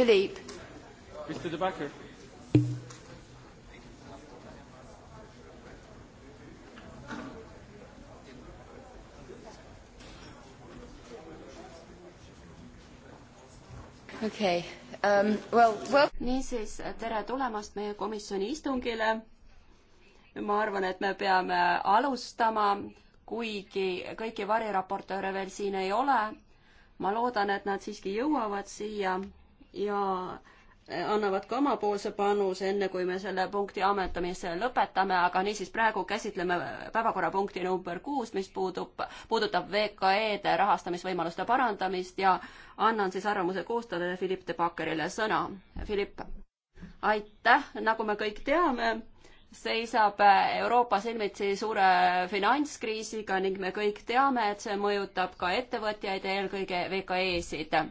Philippe. Mr. De Backer. okei okay. um,, well, well. niisiis, tere tulemast meie komisjoni istungile. ma arvan, et me peame alustama, kuigi kõiki variraportööre veel siin ei ole. ma loodan, et nad siiski jõuavad siia ja annavad ka omapoolse panuse, enne kui me selle punkti ammentamise lõpetame, aga niisiis praegu käsitleme päevakorrapunkti number kuus, mis puudub, puudutab VKE-de rahastamisvõimaluste parandamist ja annan siis arvamuse koostajale Philipp de Bakkerile sõna. Philipp, aitäh, nagu me kõik teame, seisab Euroopa silmitsi suure finantskriisiga ning me kõik teame, et see mõjutab ka ettevõtjaid ja eelkõige VKE-sid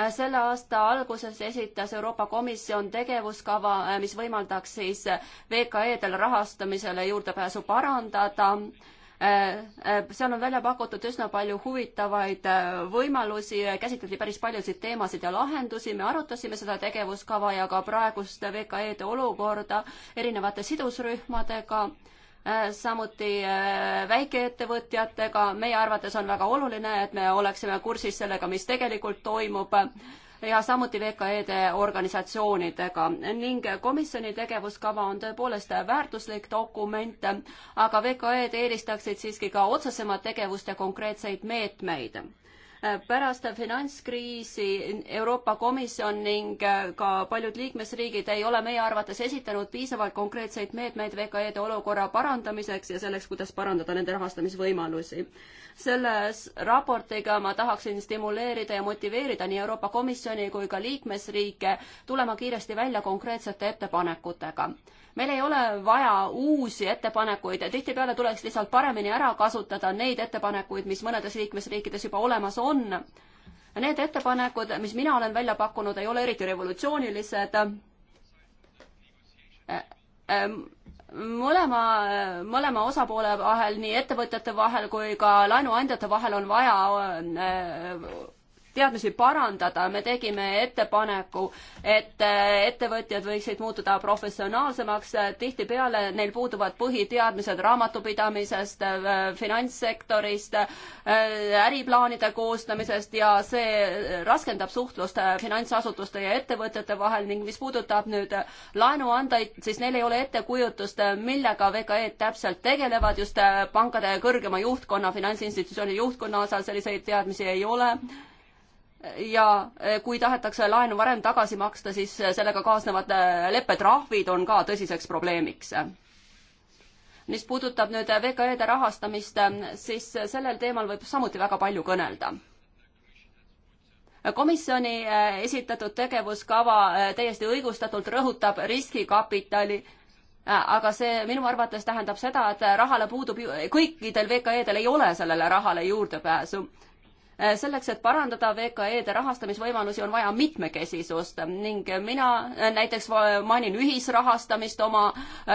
Äh, selle aasta alguses esitas Euroopa Komisjon tegevuskava, äh, mis võimaldaks siis äh, VKE-del rahastamisele juurdepääsu parandada. seal on välja pakutud üsna palju huvitavaid võimalusi, käsitleti päris paljusid teemasid ja lahendusi, me arutasime seda tegevuskava ja ka praegust VKE-de olukorda erinevate sidusrühmadega Äh, samuti äh, väikeettevõtjatega. meie arvates on väga oluline, et me oleksime kursis sellega, mis tegelikult toimub ja samuti VKE-de organisatsioonidega ning komisjoni tegevuskava on tõepoolest väärtuslik dokument, aga VKE-d eelistaksid siiski ka otsesemat tegevust ja konkreetseid meetmeid pärast finantskriisi Euroopa Komisjon ning äh, ka paljud liikmesriigid ei ole meie arvates esitanud piisavalt konkreetseid meetmeid VKE-de olukorra parandamiseks ja selleks, kuidas parandada nende rahastamisvõimalusi. selles raportiga ma tahaksin stimuleerida ja motiveerida nii Euroopa Komisjoni kui ka liikmesriike tulema kiiresti välja konkreetsete ettepanekutega meil ei ole vaja uusi ettepanekuid ja tihtipeale tuleks lihtsalt paremini ära kasutada neid ettepanekuid, mis mõnedes liikmesriikides juba olemas on. Need ettepanekud, mis mina olen välja pakkunud, ei ole eriti revolutsioonilised äh, äh, mõlema, mõlema osapoole vahel, nii ettevõtjate vahel kui ka laenuandjate vahel on vaja äh, teadmisi parandada, me tegime ettepaneku, et äh, ettevõtjad võiksid muutuda professionaalsemaks, tihtipeale neil puuduvad põhiteadmised raamatupidamisest, äh, finantssektorist, äh, äriplaanide koostamisest ja see raskendab suhtlust finantsasutuste ja ettevõtete vahel ning mis puudutab nüüd laenuandajaid, siis neil ei ole ettekujutust, millega VKE-d täpselt tegelevad, just pankade kõrgema juhtkonna, finantsinstitutsiooni juhtkonna osas selliseid teadmisi ei ole ja eh, kui tahetakse laenu varem tagasi maksta, siis eh, sellega kaasnevad eh, leppetrahvid on ka tõsiseks probleemiks. mis puudutab nüüd VKE-de rahastamist, siis sellel teemal võib samuti väga palju kõnelda. komisjoni esitatud tegevuskava täiesti õigustatult rõhutab riskikapitali aga see minu arvates tähendab seda, et rahale puudub, kõikidel VKE-del ei ole sellele rahale juurdepääsu Äh, selleks, et parandada VKE-de rahastamisvõimalusi, on vaja mitmekesisust ning mina äh, näiteks mainin ühisrahastamist oma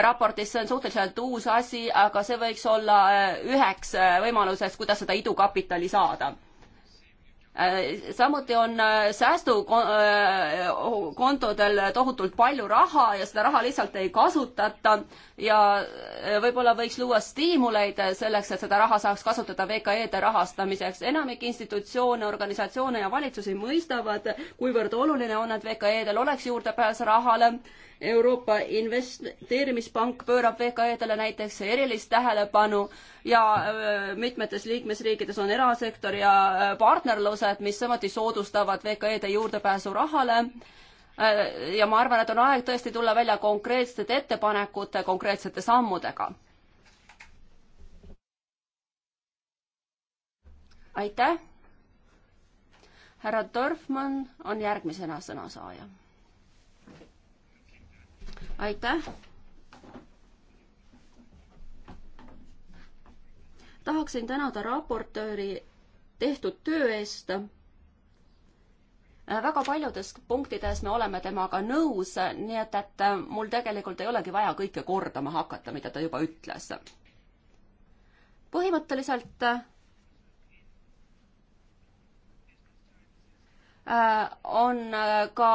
raportis, see on suhteliselt uus asi, aga see võiks olla äh, üheks võimaluseks, kuidas seda idukapitali saada samuti on säästukontodel tohutult palju raha ja seda raha lihtsalt ei kasutata ja e, võib-olla võiks luua stiimuleid selleks, et seda raha saaks kasutada VKE-de rahastamiseks. enamik institutsioone, organisatsioone ja valitsusi mõistavad, kuivõrd oluline on, et VKE-del oleks juurdepääs rahale. Euroopa Investeerimispank pöörab VKE-dele näiteks erilist tähelepanu ja e, mitmetes liikmesriikides on erasektor ja e, partnerlused, mis samuti soodustavad VKE-de juurdepääsu rahale Äh, ja ma arvan, et on aeg tõesti tulla välja konkreetsete ettepanekute, konkreetsete sammudega. aitäh. härra Dorfmann on järgmisena sõnasaaja. aitäh. tahaksin tänada raportööri tehtud töö eest Äh, väga paljudes punktides me oleme temaga nõus, nii et, et äh, mul tegelikult ei olegi vaja kõike kordama hakata, mida ta juba ütles. põhimõtteliselt äh, on ka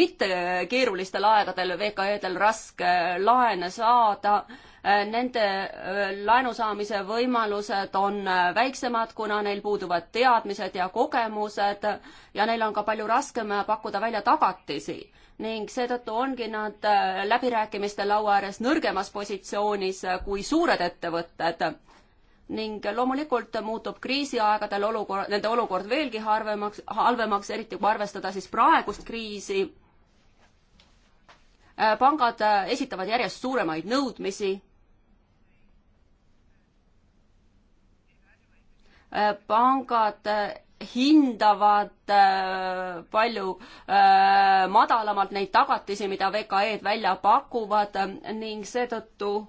mitte keerulistel aegadel VKE-del raske laene saada Äh, nende äh, laenu saamise võimalused on äh, väiksemad, kuna neil puuduvad teadmised ja kogemused ja neil on ka palju raskem pakkuda välja tagatisi ning seetõttu ongi nad läbirääkimiste laua ääres nõrgemas positsioonis kui suured ettevõtted ning loomulikult muutub kriisiaegadel olukord, nende olukord veelgi harvemaks, halvemaks, eriti kui arvestada siis praegust kriisi. pangad esitavad järjest suuremaid nõudmisi pangad äh, hindavad äh, palju äh, madalamalt neid tagatisi, mida VKE-d välja pakuvad ning seetõttu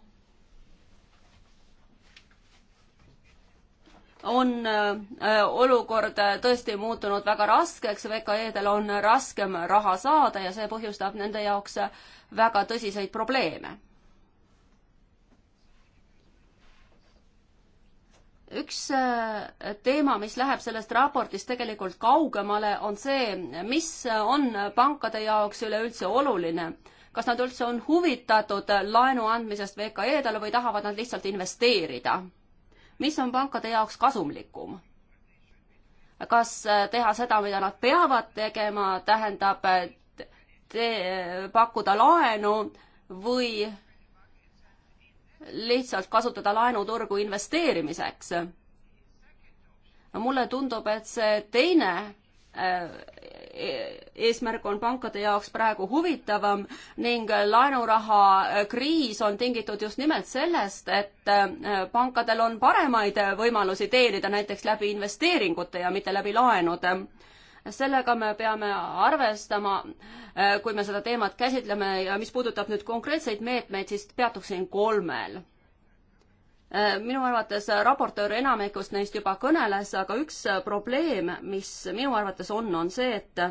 on olukord tõesti muutunud väga raskeks, VKE-del on raskem raha saada ja see põhjustab nende jaoks väga tõsiseid probleeme üks äh, teema, mis läheb sellest raportist tegelikult kaugemale, on see, mis on pankade jaoks üleüldse oluline. kas nad üldse on huvitatud laenu andmisest VKE-dele või tahavad nad lihtsalt investeerida? mis on pankade jaoks kasumlikum? kas äh, teha seda, mida nad peavad tegema, tähendab te pakkuda laenu või lihtsalt kasutada laenuturgu investeerimiseks. mulle tundub, et see teine äh, eesmärk on pankade jaoks praegu huvitavam ning laenuraha kriis on tingitud just nimelt sellest, et äh, pankadel on paremaid võimalusi teenida näiteks läbi investeeringute ja mitte läbi laenude sellega me peame arvestama, äh, kui me seda teemat käsitleme ja mis puudutab nüüd konkreetseid meetmeid, siis peatuksin kolmel äh, minu arvates raportöör enamikust neist juba kõneles, aga üks probleem, mis minu arvates on, on see, et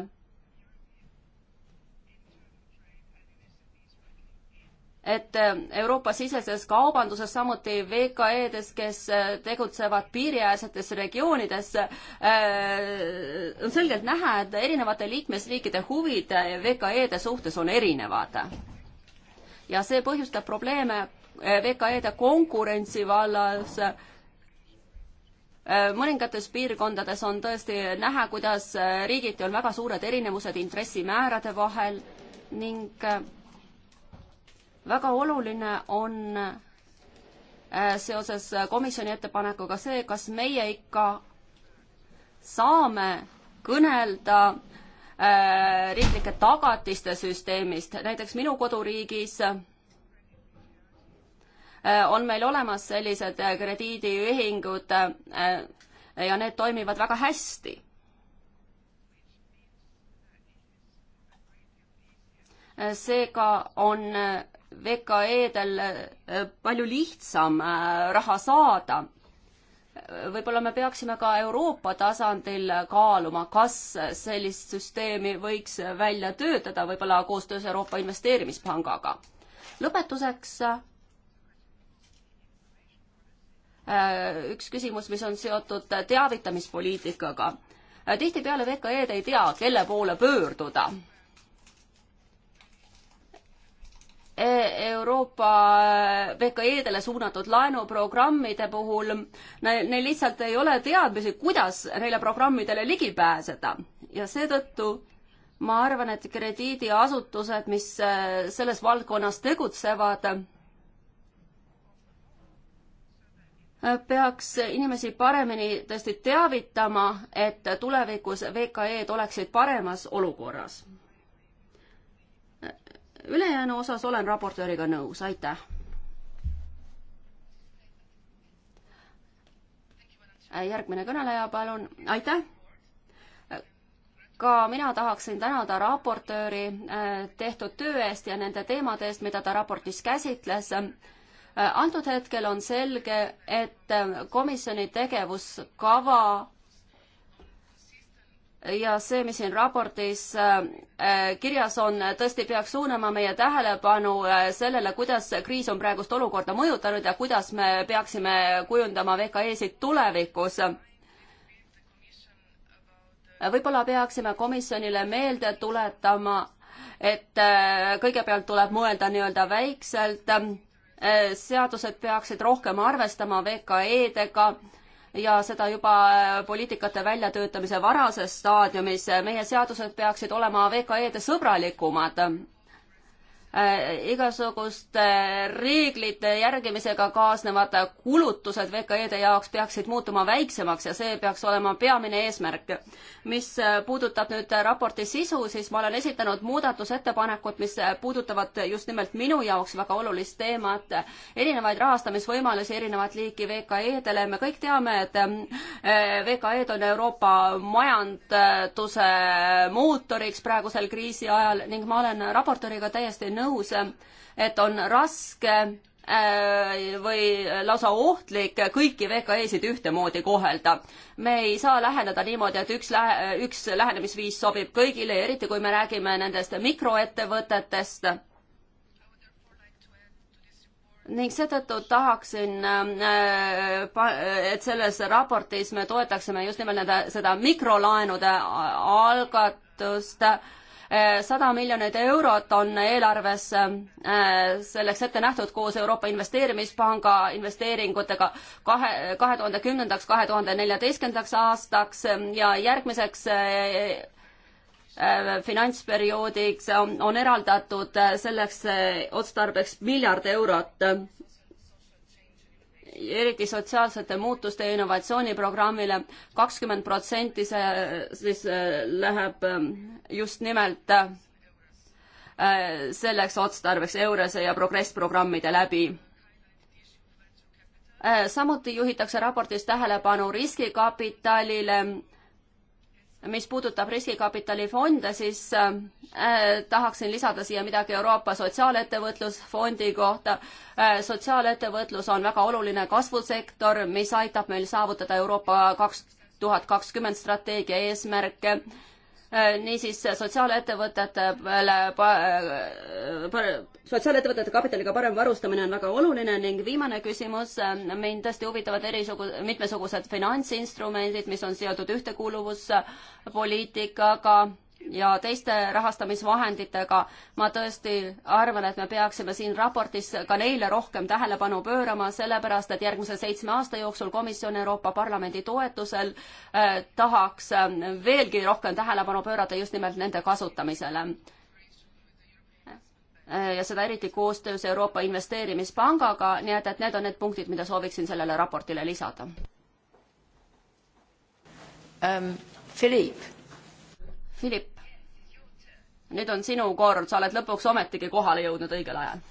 et äh, Euroopa-siseses kaubanduses, samuti VKE-des, kes äh, tegutsevad piiriäärsetes regioonides, äh, on selgelt näha, et erinevate liikmesriikide huvid VKE-de suhtes on erinevad. ja see põhjustab probleeme VKE-de konkurentsi vallas mõningates piirkondades on tõesti näha, kuidas riigiti on väga suured erinevused intressimäärade vahel ning väga oluline on äh, seoses äh, komisjoni ettepanekuga see, kas meie ikka saame kõnelda äh, riiklike tagatiste süsteemist, näiteks minu koduriigis äh, on meil olemas sellised äh, krediidiühingud äh, ja need toimivad väga hästi. seega on VKE-del äh, palju lihtsam äh, raha saada. võib-olla me peaksime ka Euroopa tasandil kaaluma, kas sellist süsteemi võiks välja töötada, võib-olla koostöös Euroopa Investeerimispangaga. lõpetuseks äh, üks küsimus, mis on seotud teavitamispoliitikaga. tihtipeale VKE-d ei tea, kelle poole pöörduda E, Euroopa äh, VKE-dele suunatud laenuprogrammide puhul, neil lihtsalt ei ole teadmisi, kuidas neile programmidele ligi pääseda ja seetõttu ma arvan, et krediidiasutused, mis äh, selles valdkonnas tegutsevad, äh, peaks inimesi paremini tõesti teavitama, et tulevikus VKE-d oleksid paremas olukorras ülejäänu osas olen raportööriga nõus, aitäh. järgmine kõneleja, palun, aitäh ka mina tahaksin tänada raportööri äh, tehtud töö eest ja nende teemade eest, mida ta raportis käsitles. Äh, antud hetkel on selge, et äh, komisjoni tegevuskava ja see, mis siin raportis äh, äh, kirjas on, tõesti peaks suunama meie tähelepanu äh, sellele, kuidas kriis on praegust olukorda mõjutanud ja kuidas me peaksime kujundama VKE-sid tulevikus. võib-olla peaksime komisjonile meelde tuletama, et kõigepealt tuleb mõelda nii-öelda väikselt, seadused peaksid rohkem arvestama VKE-dega ja seda juba äh, poliitikate väljatöötamise varases staadiumis. meie seadused peaksid olema VKE-de sõbralikumad Äh, igasuguste reeglite järgimisega kaasnevad kulutused VKE-de jaoks peaksid muutuma väiksemaks ja see peaks olema peamine eesmärk. mis puudutab nüüd raporti sisu, siis ma olen esitanud muudatusettepanekud, mis puudutavad just nimelt minu jaoks väga olulist teemat, erinevaid rahastamisvõimalusi erinevat liiki VKE-dele, me kõik teame, et äh, VKE-d on Euroopa majanduse mootoriks praegusel kriisi ajal ning ma olen raportööriga täiesti nõus, nõus, et on raske äh, või lausa ohtlik kõiki VKE-sid ühtemoodi kohelda. me ei saa läheneda niimoodi, et üks lähe,, üks lähenemisviis sobib kõigile, eriti kui me räägime nendest mikroettevõtetest. ning seetõttu tahaksin, äh, et selles raportis me toetaksime just nimelt nende, seda mikrolaenude algatust Eh, sada miljonit eurot on eelarves eh, selleks ette nähtud koos Euroopa Investeerimispanga investeeringutega kahe, kahe tuhande kümnendaks, kahe tuhande neljateistkümnendaks aastaks eh, ja järgmiseks finantsperioodiks on eraldatud selleks otstarbeks miljard eurot eriti sotsiaalsete muutuste ja innovatsiooniprogrammile. kakskümmend protsenti see siis äh, läheb ähm, just nimelt äh, selleks otstarbeks Eurese ja Progress programmide läbi äh, samuti juhitakse raportis tähelepanu riskikapitalile mis puudutab riskikapitalifonde, siis äh, tahaksin lisada siia midagi Euroopa Sotsiaalettevõtlusfondi kohta äh,. sotsiaalettevõtlus on väga oluline kasvusektor, mis aitab meil saavutada Euroopa kaks tuhat kakskümmend strateegia eesmärke äh, Äh, niisiis sotsiaalettevõtetele, äh, sotsiaalettevõtete kapitaliga parem varustamine on väga oluline ning viimane küsimus, äh, mind tõesti huvitavad erisugu-, mitmesugused finantsinstrumendid, mis on seotud ühtekuuluvuspoliitikaga ja teiste rahastamisvahenditega. ma tõesti arvan, et me peaksime siin raportis ka neile rohkem tähelepanu pöörama, sellepärast et järgmise seitsme aasta jooksul komisjon Euroopa Parlamendi toetusel eh, tahaks äh, veelgi rohkem tähelepanu pöörata just nimelt nende kasutamisele äh, ja seda eriti koostöös Euroopa Investeerimispangaga, nii et, et need on need punktid, mida sooviksin sellele raportile lisada um,. Philippe. Philippe nüüd on sinu kord, sa oled lõpuks ometigi kohale jõudnud õigel ajal.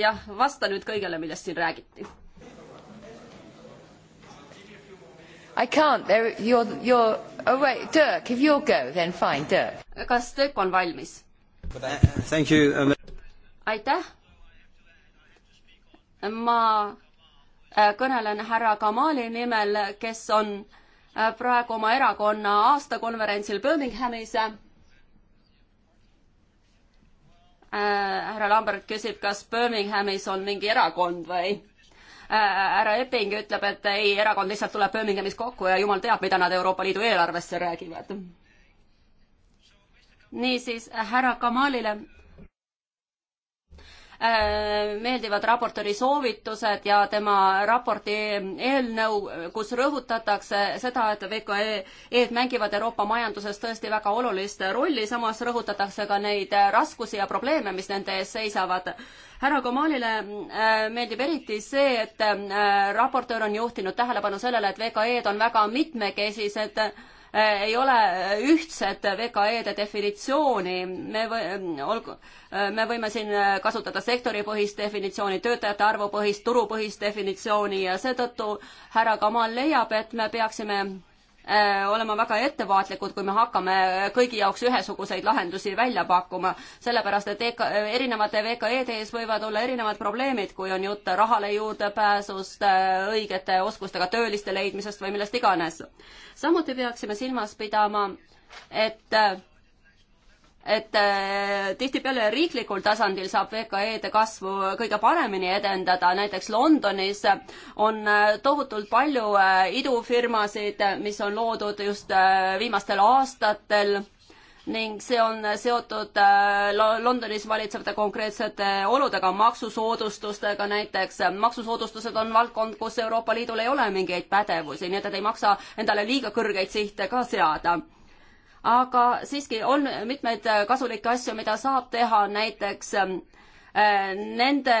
jah, vasta nüüd kõigele, millest siin räägiti. I can't, there, you are, you are, oh wait, Dirk, if you will go then fine, Dirk. kas Dirk on valmis? Thank you um.... aitäh. ma äh, kõnelen härra Kamali nimel, kes on äh, Äh, praegu oma erakonna aastakonverentsil Birminghamis äh, härra Lambert küsib, kas Birminghamis on mingi erakond või? Äh, härra Epping ütleb, et ei, erakond lihtsalt tuleb Birminghamis kokku ja jumal teab, mida nad Euroopa Liidu eelarvesse räägivad. niisiis härra Kamalile Äh, meeldivad raportööri soovitused ja tema raporti eelnõu, kus rõhutatakse seda, et VKE-d mängivad Euroopa majanduses tõesti väga olulist rolli, samas rõhutatakse ka neid raskusi ja probleeme, mis nende ees seisavad. härra Komalile äh, meeldib eriti see, et äh, raportöör on juhtinud tähelepanu sellele, et VKE-d on väga mitmekesised et Äh, ei ole ühtset VKE-de definitsiooni, me või-, olgu, äh, me võime siin äh, kasutada sektoripõhist definitsiooni, töötajate arvupõhist, turupõhist definitsiooni ja seetõttu härra Kamal leiab, et me peaksime Äh, olema väga ettevaatlikud, kui me hakkame kõigi jaoks ühesuguseid lahendusi välja pakkuma, sellepärast et EK, erinevate VKE-de ees võivad olla erinevad probleemid, kui on jutt rahale juurdepääsust, äh, õigete oskustega tööliste leidmisest või millest iganes. samuti peaksime silmas pidama, et äh, et äh, tihtipeale riiklikul tasandil saab VKE-de kasvu kõige paremini edendada, näiteks Londonis on äh, tohutult palju äh, idufirmasid, mis on loodud just viimastel aastatel ning see on seotud Londonis valitsevate konkreetsete oludega, maksusoodustustega näiteks. maksusoodustused on valdkond, kus Euroopa Liidul ei ole mingeid pädevusi, nii et, et ei maksa endale liiga kõrgeid sihte ka seada aga siiski on mitmeid äh, kasulikke asju, mida saab teha, näiteks ähm, äh, nende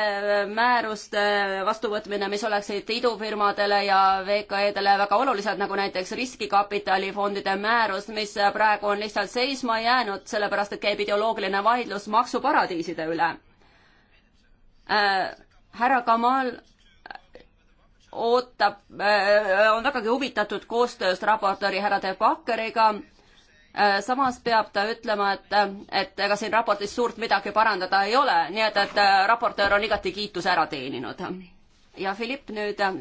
määruste vastuvõtmine, mis oleksid idufirmadele ja VKE-dele väga olulised, nagu näiteks riskikapitalifondide määrus, mis äh, praegu on lihtsalt seisma jäänud, sellepärast et käib ideoloogiline vaidlus maksuparadiiside üle äh,. härra Kamal ootab äh,, on vägagi huvitatud koostööst raportööri härra De Bakkeriga Äh, samas peab ta ütlema, et, et ega siin raportis suurt midagi parandada ei ole, nii et, et äh, raportöör on igati kiituse ära teeninud. ja Philipp nüüd. Äh,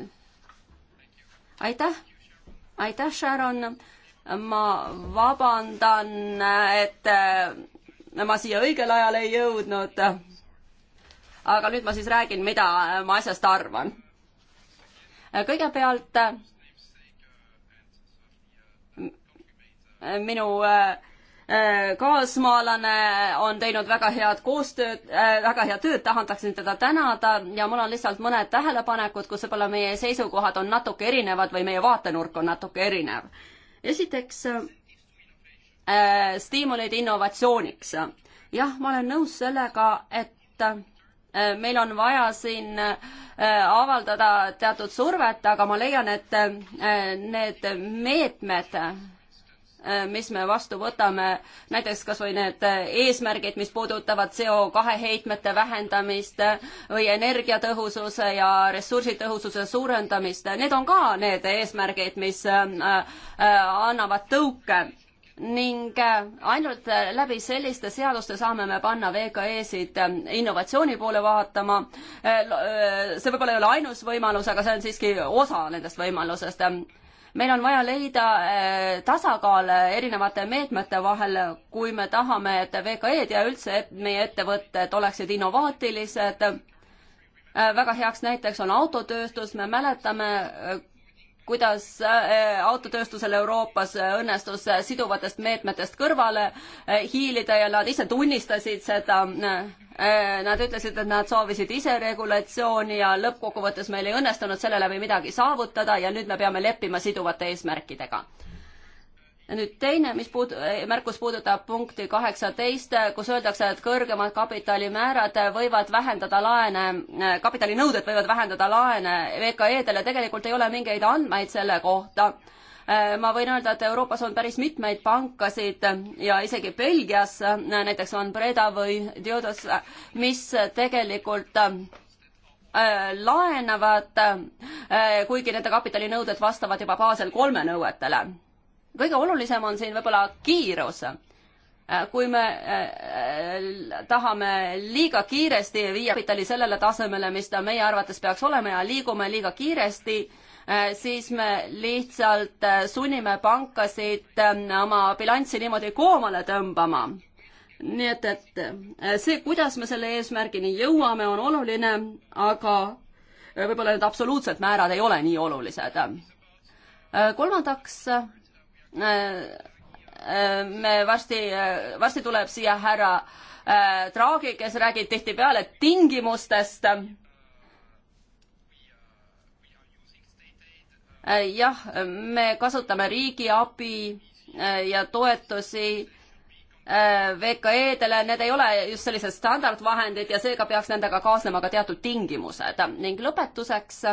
aitäh, aitäh, Sharon. ma vabandan, et ma siia õigel ajal ei jõudnud. aga nüüd ma siis räägin, mida ma asjast arvan. kõigepealt minu äh, äh, kaasmaalane on teinud väga head koostööd, äh, väga head tööd, tahaksin teda tänada ja mul on lihtsalt mõned tähelepanekud, kus võib-olla meie seisukohad on natuke erinevad või meie vaatenurk on natuke erinev. esiteks äh, stiimulid innovatsiooniks. jah, ma olen nõus sellega, et äh, meil on vaja siin äh, avaldada teatud survet, aga ma leian, et need meetmed Äh, mis me vastu võtame, näiteks kas või need äh, eesmärgid, mis puudutavad CO2 heitmete vähendamist äh, või energiatõhususe ja ressursitõhususe suurendamist, need on ka need eesmärgid, mis annavad tõuke ning ainult läbi selliste seaduste saame me panna VKE-sid innovatsiooni poole vaatama. see võib-olla ei ole ainus võimalus, aga see on siiski osa nendest võimalusest meil on vaja leida äh, tasakaal äh, erinevate meetmete vahel, kui me tahame, et VKE-d ja üldse et meie ettevõtted oleksid innovaatilised. Äh, väga heaks näiteks on autotööstus, me mäletame, kuidas autotööstusel Euroopas õnnestus siduvatest meetmetest kõrvale hiilida ja nad ise tunnistasid seda Äh, nad ütlesid, et nad soovisid iseregulatsiooni ja lõppkokkuvõttes meil ei õnnestunud selle läbi midagi saavutada ja nüüd me peame leppima siduvate eesmärkidega nüüd teine, mis puud-, äh, märkus puudutab punkti kaheksateist, kus öeldakse, et kõrgemad kapitalimäärad võivad vähendada laene, äh, kapitalinõuded võivad vähendada laene VKE-dele, tegelikult ei ole mingeid andmeid selle kohta Äh, ma võin öelda, et Euroopas on päris mitmeid pankasid ja isegi Belgias äh, näiteks on Breda või Diodos, äh, mis tegelikult laenavad, kuigi nende kapitalinõuded vastavad juba baasel kolme nõuetele. kõige olulisem on siin võib-olla kiirus kui me tahame liiga kiiresti viia kapitali sellele tasemele, mis ta meie arvates peaks olema ja liigume liiga kiiresti, Äh, siis me lihtsalt äh, sunnime pankasid ähm, oma bilanssi niimoodi koomale tõmbama. nii et, et äh, see, kuidas me selle eesmärgini jõuame, on oluline, aga võib-olla need absoluutsed määrad ei ole nii olulised. kolmandaks, me varsti, varsti tuleb siia härra Draagi, kes räägib tihtipeale tingimustest Äh, jah, me kasutame riigiabi äh, ja toetusi äh, VKE-dele, need ei ole just sellised standardvahendid ja seega peaks nendega kaasnema ka teatud tingimused ning lõpetuseks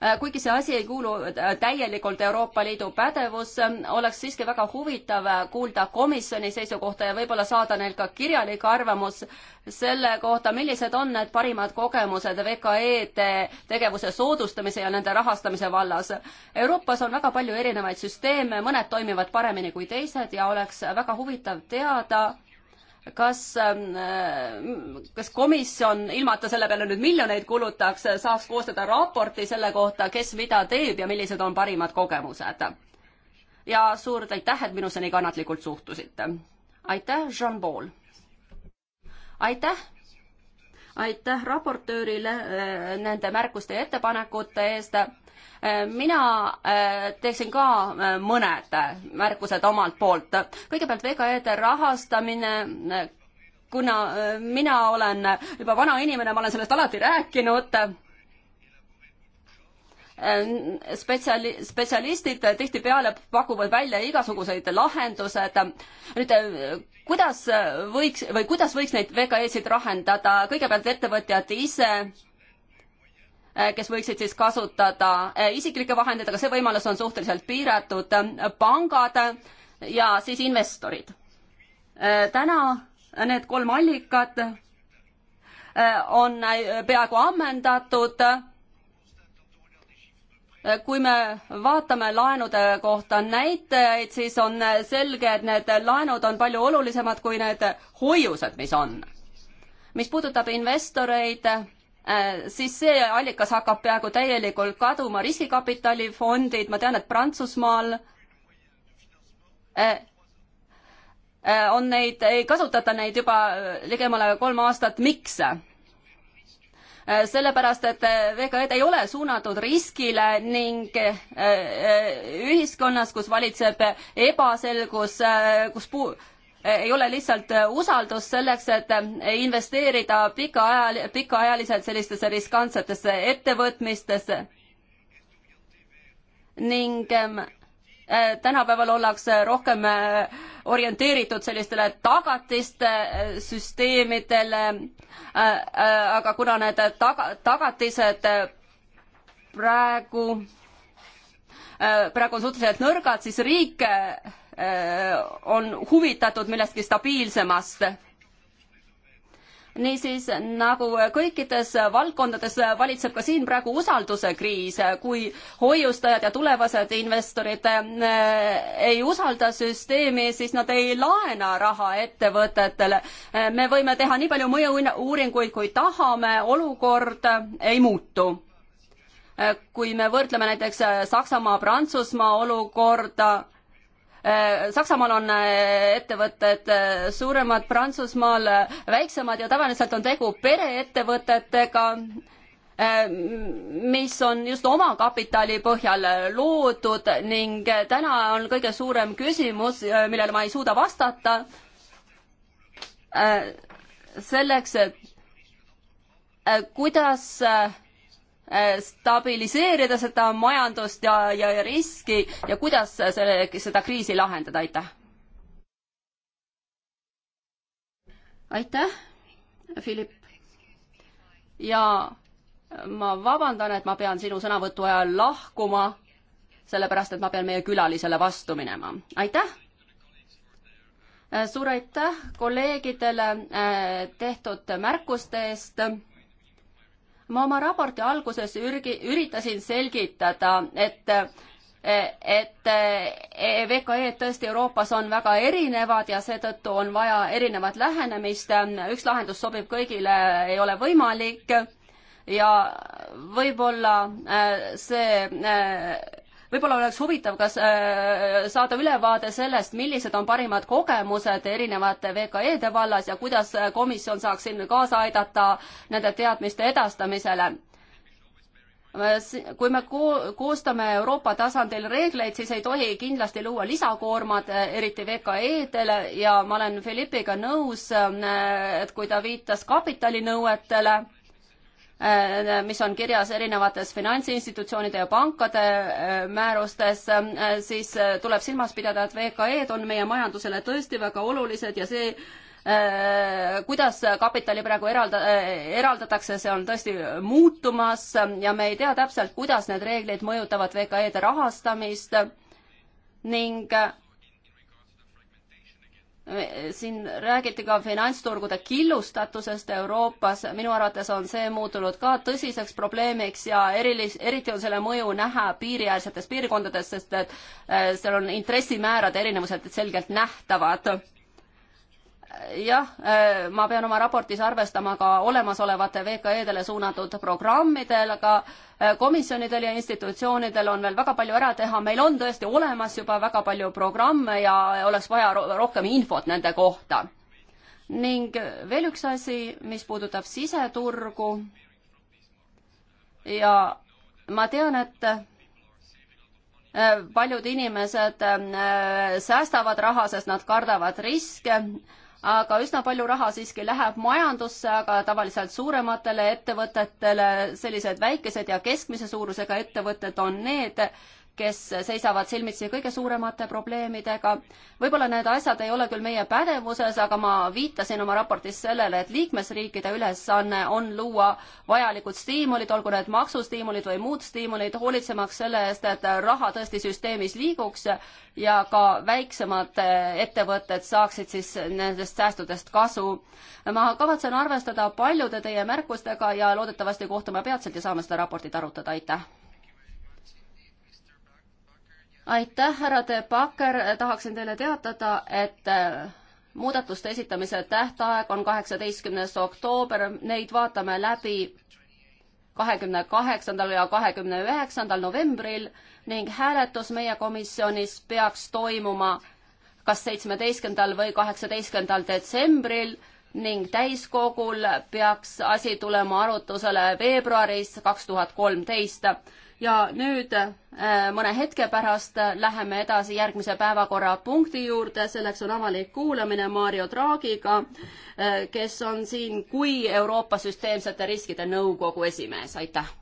Äh, kuigi see asi ei kuulu äh, täielikult Euroopa Liidu pädevusse, oleks siiski väga huvitav äh, kuulda komisjoni seisukohta ja võib-olla saada neil ka kirjalik arvamus selle kohta, millised on need parimad kogemused VKE-de tegevuse soodustamise ja nende rahastamise vallas. Euroopas on väga palju erinevaid süsteeme, mõned toimivad paremini kui teised ja oleks väga huvitav teada, kas, ähm, äh, kas komisjon, ilma et ta selle peale nüüd miljoneid kulutaks, saaks koostada raporti selle kohta, kes mida teeb ja millised on parimad kogemused? ja suur aitäh, et minuseni nii kannatlikult suhtusite. aitäh, Jean-Paul! aitäh! aitäh raportöörile äh, nende märkuste ja ettepanekute eest Äh, mina äh, teeksin ka äh, mõned märkused omalt poolt. kõigepealt VKE-de rahastamine, kuna mina olen juba vana inimene, ma olen sellest alati rääkinud, spetsiali-, spetsialistid tihtipeale pakuvad välja igasuguseid lahendused. nüüd kuidas võiks või kuidas võiks neid VKE-sid lahendada, kõigepealt ettevõtjad ise Äh, kes võiksid siis kasutada äh, isiklikke vahendeid, aga see võimalus on suhteliselt piiratud, äh, pangad ja siis investorid. täna need kolm allikat on peaaegu ammendatud. kui me vaatame laenude kohta näitajaid, siis on selge, et need laenud on palju olulisemad kui need hoiused, mis on. mis puudutab investoreid Äh, siis see allikas hakkab peaaegu täielikult kaduma, riskikapitalifondid, ma tean, et Prantsusmaal äh, äh, on neid, ei kasutata neid juba ligemale kolm aastat, miks? sellepärast, et VKE-d ei ole suunatud riskile ning ühiskonnas, kus valitseb ebaselgus, kus puu-, Eh, ei ole lihtsalt eh, usaldust selleks, et eh, investeerida pikaajal-, pikaajaliselt sellistesse riskantsetesse ettevõtmistesse. ning tänapäeval ollakse rohkem orienteeritud sellistele tagatiste süsteemidele, aga kuna need taga-, tagatised praegu, praegu on suhteliselt nõrgad, siis riik Äh, on huvitatud millestki stabiilsemast niisiis nagu kõikides valdkondades valitseb ka siin praegu usalduse kriis, kui hoiustajad ja tulevased investorid äh, ei usalda süsteemi, siis nad ei laena raha ettevõtetele. Äh, me võime teha nii palju mõju-uuringuid, kui tahame, olukord ei muutu kui me võrdleme näiteks Saksamaa, Prantsusmaa olukorda, Äh, Saksamaal on äh, ettevõtted äh, suuremad, Prantsusmaal väiksemad ja tavaliselt on tegu pereettevõtetega, mis on just omakapitali põhjal loodud ning täna on kõige suurem küsimus, millele ma ei suuda vastata, selleks, et kuidas Äh, stabiliseerida seda majandust ja, ja, ja riski ja kuidas selle, seda kriisi lahendada, aitäh! aitäh, Philipp! ja ma vabandan, et ma pean sinu sõnavõtu ajal lahkuma, sellepärast et ma pean meie külalisele vastu minema. aitäh! Äh, suur aitäh kolleegidele äh, tehtud märkuste eest ma oma raporti alguses ürgi, üritasin selgitada, et et VKE-d tõesti Euroopas on väga erinevad ja seetõttu on vaja erinevat lähenemist. üks lahendus sobib kõigile, ei ole võimalik ja võib-olla äh, see äh, võib-olla oleks huvitav ka äh, saada ülevaade sellest, millised on parimad kogemused erinevate VKE-de vallas ja kuidas äh, komisjon saaks siin kaasa aidata nende teadmiste edastamisele äh, kui me ko koostame Euroopa tasandil reegleid, siis ei tohi kindlasti luua lisakoormad, eriti VKE-dele ja ma olen Philippiga nõus, et kui ta viitas kapitalinõuetele Äh, mis on kirjas erinevates finantsinstitutsioonide ja pankade äh, määrustes, äh, siis tuleb silmas pidada, et VKE-d on meie majandusele tõesti väga olulised ja see, kuidas kapitali praegu eralda, eraldatakse, see on tõesti muutumas ja me ei tea täpselt, kuidas need reeglid mõjutavad VKE-de rahastamist ning siin räägiti ka finantsturgude killustatusest Euroopas, minu arvates on see muutunud ka tõsiseks probleemiks ja erilis-, eriti on selle mõju näha piiriäärsetes piirkondades, sest et äh, seal on intressimäärade erinevused selgelt nähtavad jah, eh, ma pean oma raportis arvestama ka olemasolevate VKE-dele suunatud programmidega, eh, komisjonidel ja institutsioonidel on veel väga palju ära teha, meil on tõesti olemas juba väga palju programme ja oleks vaja rohkem infot nende kohta. ning veel üks asi, mis puudutab siseturgu ja ma tean, et eh, paljud inimesed säästavad raha, sest nad kardavad riske aga üsna palju raha siiski läheb majandusse, aga tavaliselt suurematele ettevõtetele, sellised väikesed ja keskmise suurusega ettevõtted on need, kes seisavad silmitsi kõige suuremate probleemidega. võib-olla need asjad ei ole küll meie pädevuses, aga ma viitasin oma raportis sellele, et liikmesriikide ülesanne on luua vajalikud stiimulid, olgu need maksustiimulid või muud stiimulid, hoolitsemaks selle eest, et raha tõesti süsteemis liiguks ja ka väiksemad ettevõtted saaksid siis nendest säästudest kasu. ma kavatsen arvestada paljude teie märkustega ja loodetavasti kohtume peatselt ja saame seda raportit arutada, aitäh! aitäh, härra De Backer, tahaksin teile teatada, et äh, muudatuste esitamise tähtaeg on kaheksateistkümnes oktoober, neid vaatame läbi kahekümne kaheksandal ja kahekümne üheksandal novembril ning hääletus meie komisjonis peaks toimuma kas seitsmeteistkümnendal või kaheksateistkümnendal detsembril ning täiskogul peaks asi tulema arutusele veebruaris kaks tuhat kolmteist ja nüüd äh, mõne hetke pärast läheme edasi järgmise päevakorrapunkti juurde, selleks on avalik kuulamine Mario Draghiga, äh, kes on siin kui Euroopa Süsteemsete Riskide Nõukogu esimees, aitäh!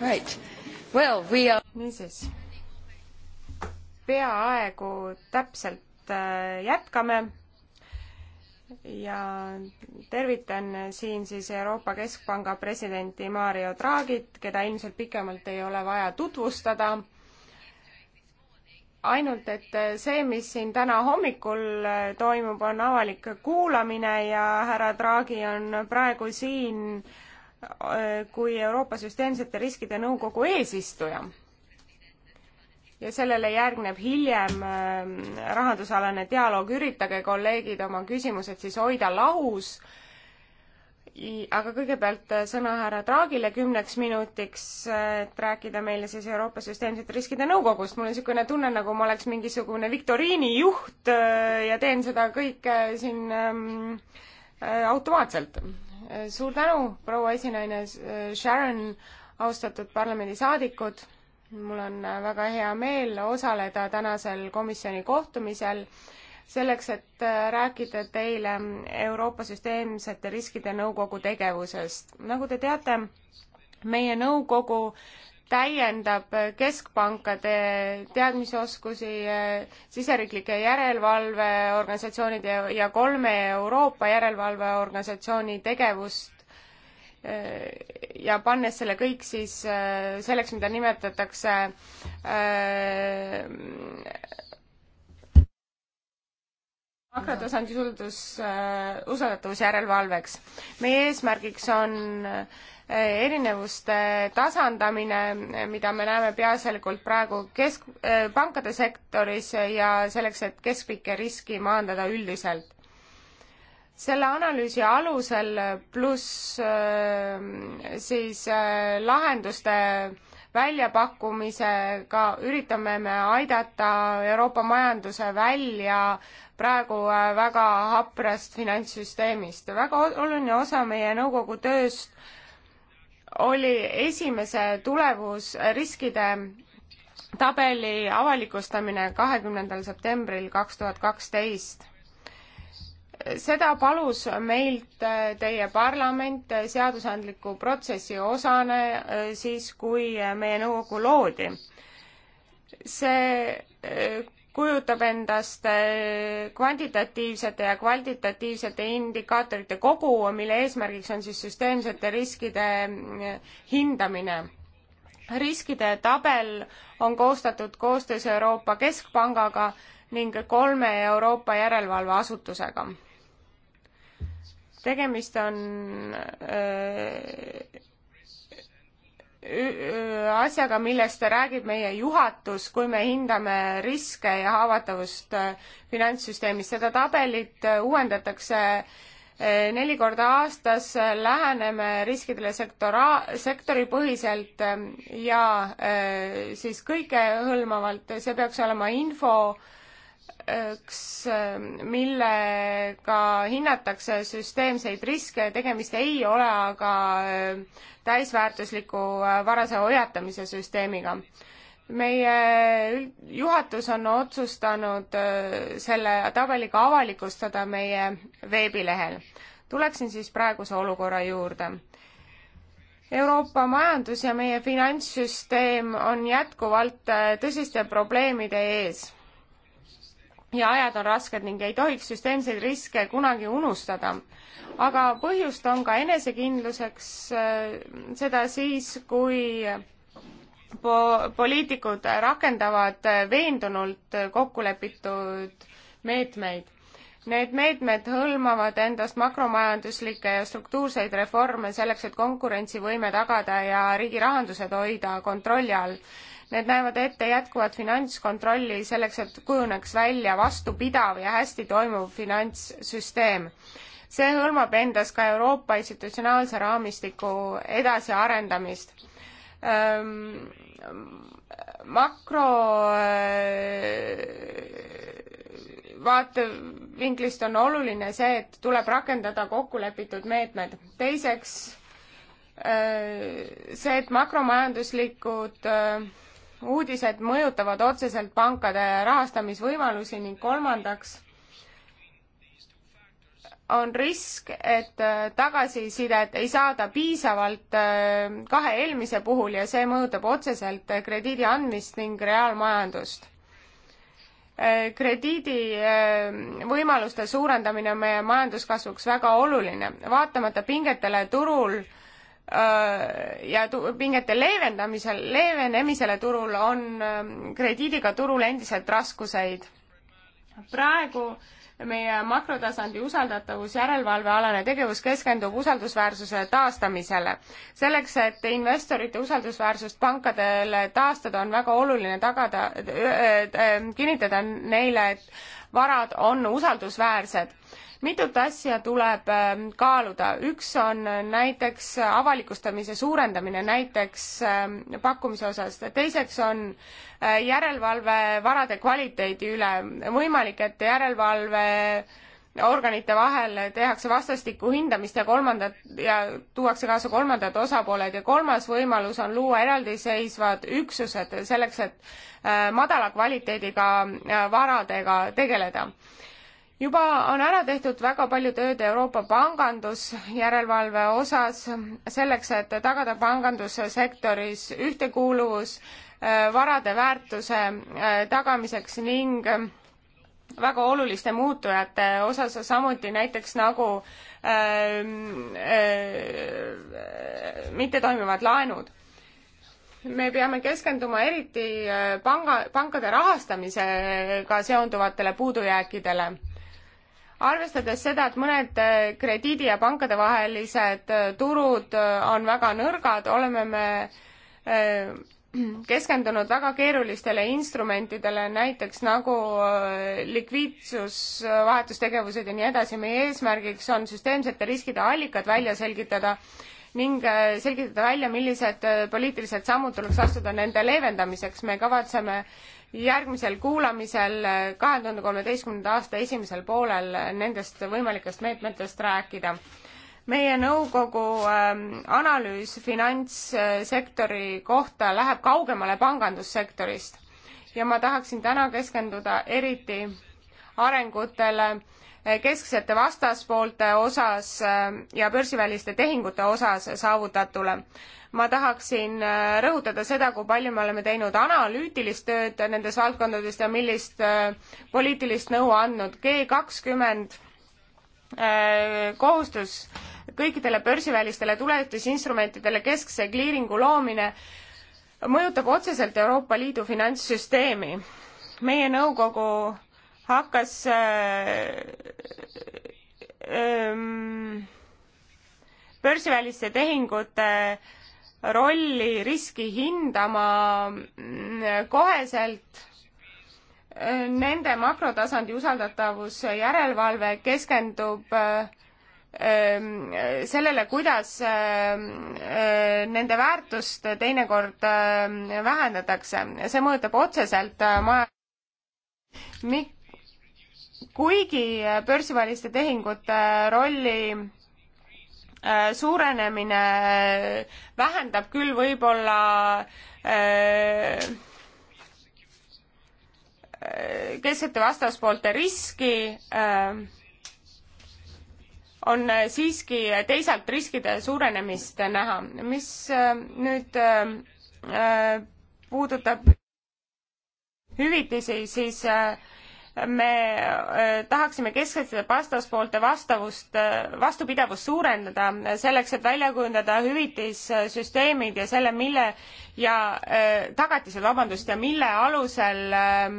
Right. Well, we are... niisiis, peaaegu täpselt äh, jätkame ja tervitan siin siis Euroopa Keskpanga presidenti Mario Draghit, keda ilmselt pikemalt ei ole vaja tutvustada ainult, et see, mis siin täna hommikul äh, toimub, on avalik kuulamine ja härra Draghi on praegu siin äh, kui Euroopa Süsteemsete Riskide Nõukogu eesistuja. ja sellele järgneb hiljem ähm, rahandusalane dialoog, üritage, kolleegid, oma küsimused siis hoida lahus, aga kõigepealt äh, sõna härra Draagile kümneks minutiks, äh, et rääkida meile siis Euroopa Süsteemsete Riskide Nõukogust. mul on niisugune tunne, nagu ma oleks mingisugune viktoriini juht äh, ja teen seda kõike siin ähm, automaatselt suur tänu, proua esinaine Sharon, austatud parlamendisaadikud, mul on äh, väga hea meel osaleda tänasel komisjoni kohtumisel selleks, et äh, rääkida teile Euroopa Süsteemsete Riskide Nõukogu tegevusest. nagu te teate, meie nõukogu täiendab keskpankade teadmisoskusi, siseriiklike järelevalveorganisatsioonide ja kolme Euroopa järelevalveorganisatsiooni tegevust eh, ja pannes selle kõik siis eh, selleks, mida nimetatakse eh, makrotasandi usaldus, usaldatavusjärelevalveks. meie eesmärgiks on äh, erinevuste tasandamine, mida me näeme peaasjalikult praegu kesk, pankade sektoris ja selleks, et keskpikki riski maandada üldiselt. selle analüüsi alusel pluss äh, siis äh, lahenduste väljapakkumisega üritame me aidata Euroopa majanduse välja praegu äh, väga haprast finantssüsteemist. väga oluline osa meie nõukogu tööst äh, oli esimese tulevusriskide tabeli avalikustamine kahekümnendal septembril kaks tuhat kaksteist. seda palus meilt teie parlament seadusandliku protsessi osana eh, siis, kui meie nõukogu loodi. see eh, kujutab endast eh, kvantitatiivsete ja kvalitatiivsete indikaatorite kogu, mille eesmärgiks on siis süsteemsete riskide mm, hindamine. riskide tabel on koostatud koostöös Euroopa Keskpangaga ning kolme Euroopa järelevalveasutusega. tegemist on öö, eh, asjaga, millest räägib meie juhatus, kui me hindame riske ja haavatavust äh, finantssüsteemis. seda tabelit äh, uuendatakse äh, neli korda aastas, läheneme riskidele sektora, sektoripõhiselt ja siis kõikehõlmavalt, see peaks olema info äh, üks, millega hinnatakse süsteemseid riske, tegemist ei ole aga äh, täisväärtusliku äh, varase hoiatamise süsteemiga. meie juhatus on otsustanud äh, selle tabeliga avalikustada meie veebilehel. tuleksin siis praeguse olukorra juurde Euroopa majandus ja meie finantssüsteem on jätkuvalt tõsiste probleemide ees ja ajad on rasked ning ei tohiks süsteemseid riske kunagi unustada. aga põhjust on ka enesekindluseks äh, seda siis, kui po-, poliitikud rakendavad veendunult kokkulepitud meetmeid. Need meetmed hõlmavad endast makromajanduslikke ja struktuurseid reforme selleks, et konkurentsivõime tagada ja riigi rahandused hoida kontrolli all Need näevad ette jätkuvat finantskontrolli selleks, et kujuneks välja vastupidav ja hästi toimuv finantssüsteem see hõlmab endas ka Euroopa institutsionaalse raamistiku edasiarendamist ähm,. makro äh, vaatevinklist on oluline see, et tuleb rakendada kokkulepitud meetmed. teiseks äh, see, et makromajanduslikud äh, uudised mõjutavad otseselt pankade rahastamisvõimalusi ning kolmandaks on risk, et äh, tagasisidet ei saada piisavalt äh, kahe eelmise puhul ja see mõjutab otseselt äh, krediidi andmist ning reaalmajandust. krediidi võimaluste suurendamine on meie majanduskasvuks väga oluline. vaatamata pingetele turul Äh, ja pingete leevendamisel, leevenemisele turul on ähm, krediidiga turul endiselt raskuseid. praegu meie makrotasandi usaldatavus järelevalvealane tegevus keskendub usaldusväärsuse taastamisele. selleks, et investorite usaldusväärsust pankadele taastada, on väga oluline tagada, äh, äh, kinnitada neile, et varad on usaldusväärsed mitut asja tuleb ähm, kaaluda, üks on näiteks avalikustamise suurendamine näiteks ähm, pakkumise osas, teiseks on äh, järelevalve varade kvaliteedi üle, võimalik, et järelevalve organite vahel tehakse vastastikku hindamist ja kolmandat ja tuuakse kaasa kolmandad osapooled ja kolmas võimalus on luua eraldiseisvad üksused selleks, et äh, madala kvaliteediga äh, varadega tegeleda juba on ära tehtud väga palju tööd Euroopa pangandusjärelevalve osas selleks, et tagada pangandussektoris ühtekuuluvus äh, varade väärtuse äh, tagamiseks ning äh, väga oluliste muutujate osas samuti näiteks nagu äh, äh, mittetoimivad laenud me peame keskenduma eriti panga, pankade rahastamisega seonduvatele puudujääkidele arvestades seda, et mõned äh, krediidi ja pankade vahelised äh, turud äh, on väga nõrgad, oleme me keskendunud väga keerulistele instrumentidele, näiteks nagu likviidsus, vahetustegevused ja nii edasi. meie eesmärgiks on süsteemsete riskide allikad välja selgitada ning selgitada välja, millised poliitilised sammud tuleks astuda nende leevendamiseks. me kavatseme äh, järgmisel kuulamisel kahe tuhande kolmeteistkümnenda aasta esimesel poolel nendest võimalikest meetmetest rääkida. meie nõukogu ähm, analüüs finantssektori kohta läheb kaugemale pangandussektorist ja ma tahaksin täna keskenduda eriti arengutele äh, kesksete vastaspoolte osas ähm, ja börsiväliste tehingute osas saavutatule ma tahaksin äh, rõhutada seda, kui palju me oleme teinud analüütilist tööd nendes valdkondades ja millist äh, poliitilist nõu andnud. G kakskümmend äh, kohustus kõikidele börsivälistele tuletisinstrumentidele keskse kliiringu loomine mõjutab otseselt Euroopa Liidu finantssüsteemi. meie nõukogu hakkas äh, äh, börsiväliste tehingute äh, rolli riski hindama mm, koheselt. Äh, nende makrotasandi usaldatavus järelevalve keskendub äh, ähm, sellele, kuidas äh, nende väärtust teinekord ähm, vähendatakse. see mõjutab otseselt maja-. kuigi börsiväliste tehingute rolli Äh, suurenemine äh, vähendab küll võib-olla äh, kesksete vastaspoolte riski, on siiski teisalt riskide suurenemist näha. mis nüüd puudutab hüvitisi, siis äh, me äh, tahaksime kesksete vastaspoolte vastavust, äh, vastupidavust suurendada äh, selleks, et välja kujundada hüvitissüsteemid ja selle, mille ja tagatised, vabandust, ja mille alusel ähm,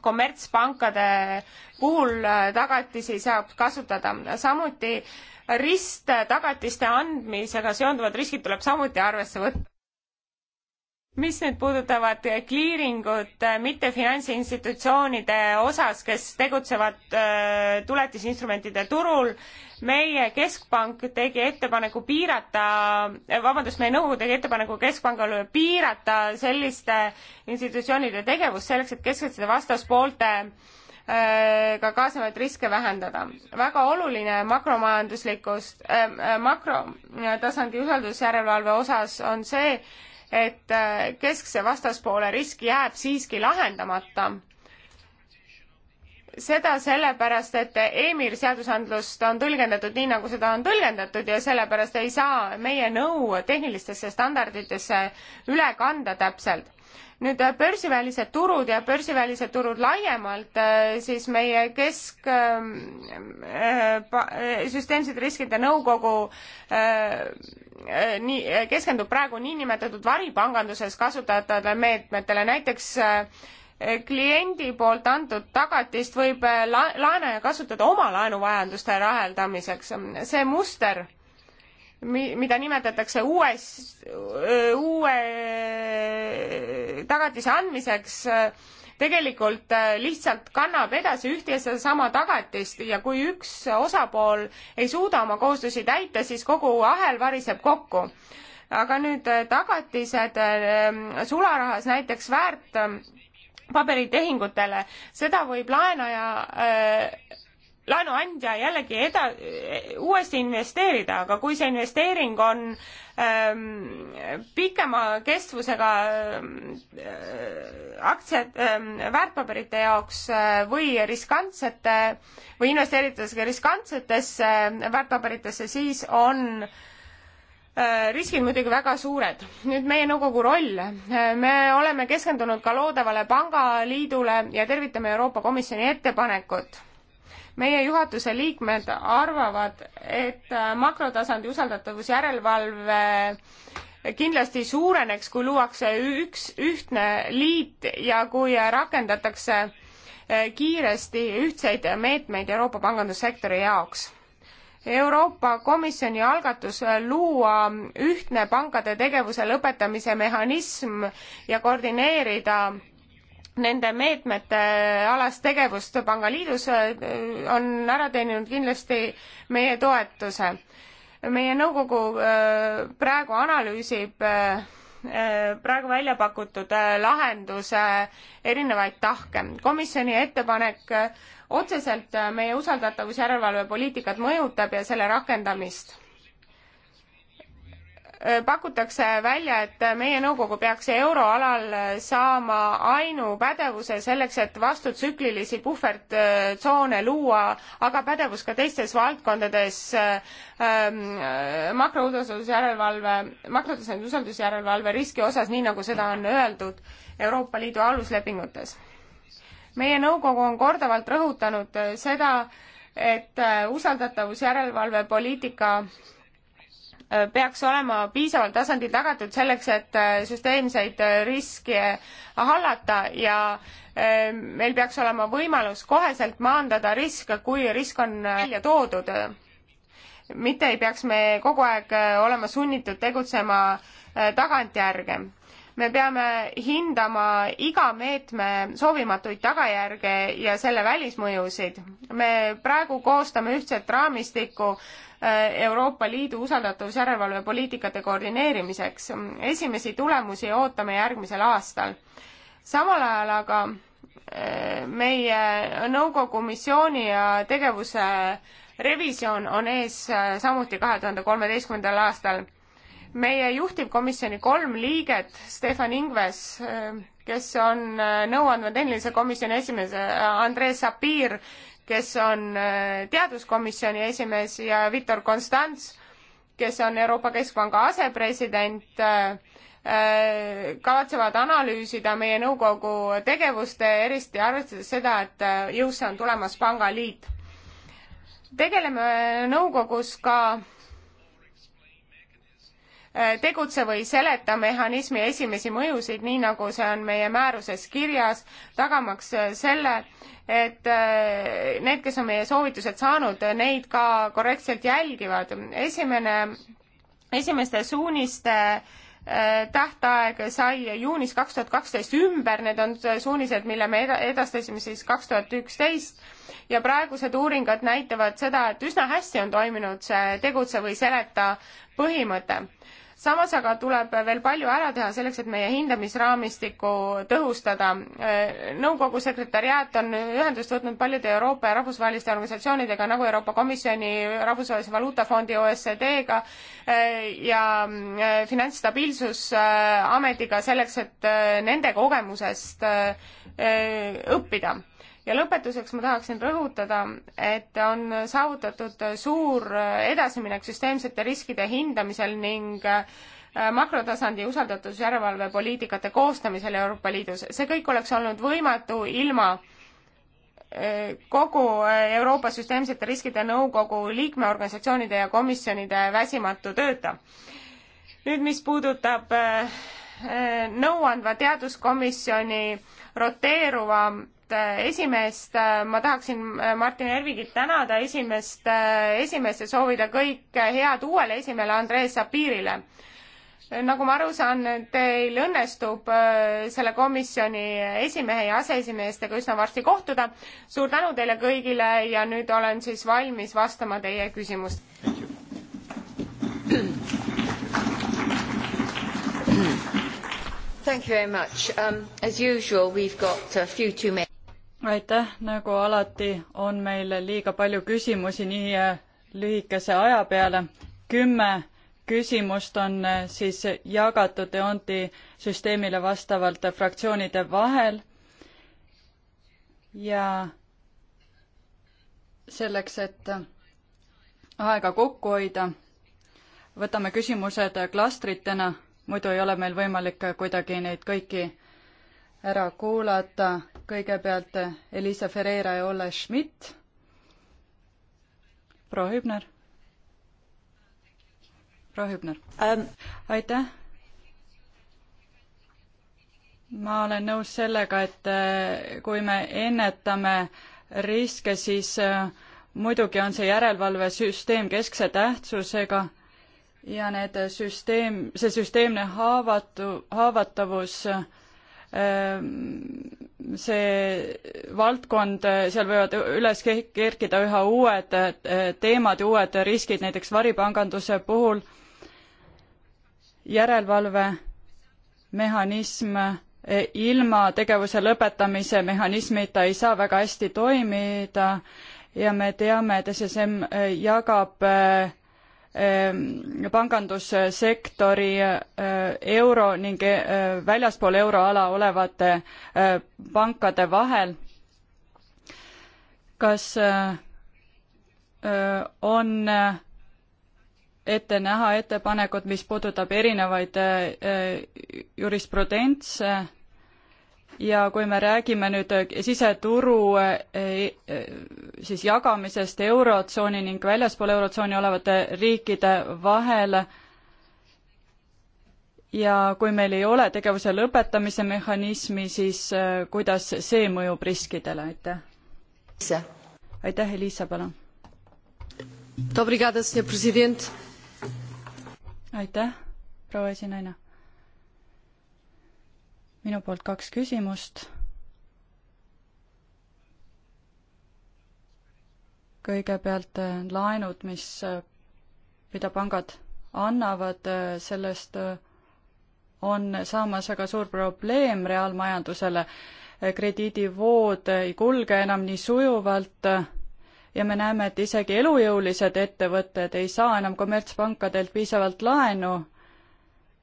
kommertspankade puhul tagatisi saab kasutada. samuti risttagatiste andmisega seonduvad riskid tuleb samuti arvesse võtta mis nüüd puudutavad kliiringut äh, mitte finantsinstitutsioonide osas, kes tegutsevad äh, tuletisinstrumentide turul, meie keskpank tegi ettepaneku piirata, äh, vabandust, meie nõukogu tegi ettepaneku keskpangale piirata selliste institutsioonide tegevust selleks, et keskenduda vastaspoolte ka kaasnevaid riske vähendada. väga oluline makromajanduslikust äh,, makrotasandi usaldusjärelevalve osas on see, et äh, keskse vastaspoole risk jääb siiski lahendamata seda sellepärast, et EMIR seadusandlust on tõlgendatud nii, nagu seda on tõlgendatud ja sellepärast ei saa meie nõu tehnilistesse standarditesse üle kanda täpselt nüüd äh, börsivälised turud ja börsivälised turud laiemalt, äh, siis meie kesk ähm, äh, äh, süsteemsete riskide nõukogu äh, nii, keskendub praegu niinimetatud varipanganduses kasutatavatele meetmetele, näiteks äh, kliendi poolt antud tagatist võib la-, laenaja kasutada oma laenuvajaduste raheldamiseks. see muster äh, mi-, mida nimetatakse uues, uue tagatise andmiseks, tegelikult äh, lihtsalt kannab edasi ühte ja sedasama tagatist ja kui üks osapool ei suuda oma kohustusi täita, siis kogu ahel variseb kokku. aga nüüd äh, tagatised ähm, sularahas näiteks väärt äh, paberitehingutele, seda võib laenaja äh, laenuandja jällegi eda-, uuesti investeerida, aga kui see investeering on ähm, pikema kestvusega ähm, äh, aktsiad ähm,, väärtpaberite jaoks äh, või riskantsete või investeerides ka riskantsetesse äh, väärtpaberitesse, siis on äh, riskid muidugi väga suured. nüüd meie nõukogu roll. Äh, me oleme keskendunud ka loodavale pangaliidule ja tervitame Euroopa Komisjoni ettepanekut meie juhatuse liikmed arvavad, et äh, makrotasandi usaldatavus järelevalve kindlasti suureneks, kui luuakse üks ühtne liit ja kui rakendatakse äh, kiiresti ühtseid meetmeid Euroopa pangandussektori jaoks Euroopa Komisjoni algatus äh, luua ühtne pankade tegevuse lõpetamise mehhanism ja koordineerida nende meetmete alast tegevust Pangaliidus äh, on ära teeninud kindlasti meie toetuse. meie nõukogu äh, praegu analüüsib äh, praegu välja pakutud lahenduse erinevaid tahke. komisjoni ettepanek otseselt meie usaldatavusjärelevalve poliitikat mõjutab ja selle rakendamist Äh, pakutakse välja, et meie nõukogu peaks euroalal saama ainupädevuse selleks, et vastutsüklilisi puhvertsoone luua, aga pädevus ka teistes valdkondades äh, ähm, makrousaldusjärelevalve, makrotasandi usaldusjärelevalve riski osas, nii nagu seda on öeldud Euroopa Liidu aluslepingutes. meie nõukogu on korduvalt rõhutanud äh, seda, et usaldatavusjärelevalve poliitika peaks olema piisaval tasandil tagatud selleks, et äh, süsteemseid äh, riske hallata ja äh, meil peaks olema võimalus koheselt maandada riske, kui risk on välja toodud. mitte ei peaks me kogu aeg olema sunnitud tegutsema tagantjärge me peame hindama iga meetme soovimatuid tagajärge ja selle välismõjusid. me praegu koostame ühtset raamistikku Euroopa Liidu usaldatavusjärelevalve poliitikate koordineerimiseks. esimesi tulemusi ootame järgmisel aastal. samal ajal aga eh, meie nõukogu missiooni ja tegevuse revisjon on ees eh, samuti kahe tuhande kolmeteistkümnendal aastal. meie juhtivkomisjoni kolm liiget, Stefan Ingves, eh, kes on nõuandva tehnilise komisjoni esimees, Andres Sapir, kes on äh, teaduskomisjoni esimees ja Viktor Konstants, kes on Euroopa Keskpanga asepresident, äh, äh, kavatsevad analüüsida meie nõukogu tegevust, eriti arvestades seda, et jõusse on tulemas pangaliit. tegeleme nõukogus ka tegutse või seleta mehhanismi esimesi mõjusid, nii nagu see on meie määruses kirjas, tagamaks äh, selle, et äh, need, kes on meie soovitused saanud, äh, neid ka korrektselt jälgivad. esimene, esimeste suuniste tähtaeg sai juunis kaks tuhat kaksteist ümber, need on suunised, mille me edastasime siis kaks tuhat üksteist ja praegused uuringud näitavad seda, et üsna hästi on toiminud see tegutse või seleta põhimõte samas aga tuleb veel palju ära teha selleks, et meie hindamisraamistikku tõhustada. Äh, nõukogu sekretäriaat on ühendust võtnud paljude Euroopa ja rahvusvaheliste organisatsioonidega nagu Euroopa Komisjoni, Rahvusvahelise Valuutafondi, OSCD-ga äh, ja äh, Finantsstabiilsusametiga selleks, et nende kogemusest õppida ja lõpetuseks ma tahaksin rõhutada, et on saavutatud suur edasiminek süsteemsete riskide hindamisel ning äh, makrotasandi usaldatus järelevalvepoliitikate koostamisel Euroopa Liidus. see kõik oleks olnud võimatu ilma äh, kogu äh, Euroopa Süsteemsete Riskide Nõukogu liikmeorganisatsioonide ja komisjonide väsimatu tööta. nüüd, mis puudutab nõuandva teaduskomisjoni roteeruva Äh, esimeest, äh, ma tahaksin äh, Martin Ervigit tänada esimest, esimest ja soovida kõike head uuele esimehele Andres Sapirile. nagu ma aru saan, teil õnnestub selle komisjoni esimehe ja aseesimeestega üsna varsti kohtuda. suur tänu teile kõigile ja nüüd olen siis valmis vastama teie küsimust. Thank you very much. Um, as usual, we've got a few too many aitäh, nagu alati on meil liiga palju küsimusi nii äh, lühikese aja peale. kümme küsimust on äh, siis jagatud Deonti süsteemile vastavalt äh, fraktsioonide vahel ja selleks, et aega kokku hoida, võtame küsimused klastritena, muidu ei ole meil võimalik kuidagi neid kõiki ära kuulata kõigepealt Elisa Ferreira ja Olle Schmidt. proua Hübner. proua Hübner um.. aitäh. ma olen nõus sellega, et äh, kui me ennetame riske, siis äh, muidugi on see järelevalvesüsteem keskse tähtsusega ja need äh, süsteem, see süsteemne haavatu, haavatavus see valdkond, seal võivad üles kerkida üha uued äh, teemad ja uued riskid, näiteks varipanganduse puhul järelevalvemehhanism e, ilma tegevuse lõpetamise mehhanismita ei saa väga hästi toimida ja me teame, et SSM äh, jagab äh, Ähm, pangandussektori äh, euro ning äh, väljaspool euroala olevate äh, pankade vahel. kas on ette näha ettepanekut, mis puudutab erinevaid jurisprudentse ja kui me räägime nüüd eh, siseturu eh, eh, siis jagamisest Eurotsooni ning väljaspool Eurotsooni olevate riikide vahel, ja kui meil ei ole tegevuse lõpetamise mehhanismi, siis kuidas see mõjub riskidele, aitäh? aitäh, Elisa, palun. aitäh, proua esinaine minu poolt kaks küsimust. kõigepealt äh, laenud, mis, äh, mida pangad annavad, äh, sellest on saamas väga suur probleem reaalmajandusele. krediidivood ei kulge enam nii sujuvalt ja me näeme, et isegi elujõulised ettevõtted ei saa enam kommertspankadelt piisavalt laenu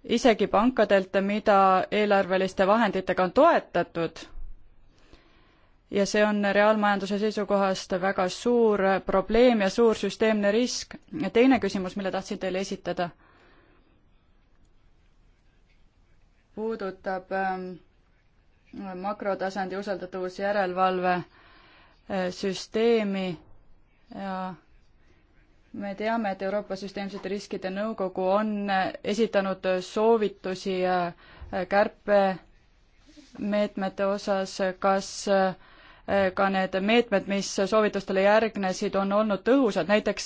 isegi pankadelt, mida eelarveliste vahenditega on toetatud. ja see on reaalmajanduse seisukohast väga suur probleem ja suur süsteemne risk. ja teine küsimus, mille tahtsin teile esitada, puudutab ähm, makrotasandi usaldatavusjärelevalve äh, süsteemi ja me teame, et Euroopa Süsteemsete Riskide Nõukogu on äh, esitanud äh, soovitusi äh, kärpemeetmete osas, kas ka need meetmed, mis soovitustele järgnesid, on olnud tõhusad, näiteks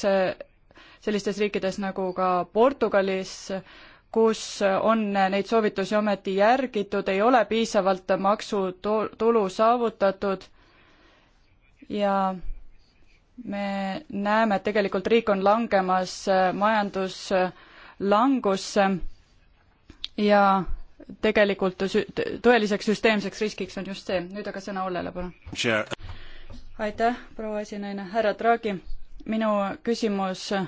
sellistes riikides nagu ka Portugalis, kus on neid soovitusi ometi järgitud, ei ole piisavalt maksutulu saavutatud ja me näeme, et tegelikult riik on langemas äh, majanduslangusse äh, ja tegelikult tõeliseks süsteemseks riskiks on just see. nüüd aga sõna Ollele, palun. aitäh, proua esinaine, härra Draghi. minu küsimus äh,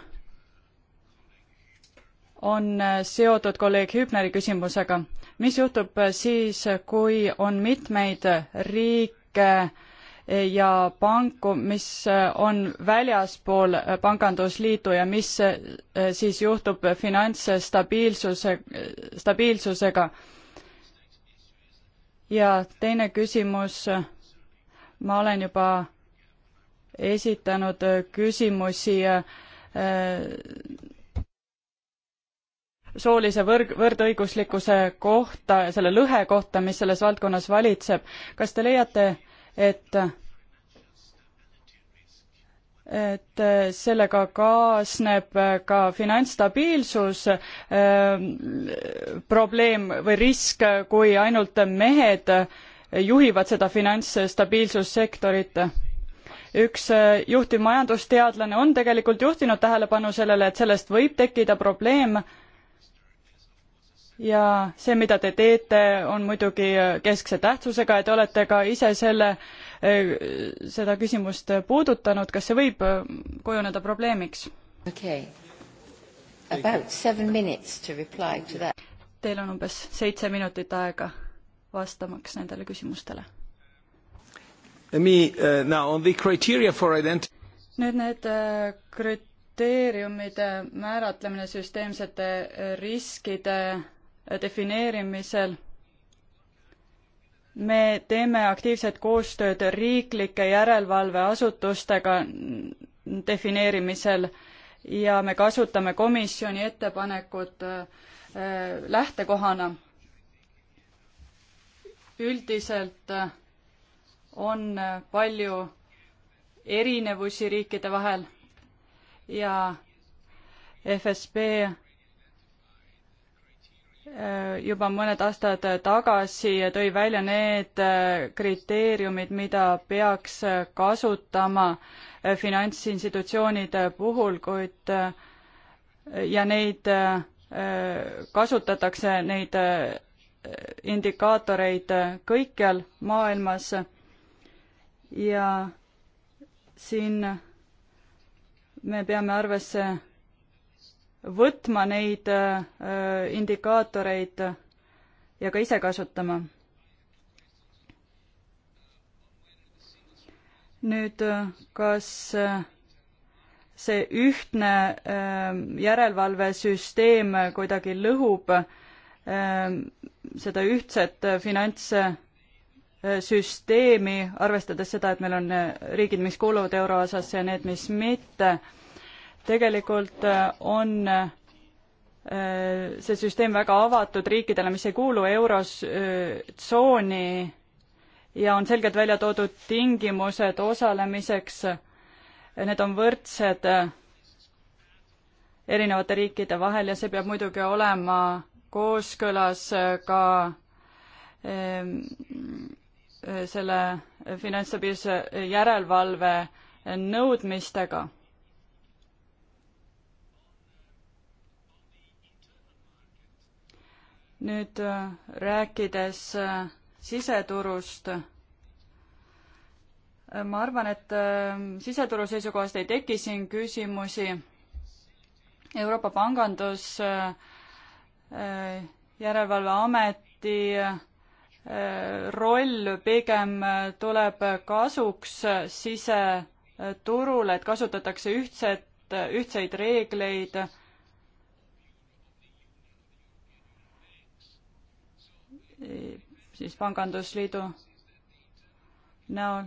on seotud kolleeg Hübneri küsimusega. mis juhtub siis, kui on mitmeid riike, ja panku, mis on väljaspool pangandusliitu ja mis eh, siis juhtub finantsstabiilsuse, stabiilsusega. ja teine küsimus, ma olen juba esitanud küsimusi eh, soolise võrg-, võrdõiguslikkuse kohta, selle lõhe kohta, mis selles valdkonnas valitseb. kas te leiate, et et sellega kaasneb ka finantsstabiilsus ähm, probleem või risk, kui ainult mehed juhivad seda finantsstabiilsussektorit üks juhtiv majandusteadlane on tegelikult juhtinud tähelepanu sellele et sellest võib tekkida probleem ja see, mida te teete, on muidugi keskse tähtsusega ja te olete ka ise selle, eh, seda küsimust puudutanud, kas see võib eh, kujuneda probleemiks? okei okay.. About seven minutes to reply to that. Teil on umbes seitse minutit aega vastamaks nendele küsimustele. Me uh, now on the criteria for ident-. nüüd need uh, kriteeriumid kriteeriumide määratlemine süsteemsete riskide defineerimisel. me teeme aktiivset koostööd riiklike järelevalveasutustega defineerimisel ja me kasutame komisjoni ettepanekut äh, lähtekohana. üldiselt äh, on äh, palju erinevusi riikide vahel ja FSB juba mõned aastad tagasi tõi välja need äh, kriteeriumid, mida peaks äh, kasutama äh, finantsinstitutsioonide puhul, kuid ja neid kasutatakse, neid indikaatoreid kõikjal maailmas ja siin me peame arvesse võtma neid äh, indikaatoreid ja ka ise kasutama. nüüd, äh, kas äh, see ühtne järelevalvesüsteem kuidagi lõhub seda ühtset finantssüsteemi, arvestades seda, et meil on riigid, mis kuuluvad euroasasse ja need, mis mitte tegelikult äh, on äh, see süsteem väga avatud riikidele, mis ei kuulu eurotsooni äh, ja on selgelt välja toodud tingimused osalemiseks. Need on võrdsed erinevate riikide vahel ja see peab muidugi olema kooskõlas ka ähm, selle finantsstabiilse järelevalve nõudmistega nüüd äh, rääkides äh, siseturust, äh, ma arvan, et siseturu seisukohast ei teki siin küsimusi. Euroopa Pangandus järelevalveameti roll pigem tuleb kasuks siseturule, et kasutatakse ühtset, ühtseid reegleid siis Pangandusliidu näol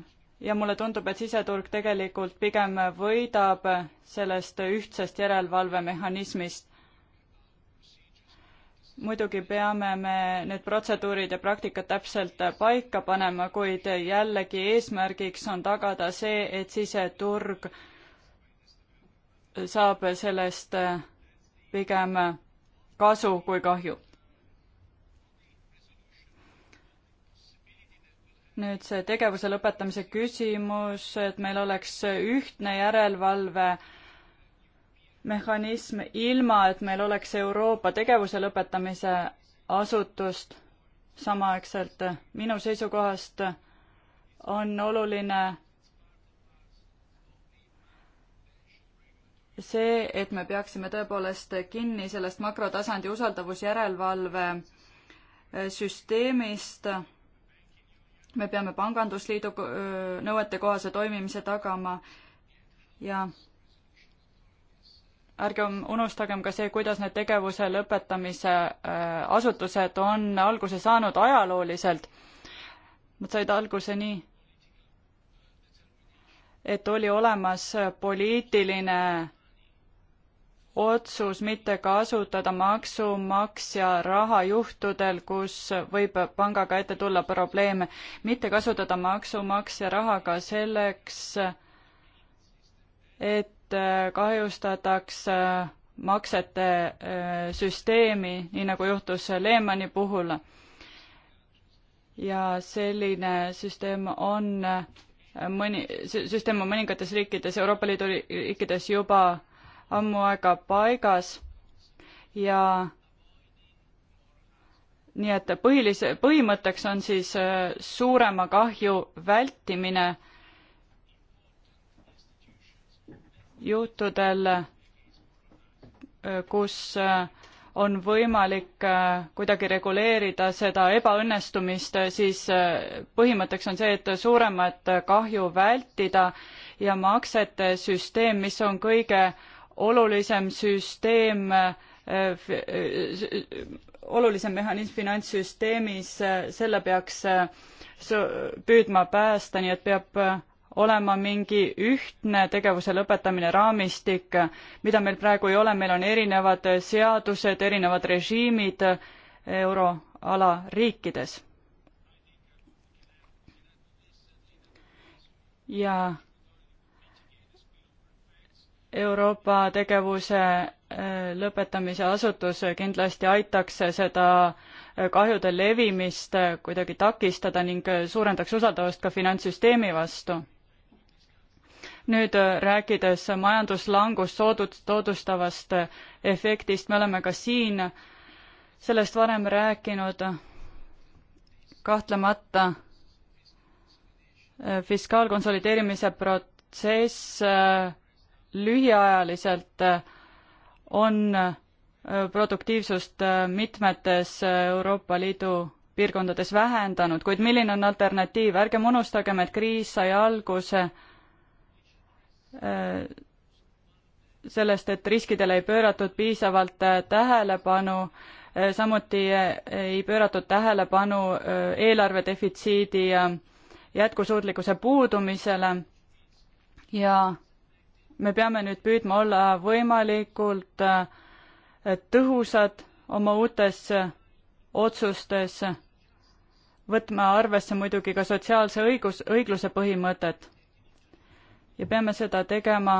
ja mulle tundub, et siseturg tegelikult pigem võidab sellest ühtsest järelevalvemehhanismist. muidugi peame me need protseduurid ja praktikad täpselt paika panema, kuid jällegi eesmärgiks on tagada see, et siseturg saab sellest pigem kasu kui kahju nüüd see tegevuse lõpetamise küsimus, et meil oleks ühtne järelevalve mehhanism, ilma et meil oleks Euroopa tegevuse lõpetamise asutust samaaegselt. minu seisukohast on oluline see, et me peaksime tõepoolest kinni sellest makrotasandi usaldavusjärelevalve süsteemist me peame pangandusliidu nõuetekohase toimimise tagama ja ärgem unustagem ka see, kuidas need tegevuse lõpetamise asutused on alguse saanud ajalooliselt. Nad said alguse nii, et oli olemas poliitiline otsus mitte kasutada maksumaksja raha juhtudel, kus võib pangaga ette tulla probleeme, mitte kasutada maksumaksja raha ka selleks, et äh, kahjustataks äh, maksete äh, süsteemi, nii nagu juhtus Lehmani puhul. ja selline süsteem on mõni, süsteem on mõningates riikides, Euroopa Liidu riikides juba ammu aega paigas ja nii et põhilise, põhimõtteks on siis äh, suurema kahju vältimine juhtudel, äh, kus äh, on võimalik kuidagi reguleerida seda ebaõnnestumist, siis põhimõtteks on see, et suuremat kahju vältida ja maksete süsteem, mis on kõige äh, olulisem süsteem, olulisem mehhanism finantssüsteemis, selle peaks püüdma päästa, nii et peab olema mingi ühtne tegevuse lõpetamine raamistik, mida meil praegu ei ole, meil on erinevad seadused, erinevad režiimid euroala riikides. ja Euroopa tegevuse äh, lõpetamise asutus kindlasti aitaks seda äh, kahjude levimist äh, kuidagi takistada ning suurendaks usaldavust ka finantssüsteemi vastu. nüüd rääkides majanduslangust soodust-, soodustavast efektist, me oleme ka siin sellest varem rääkinud, kahtlemata fiskaalkonsolideerimise protsess lühiajaliselt äh, on äh, produktiivsust äh, mitmetes Euroopa Liidu piirkondades vähendanud, kuid milline on alternatiiv, ärgem unustagem, et kriis sai alguse sellest, et riskidele ei pööratud piisavalt tähelepanu, samuti ei pööratud tähelepanu eelarve defitsiidi ja jätkusuutlikkuse puudumisele ja me peame nüüd püüdma olla võimalikult äh, tõhusad oma uutes äh, otsustes, võtma arvesse muidugi ka sotsiaalse õigus, õigluse põhimõtet. ja peame seda tegema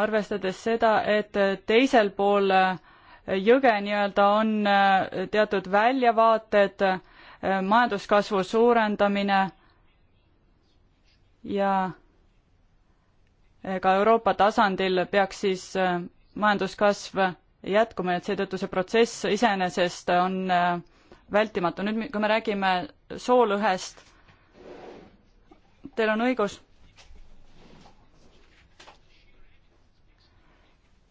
arvestades seda, et teisel pool äh, jõge nii-öelda on teatud väljavaated, Äh, majanduskasvu suurendamine ja äh, ka Euroopa tasandil peaks siis äh, majanduskasv jätkuma, nii et seetõttu see protsess iseenesest on vältimatu. nüüd, kui me räägime soolõhest, teil on õigus,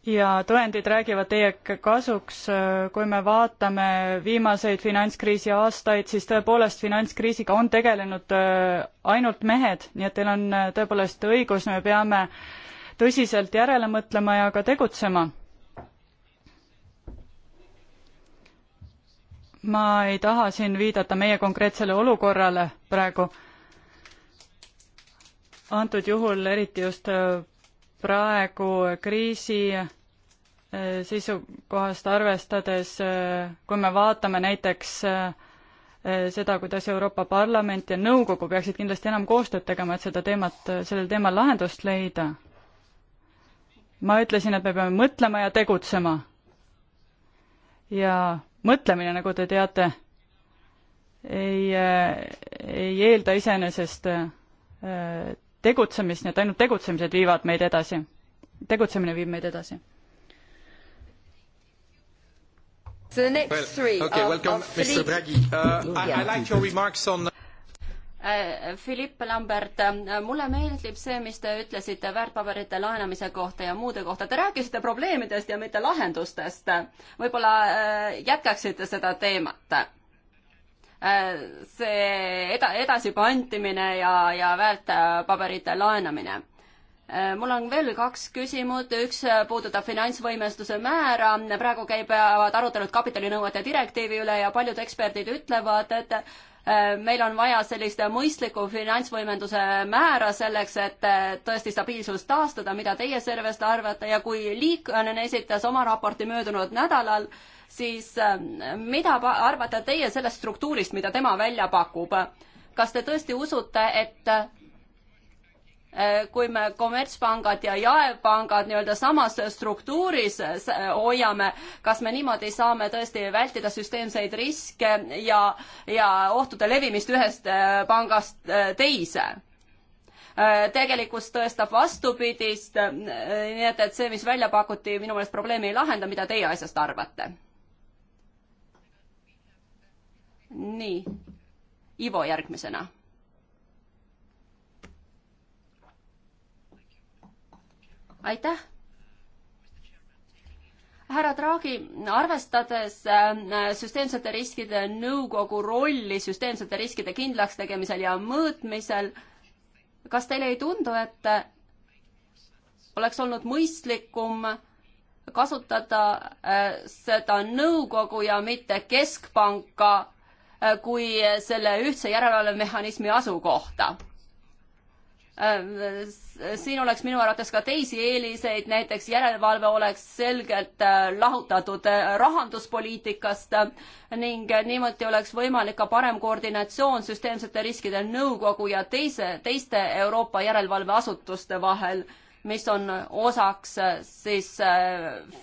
ja tõendid räägivad teie kasuks, kui me vaatame viimaseid finantskriisi aastaid, siis tõepoolest finantskriisiga on tegelenud äh, ainult mehed, nii et teil on äh, tõepoolest õigus, me peame tõsiselt järele mõtlema ja ka tegutsema. ma ei taha siin viidata meie konkreetsele olukorrale praegu, antud juhul eriti just äh, praegu kriisi seisukohast arvestades, kui me vaatame näiteks eh, seda, kuidas Euroopa Parlament ja Nõukogu peaksid kindlasti enam koostööd tegema, et seda teemat, sellel teemal lahendust leida. ma ütlesin, et me peame mõtlema ja tegutsema. ja mõtlemine, nagu te teate, ei, eh, ei eelda iseenesest eh, tegutsemist, nii et ainult tegutsemised viivad meid edasi. tegutsemine viib meid edasi The next well, three okay, are, welcome, are Mr. Draghi. Uh, I, I like your remarks on uh, Philippe Lambert, um, uh, mulle meeldib see, mis te ütlesite väärtpaberite laenamise kohta ja muude kohta. Te rääkisite probleemidest ja mitte lahendustest. võib-olla äh, jätkaksite seda teemat? Äh, see eda-, edasipantimine ja, ja väärtpaberite laenamine Äh, mul on veel kaks küsimust, üks äh, puudutab finantsvõimestuse määra, praegu käivad arutelud kapitalinõuete direktiivi üle ja paljud eksperdid ütlevad, et äh, meil on vaja sellist mõistlikku finantsvõimenduse määra selleks, et tõesti stabiilsust taastada, mida teie sellest arvate ja kui Liikanen esitas oma raporti möödunud nädalal, siis mida arvate teie sellest struktuurist, mida tema välja pakub? kas te tõesti usute, et Äh, kui me kommertspangad ja jaepangad nii-öelda samas struktuuris äh, äh, hoiame, kas me niimoodi saame tõesti vältida süsteemseid riske ja, ja ohtude levimist ühest pangast teise? tegelikkus tõestab vastupidist, nii et, et see, mis välja pakuti, minu meelest probleemi ei lahenda, mida teie asjast arvate? nii, Ivo järgmisena aitäh! härra Draghi, arvestades äh, süsteemsete riskide nõukogu rolli süsteemsete riskide kindlakstegemisel ja mõõtmisel, kas teile ei tundu, et äh, oleks olnud mõistlikum kasutada äh, seda nõukogu ja mitte keskpanka kui selle ühtse järelevalvemehhanismi asukohta? Äh, siin oleks minu arvates ka teisi eeliseid, näiteks järelevalve oleks selgelt äh, lahutatud äh, rahanduspoliitikast ning niimoodi oleks võimalik ka parem koordinatsioon süsteemsete riskide nõukogu ja teise, teiste Euroopa järelevalveasutuste vahel, mis on osaks siis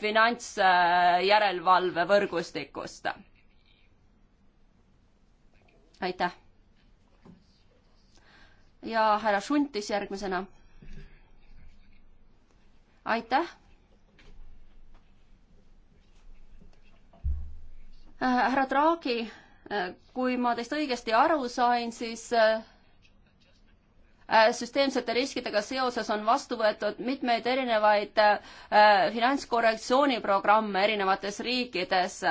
finantsjärelevalve võrgustikust. aitäh ja härra Šuntis järgmisena. aitäh. Äh, härra Draghi, äh, kui ma teist õigesti aru sain, siis äh, süsteemsete riskidega seoses on vastu võetud mitmeid erinevaid finantskorrektsiooniprogramme erinevates riikides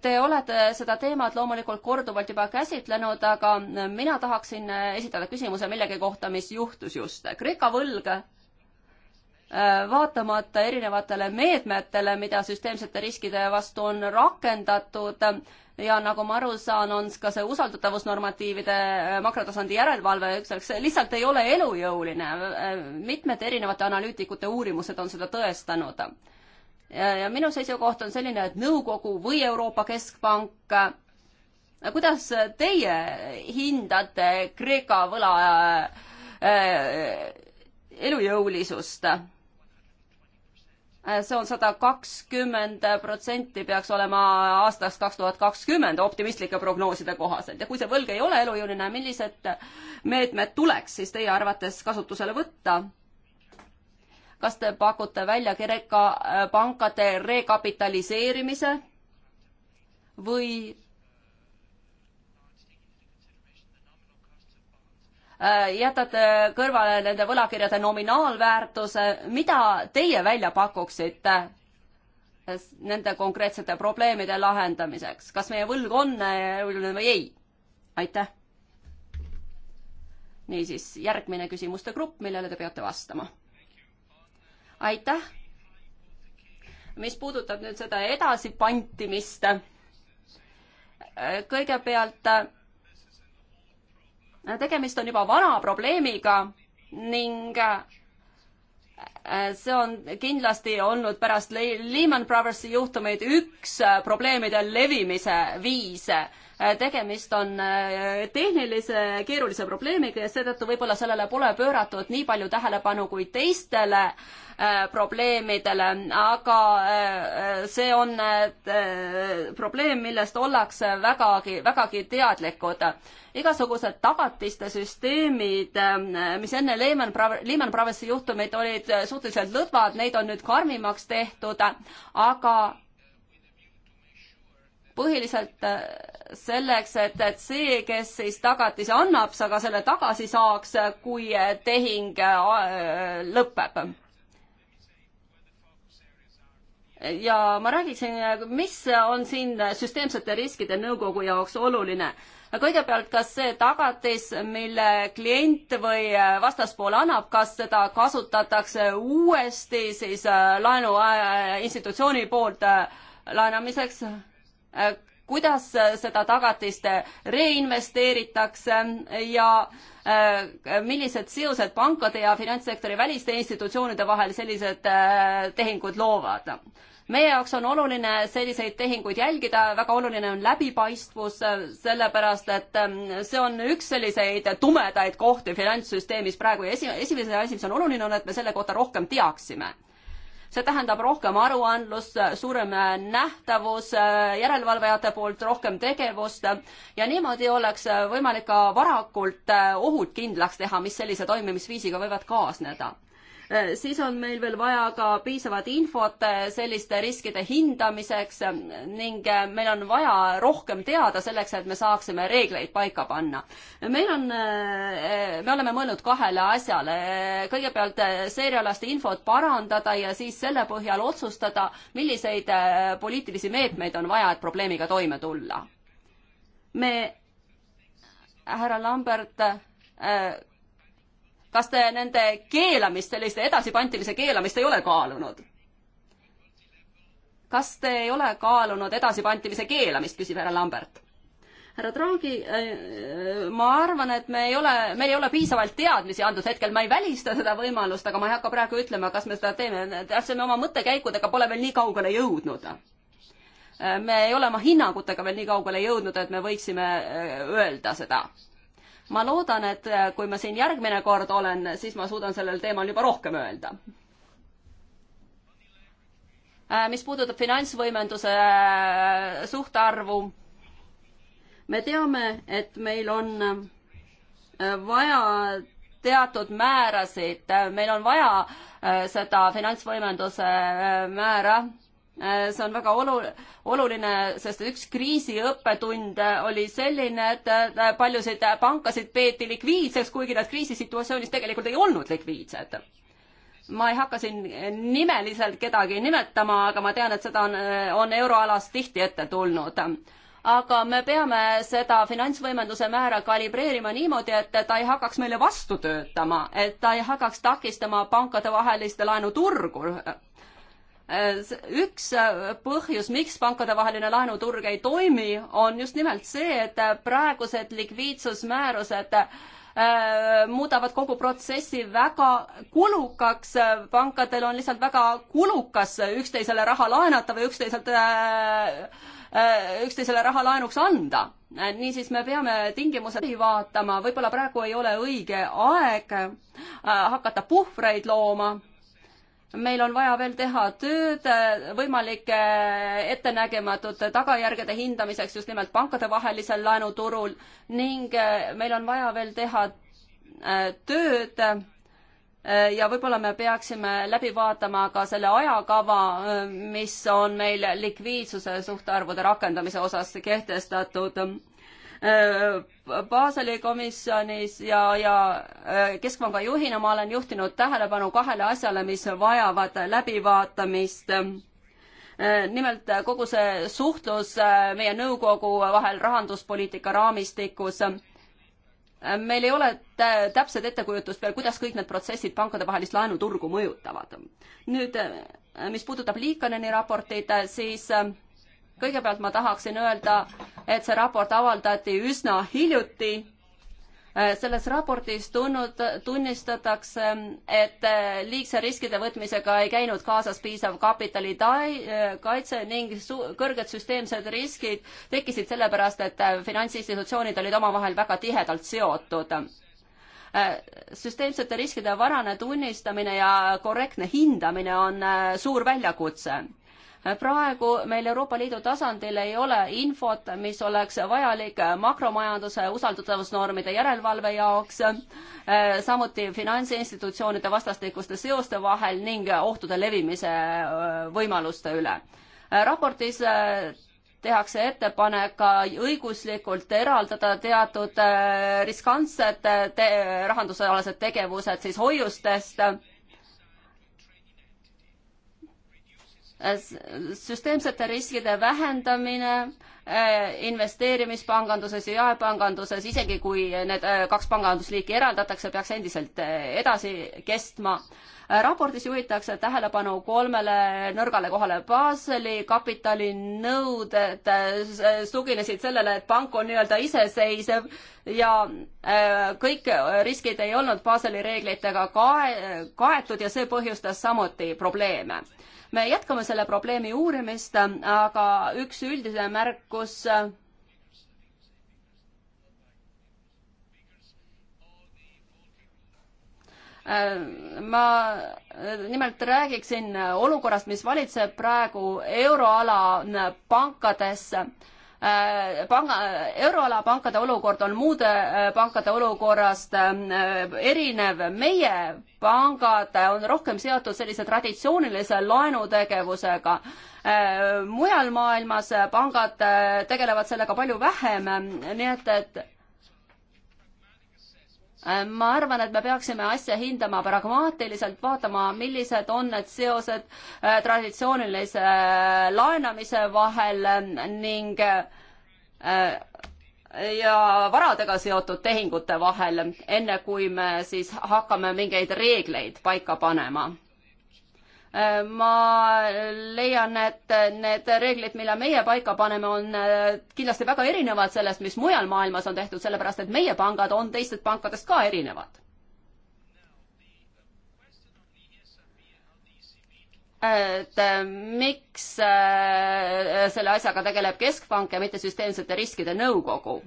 Te olete seda teemat loomulikult korduvalt juba käsitlenud, aga mina tahaksin esitada küsimuse millegi kohta, mis juhtus just. Kreeka võlg äh, vaatamata erinevatele meetmetele, mida süsteemsete riskide vastu on rakendatud ja nagu ma aru saan, on ka see usaldatavusnormatiivide äh, makrotasandi järelevalve üks, lihtsalt ei ole elujõuline. Äh, mitmete erinevate analüütikute uurimused on seda tõestanud ja minu seisukoht on selline, et nõukogu või Euroopa Keskpank äh, kuidas teie hindate Kreeka võla äh, elujõulisust? Äh, see on sada kakskümmend protsenti, peaks olema aastaks kaks tuhat kakskümmend optimistlike prognooside kohaselt ja kui see võlg ei ole elujõuline, millised meetmed tuleks siis teie arvates kasutusele võtta? kas te pakute välja Kreeka äh, pankade rekapitaliseerimise või äh, jätate kõrvale nende võlakirjade nominaalväärtuse, mida teie välja pakuksite äh, nende konkreetsete probleemide lahendamiseks, kas meie võlg on või ei? aitäh. niisiis, järgmine küsimuste grupp, millele te peate vastama aitäh! mis puudutab nüüd seda edasipantimist, kõigepealt tegemist on juba vana probleemiga ning äh, see on kindlasti olnud pärast Lehman Brothersi juhtumeid üks probleemide levimise viis. Äh, tegemist on äh, tehnilise keerulise probleemiga ja seetõttu võib-olla sellele pole pööratud nii palju tähelepanu kui teistele äh, probleemidele, aga see on probleem, millest ollakse vägagi, vägagi teadlikud. igasugused tagatiste süsteemid, mis enne Lehman, Lehman Brothersi juhtumit olid suhteliselt lõdvad, neid on nüüd karmimaks tehtud, aga põhiliselt äh, selleks, et, et see, kes siis tagatise annab, aga selle tagasi saaks, kui tehing äh, lõpeb. ja ma räägiksin, mis on siin süsteemsete riskide nõukogu jaoks oluline. kõigepealt, kas see tagatis, mille klient või vastaspool annab, kas seda kasutatakse uuesti siis äh, laenuinstitutsiooni poolt laenamiseks Äh, kuidas äh, seda tagatist reinvesteeritakse ja äh, millised seosed pankade ja finantssektori väliste institutsioonide vahel sellised tehingud loovad. meie jaoks on oluline selliseid tehinguid jälgida, väga oluline on läbipaistvus, sellepärast et ähm, see on üks selliseid tumedaid kohti finantssüsteemis praegu ja esi, esimene asi, mis on oluline, on, et me selle kohta rohkem teaksime see tähendab rohkem aruandlust, suurem nähtavus, järelevalvajate poolt rohkem tegevust ja niimoodi oleks võimalik ka varakult ohud kindlaks teha, mis sellise toimimisviisiga võivad kaasneda Äh, siis on meil veel vaja ka piisavat infot äh, selliste riskide hindamiseks äh, ning meil on vaja rohkem teada selleks, et me saaksime reegleid paika panna. meil on, me oleme mõelnud kahele asjale. kõigepealt seerialaste infot parandada ja siis selle põhjal otsustada, milliseid poliitilisi meetmeid on vaja, et probleemiga toime tulla. me, härra Lambert äh,, kas te nende keelamist, selliste edasipantilise keelamist ei ole kaalunud? kas te ei ole kaalunud edasipantimise keelamist, küsib härra Lambert. härra Draghi, äh, äh, ma arvan, et me ei ole, meil ei ole piisavalt teadmisi antud hetkel, ma ei välista seda võimalust, aga ma ei hakka praegu ütlema, kas me seda teeme, tahtsime oma mõttekäikudega pole veel nii kaugele jõudnud äh, me ei ole oma hinnangutega veel nii kaugele jõudnud, et me võiksime öelda seda ma loodan, et äh, kui ma siin järgmine kord olen, siis ma suudan sellel teemal juba rohkem öelda. Äh, mis puudutab finantsvõimenduse äh, suhtarvu, me teame, et meil on vaja teatud määrasid, meil on vaja seda finantsvõimenduse määra Äh, see on väga olu-, oluline, sest üks kriisi õppetund äh, oli selline, et äh, paljusid pankasid peeti likviidseks, kuigi nad kriisisituatsioonis tegelikult ei olnud likviidsed. ma ei hakka siin nimeliselt kedagi nimetama, aga ma tean, et seda on, on euroalas tihti ette tulnud aga me peame seda finantsvõimenduse määra kalibreerima niimoodi, et ta ei hakkaks meile vastu töötama, et ta ei hakkaks takistama pankadevaheliste laenuturgu Äh, üks äh, põhjus, miks pankadevaheline laenuturg ei toimi, on just nimelt see, et äh, praegused likviidsusmäärused muudavad kogu protsessi väga kulukaks, pankadel on lihtsalt väga kulukas üksteisele raha laenata või üksteiselt, üksteisele raha laenuks anda. niisiis me peame tingimused läbi vaatama, võib-olla praegu ei ole õige aeg hakata puhvreid looma meil on vaja veel teha tööd äh, võimalike äh, ettenägematute tagajärgede hindamiseks just nimelt pankadevahelisel laenuturul ning äh, meil on vaja veel teha tööd ja võib-olla me peaksime läbi vaatama ka selle ajakava, mis on meil likviidsuse suhtarvude rakendamise osas kehtestatud Äh, Baseli komisjonis ja, ja äh, Keskpanga juhina ma olen juhtinud tähelepanu kahele asjale, mis vajavad läbivaatamist. Äh, nimelt kogu see suhtlus meie nõukogu vahel rahanduspoliitika raamistikus. meil ei ole täpset ettekujutust veel, kuidas kõik need protsessid pankadevahelist laenuturgu mõjutavad. nüüd, mis puudutab Liikaneni raportit, siis kõigepealt ma tahaksin öelda, et see raport avaldati üsna hiljuti. Äh, selles raportis tunnud, tunnistatakse, et äh, liigse riskide võtmisega ei käinud kaasas piisav kapitali tai-, äh, kaitse ning su-, kõrged süsteemsed riskid tekkisid sellepärast, et finantsinstitutsioonid olid omavahel väga tihedalt seotud süsteemsete riskide varane tunnistamine ja korrektne hindamine on suur väljakutse praegu meil Euroopa Liidu tasandil ei ole infot, mis oleks vajalik makromajanduse usaldatavusnormide järelevalve jaoks, samuti finantsinstitutsioonide vastastikuste seoste vahel ning ohtude levimise võimaluste üle. raportis tehakse ettepanek ka õiguslikult eraldada teatud riskantsed te rahandusalased tegevused siis hoiustest Äh, süsteemsete riskide vähendamine Äh, investeerimispanganduses ja jaepanganduses, isegi kui need äh, kaks pangandusliiki eraldatakse, peaks endiselt äh, edasi kestma. raportis juhitakse tähelepanu kolmele nõrgale kohale. Baseli kapitalinõuded tuginesid sellele, et pank on nii-öelda iseseisev ja kõik riskid ei olnud Baseli reeglitega kae-, kaetud ja see põhjustas samuti probleeme me jätkame selle probleemi uurimist, aga üks üldisem märk kus äh, ma nimelt räägiksin olukorrast, mis valitseb praegu euroala pankades Äh, panga, äh, euroala pankade olukord on muude äh, pankade olukorrast erinev. meie pangad on rohkem seotud sellise traditsioonilise laenutegevusega. mujal maailmas pangad tegelevad sellega palju vähem, nii et, et Äh, ma arvan, et me peaksime asja hindama pragmaatiliselt, vaatama, millised on need seosed äh, traditsioonilise äh, laenamise vahel ning ja varadega seotud tehingute vahel, enne kui me siis hakkame mingeid reegleid paika panema ma leian, et need reeglid, mille meie paika paneme, on äh, kindlasti väga erinevad sellest, mis mujal maailmas on tehtud, sellepärast et meie pangad on teistest pankadest ka erinevad. et äh, miks äh, selle asjaga tegeleb Keskpank ja mitte Süsteemsete Riskide Nõukogu?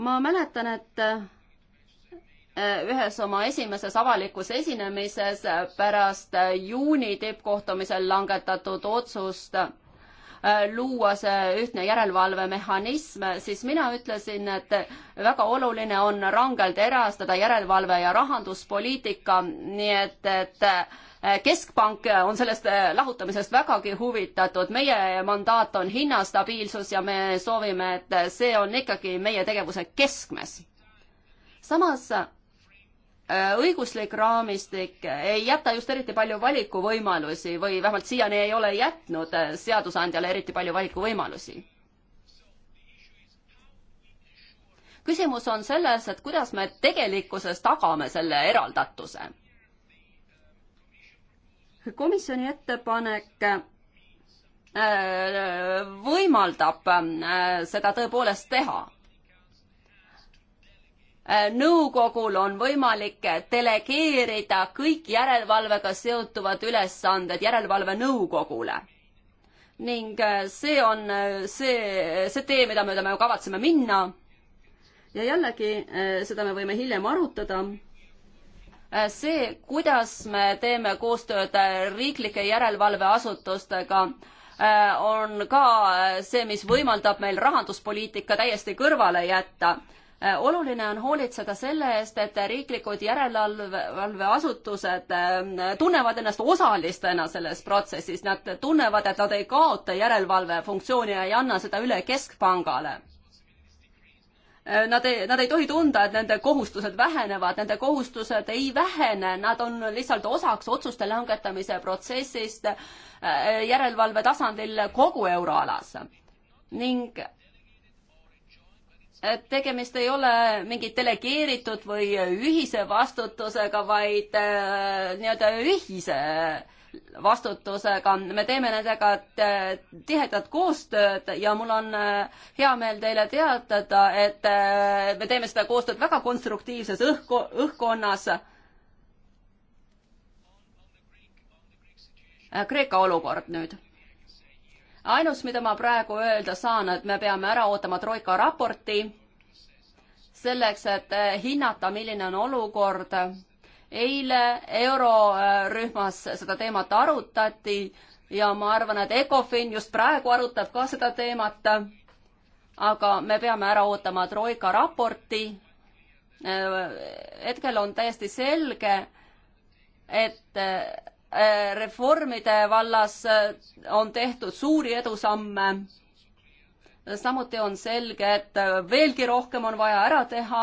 ma mäletan, et Äh, ühes oma esimeses avalikus esinemises äh, pärast äh, juuni tippkohtumisel langetatud otsust luua see ühtne järelevalvemehhanism, siis mina ütlesin, et väga oluline on rangelt erastada järelevalve ja rahanduspoliitika, nii et, et keskpank on sellest lahutamisest vägagi huvitatud, meie mandaat on hinnastabiilsus ja me soovime, et see on ikkagi meie tegevuse keskmes. samas Äh, õiguslik raamistik ei jäta just eriti palju valikuvõimalusi või vähemalt siiani ei ole jätnud äh, seadusandjale eriti palju valikuvõimalusi. küsimus on selles, et kuidas me tegelikkuses tagame selle eraldatuse. komisjoni ettepanek äh, võimaldab seda tõepoolest teha Äh, nõukogul on võimalik delegeerida kõik järelevalvega seotuvad ülesanded järelevalve nõukogule. ning äh, see on äh, see, see tee, mida mööda me kavatseme minna. ja jällegi, seda me võime hiljem arutada. see, kuidas me teeme koostööd riiklike järelevalveasutustega, on ka see, mis võimaldab meil rahanduspoliitika täiesti kõrvale jätta Äh, oluline on hoolitseda selle eest, et riiklikud järelevalveasutused äh, tunnevad ennast osalistena selles protsessis, nad tunnevad, et nad ei kaota järelevalvefunktsiooni ja ei anna seda üle keskpangale. Äh, nad ei, nad ei tohi tunda, et nende kohustused vähenevad, nende kohustused ei vähene, nad on lihtsalt osaks otsuste langetamise protsessist järelevalve tasandil kogu euroalas. ning tegemist ei ole mingi delegeeritud või ühise vastutusega, vaid äh, nii-öelda ühise vastutusega, me teeme nendega äh, tihedat koostööd ja mul on äh, hea meel teile teatada, et me teeme seda koostööd väga konstruktiivses õhku, õhkkonnas. Kreeka olukord nüüd ainus, mida ma praegu öelda saan, et me peame ära ootama Troika raporti selleks, et eh, hinnata, milline on olukord. eile eurorühmas seda teemat arutati ja ma arvan, et Ecofin just praegu arutab ka seda teemat. aga me peame ära ootama Troika raporti. Eh, hetkel on täiesti selge, et eh, Äh, reformide vallas äh, on tehtud suuri edusamme. samuti on selge, et äh, veelgi rohkem on vaja ära teha.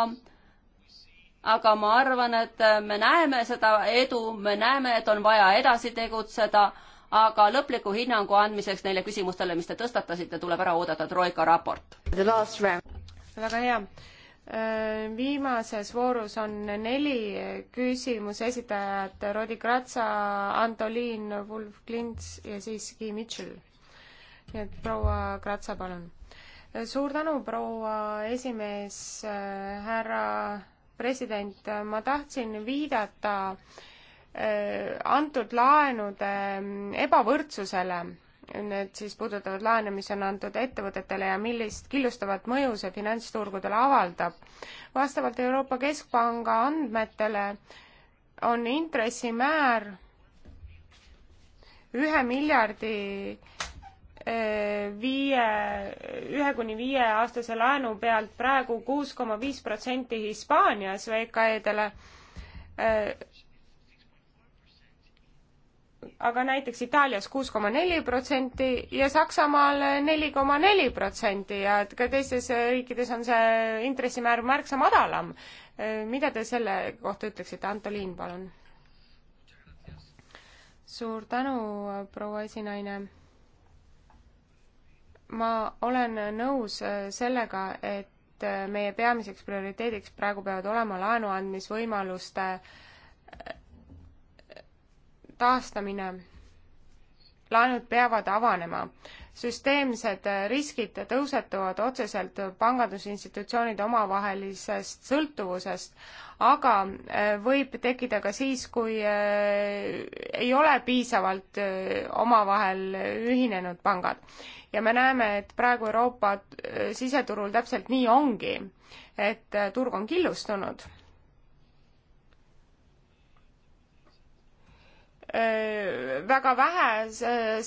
aga ma arvan, et me näeme seda edu, me näeme, et on vaja edasi tegutseda, aga lõpliku hinnangu andmiseks neile küsimustele, mis te tõstatasite, tuleb ära oodata Troika raport. väga hea Äh, viimases voorus on neli küsimuse esitajat, Rodi Kratsa, Antoliin, Wolf Klints ja siis Guy Mitchell. nii et proua Kratsa, palun. Äh, suur tänu, proua esimees, äh, härra president, ma tahtsin viidata antud laenude mm, ebavõrdsusele need siis puudutavad laene, mis on antud ettevõtetele ja millist killustavat mõju see finantsturgudele avaldab. vastavalt Euroopa Keskpanga andmetele on intressimäär ühe miljardi eh, viie, ühe kuni viieaastase laenu pealt praegu kuus koma viis protsenti Hispaanias VKE-dele eh, aga näiteks Itaalias kuus koma neli protsenti ja Saksamaal neli koma neli protsenti ja et ka teistes riikides on see intressimäär märksa madalam. mida te selle kohta ütleksite, Antoliin, palun? suur tänu, proua esinaine. ma olen nõus äh, sellega, et äh, meie peamiseks prioriteediks praegu peavad olema laenu andmisvõimaluste äh, taastamine. laenud peavad avanema. süsteemsed riskid tõusetuvad otseselt pangandusinstitutsioonide omavahelisest sõltuvusest, aga äh, võib tekkida ka siis, kui äh, ei ole piisavalt äh, omavahel ühinenud pangad. ja me näeme, et praegu Euroopa siseturul täpselt nii ongi, et turg on killustunud Äh, väga vähe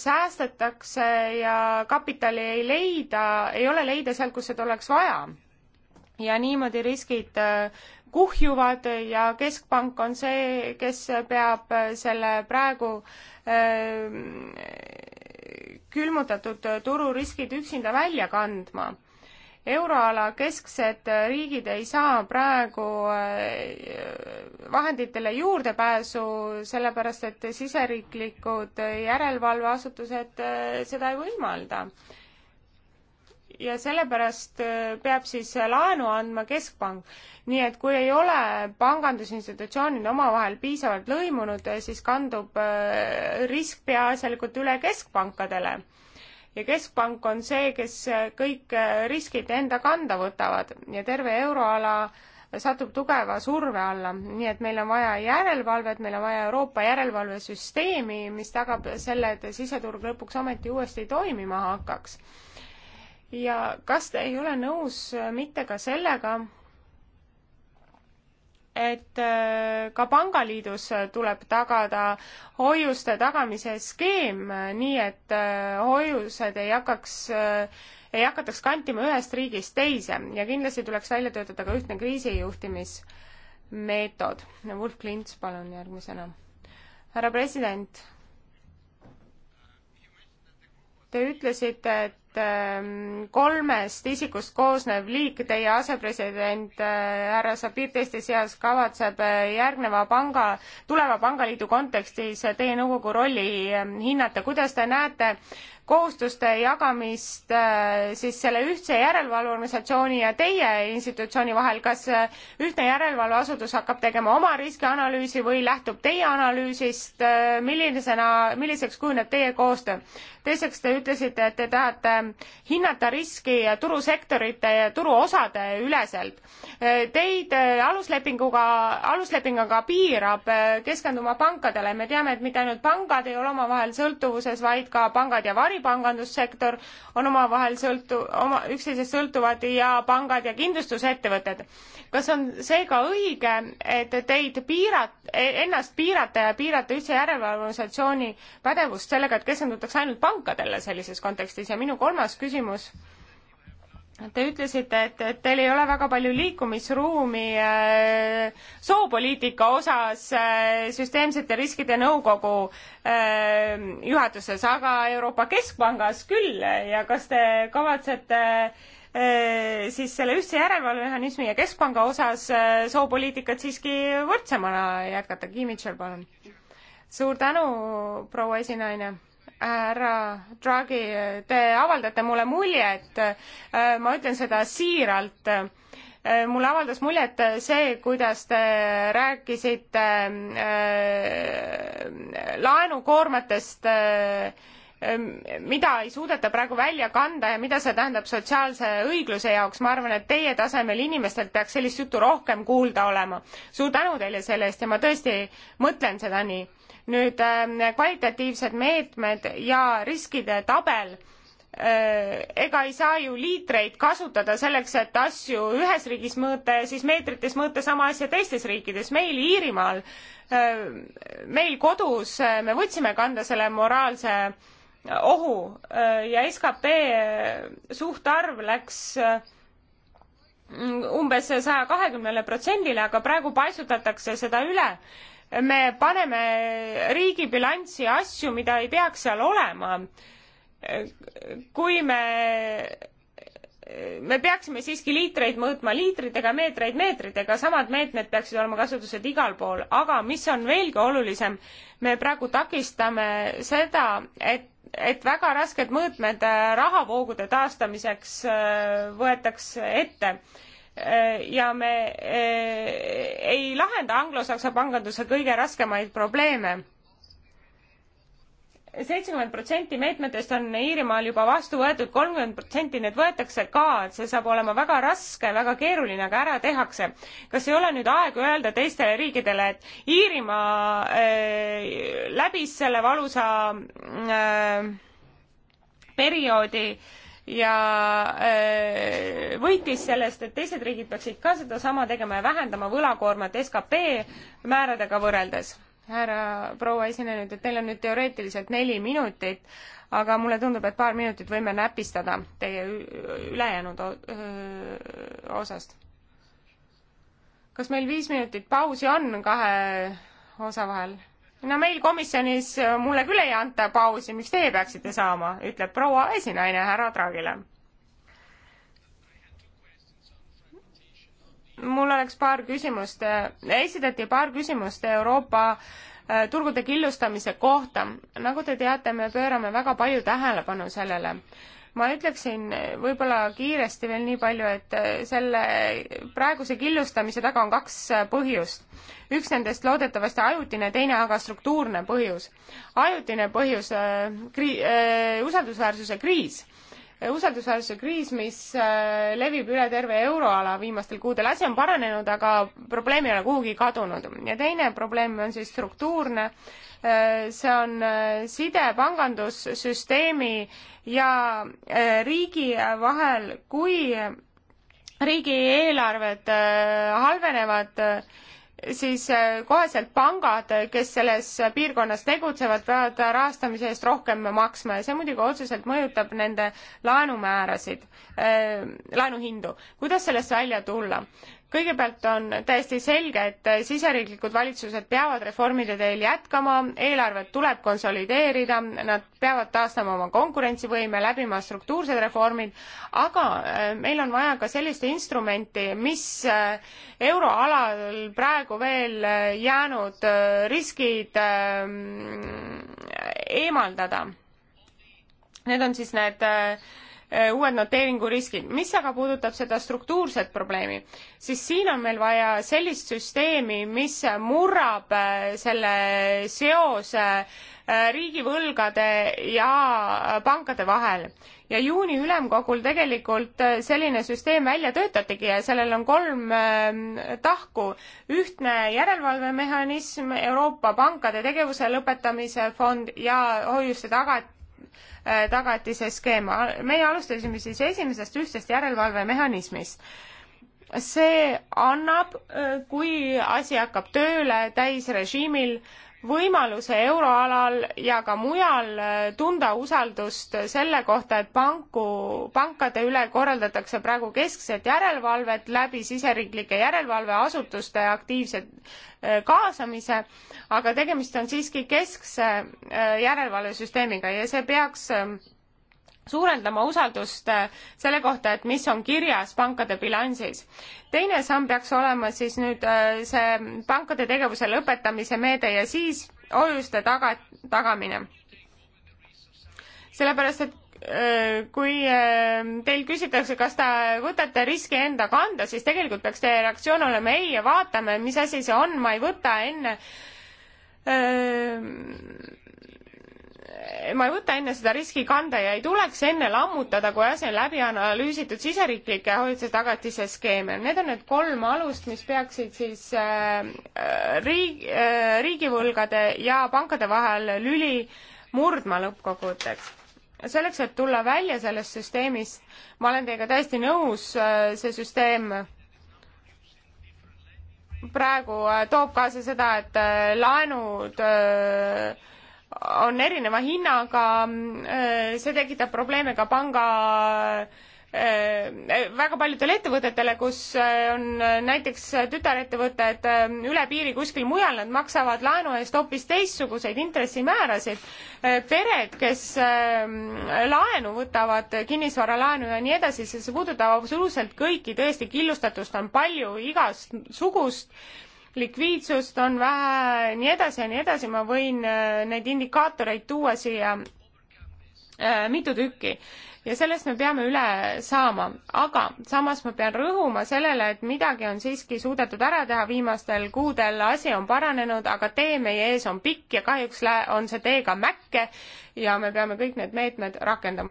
säästetakse ja kapitali ei leida, ei ole leida sealt, kus seda oleks vaja. ja niimoodi riskid äh, kuhjuvad ja keskpank on see, kes peab äh, selle praegu külmutatud tururiskid üksinda välja kandma euroala kesksed riigid ei saa praegu äh, vahenditele juurdepääsu, sellepärast et siseriiklikud järelevalveasutused äh, seda ei võimalda. ja sellepärast äh, peab siis laenu andma keskpank. nii et kui ei ole pangandusinstitutsioonid omavahel piisavalt lõimunud, siis kandub risk peaasjalikult üle keskpankadele ja keskpank on see, kes kõik riskid enda kanda võtavad ja terve euroala satub tugeva surve alla, nii et meil on vaja järelevalvet, meil on vaja Euroopa järelevalvesüsteemi, mis tagab selle, et siseturg lõpuks ometi uuesti toimima hakkaks. ja kas te ei ole nõus mitte ka sellega, et äh, ka pangaliidus tuleb tagada hoiuste tagamise skeem, nii et äh, hoiused ei hakkaks äh, ei hakataks kantima ühest riigist teise ja kindlasti tuleks välja töötada ka ühtne kriisijuhtimismeetod. Wolf Klints, palun järgmisena. härra president, te ütlesite, et Ehm, kolmest isikust koosnev liik, teie asepresident äh, härra Sabir teiste seas kavatseb äh, järgneva panga, tuleva pangaliidu kontekstis äh, teie nõukogu rolli ehm, hinnata, kuidas te näete kohustuste jagamist äh, siis selle ühtse järelevalveorganisatsiooni ja teie institutsiooni vahel, kas äh, ühtne järelevalveasutus hakkab tegema oma riskianalüüsi või lähtub teie analüüsist, äh, millisena, milliseks kujuneb teie koostöö? teiseks te ütlesite, et te tahate hinnata riski turusektorite ja turuosade üleselt. Teid aluslepinguga, aluslepinguga piirab keskenduma pankadele, me teame, et mitte ainult pangad ei ole omavahel sõltuvuses, vaid ka pangad ja varjud, kui pangandussektor on omavahel sõltu-, oma, üksteisest sõltuvad ja pangad ja kindlustusettevõtted. kas on seega õige, et teid piirat-, e-, ennast piirata ja piirata üldse järelevalveorganisatsiooni pädevust sellega, et keskendutakse ainult pankadele sellises kontekstis ja minu kolmas küsimus Te ütlesite, et teil ei ole väga palju liikumisruumi äh, soopoliitika osas äh, süsteemsete riskide nõukogu äh, juhatuses, aga Euroopa Keskpangas küll ja kas te kavatsete siis selle ühtse järelevalvemehhanismi ja keskpanga osas soopoliitikat siiski võrdsemana jätkata? Kiimitsel, palun. suur tänu, proua esinaine härra Draghi, te avaldate mulle muljet, äh, ma ütlen seda siiralt, äh, mulle avaldas muljet see, kuidas te rääkisite äh, laenukoormatest, mida ei suudeta praegu välja kanda ja mida see tähendab sotsiaalse õigluse jaoks, ma arvan, et teie tasemel inimestelt peaks sellist juttu rohkem kuulda olema. suur tänu teile selle eest ja ma tõesti mõtlen seda nii nüüd ähm, kvalitatiivsed meetmed ja riskide tabel äh, ega ei saa ju liitreid kasutada selleks, et asju ühes riigis mõõta ja siis meetrites mõõta sama asja teistes riikides. meil Iirimaal, äh, meil kodus äh, me võtsime kanda selle moraalse ohu ja skp suhtarv läks umbes saja kahekümnele protsendile, aga praegu paisutatakse seda üle me paneme riigi bilanssi asju, mida ei peaks seal olema. kui me, me peaksime siiski liitreid mõõtma liitritega, meetreid meetritega, samad meetmed peaksid olema kasutused igal pool, aga mis on veelgi olulisem, me praegu takistame seda, et et väga rasked mõõtmed rahavoogude taastamiseks äh, võetakse ette Äh, ja me äh, ei lahenda anglosaksa panganduse kõige raskemaid probleeme. seitsekümmend protsenti meetmetest on Iirimaal juba vastu võetud, kolmkümmend protsenti need võetakse ka, et see saab olema väga raske, väga keeruline, aga ära tehakse. kas ei ole nüüd aeg öelda teistele riikidele, et Iirimaa äh, läbis selle valusa äh, perioodi äh, ja äh, võitis sellest, et teised riigid peaksid ka sedasama tegema ja vähendama võlakoormat skp määradega võrreldes. härra proua esineja nüüd, et teil on nüüd teoreetiliselt neli minutit, aga mulle tundub, et paar minutit võime näpistada teie ülejäänud osast. kas meil viis minutit pausi on kahe osa vahel? no meil komisjonis äh, mulle küll ei anta pausi, miks teie peaksite saama, ütleb proua esinaine härra Draagile. mul oleks paar küsimust, esitati paar küsimust Euroopa äh, turgude killustamise kohta. nagu te teate, me pöörame väga palju tähelepanu sellele ma ütleksin võib-olla kiiresti veel nii palju, et äh, selle praeguse killustamise taga on kaks äh, põhjust. üks nendest loodetavasti ajutine, teine aga struktuurne põhjus. ajutine põhjus äh,, kri- äh,, usaldusväärsuse kriis Äh, usaldusväärsuse kriis, mis äh, levib üle terve euroala viimastel kuudel. asi on paranenud, aga probleem ei ole kuhugi kadunud. ja teine probleem on siis struktuurne, äh, see on side pangandussüsteemi ja riigi vahel, kui riigieelarved halvenevad, siis äh, koheselt pangad, kes selles piirkonnas tegutsevad, peavad rahastamise eest rohkem maksma ja see muidugi otseselt mõjutab nende laenumäärasid äh,, laenuhindu. kuidas sellest välja tulla? kõigepealt on täiesti selge, et siseriiklikud valitsused peavad reformide teel jätkama, eelarvet tuleb konsolideerida, nad peavad taastama oma konkurentsivõime, läbima struktuursed reformid, aga äh, meil on vaja ka sellist instrumenti, mis äh, euroalal praegu veel äh, jäänud riskid ähm, eemaldada. Need on siis need äh, Eh, uued noteeringuriskid. mis aga puudutab seda struktuurset probleemi, siis siin on meil vaja sellist süsteemi, mis murrab eh, selle seose eh, riigivõlgade ja pankade vahel. ja juuni ülemkogul tegelikult selline süsteem välja töötatigi ja sellel on kolm tahku. ühtne järelevalvemehhanism, Euroopa pankade tegevuse lõpetamise fond ja hoiuste tagat-, Äh, tagatise skeema. meie alustasime siis esimesest ühtsest järelevalvemehhanismist. see annab, äh, kui asi hakkab tööle täisrežiimil, võimaluse euroalal ja ka mujal äh, tunda usaldust selle kohta, et panku, pankade üle korraldatakse praegu keskset järelevalvet läbi siseriiklike järelevalveasutuste aktiivse äh, kaasamise, aga tegemist on siiski keskse äh, järelevalvesüsteemiga ja see peaks suurendama usaldust äh, selle kohta, et mis on kirjas pankade bilansis. teine samm peaks olema siis nüüd äh, see pankade tegevuse lõpetamise meede ja siis hoiuste taga, tagamine. sellepärast, et äh, kui teil küsitakse, kas te võtate riski enda kanda, siis tegelikult peaks teie reaktsioon olema ei ja vaatame, mis asi see on, ma ei võta enne öö, ma ei võta enne seda riski kanda ja ei tuleks enne lammutada, kui asi on läbi analüüsitud siseriiklike hooldustagatise skeeme. Need on need kolm alust, mis peaksid siis äh, riig- äh,, riigivõlgade ja pankade vahel lüli murdma lõppkokkuvõtteks. selleks, et tulla välja sellest süsteemist, ma olen teiega täiesti nõus, äh, see süsteem praegu äh, toob kaasa seda, et äh, laenud äh, on erineva hinnaga, äh, see tekitab probleeme ka panga äh, äh, väga paljudele ettevõtetele, kus on näiteks tütarettevõtted üle piiri kuskil mujal, nad maksavad laenu eest hoopis teistsuguseid intressimäärasid. pered, kes laenu võtavad, kinnisvaralaenu ja nii edasi, see puudutab absoluutselt kõiki, tõesti killustatust on palju igasugust likviidsust on vähe, nii edasi ja nii edasi, ma võin äh, neid indikaatoreid tuua siia äh, mitu tükki ja sellest me peame üle saama, aga samas ma pean rõhuma sellele, et midagi on siiski suudetud ära teha viimastel kuudel, asi on paranenud, aga tee meie ees on pikk ja kahjuks on see tee ka mäkke ja me peame kõik need meetmed rakendama.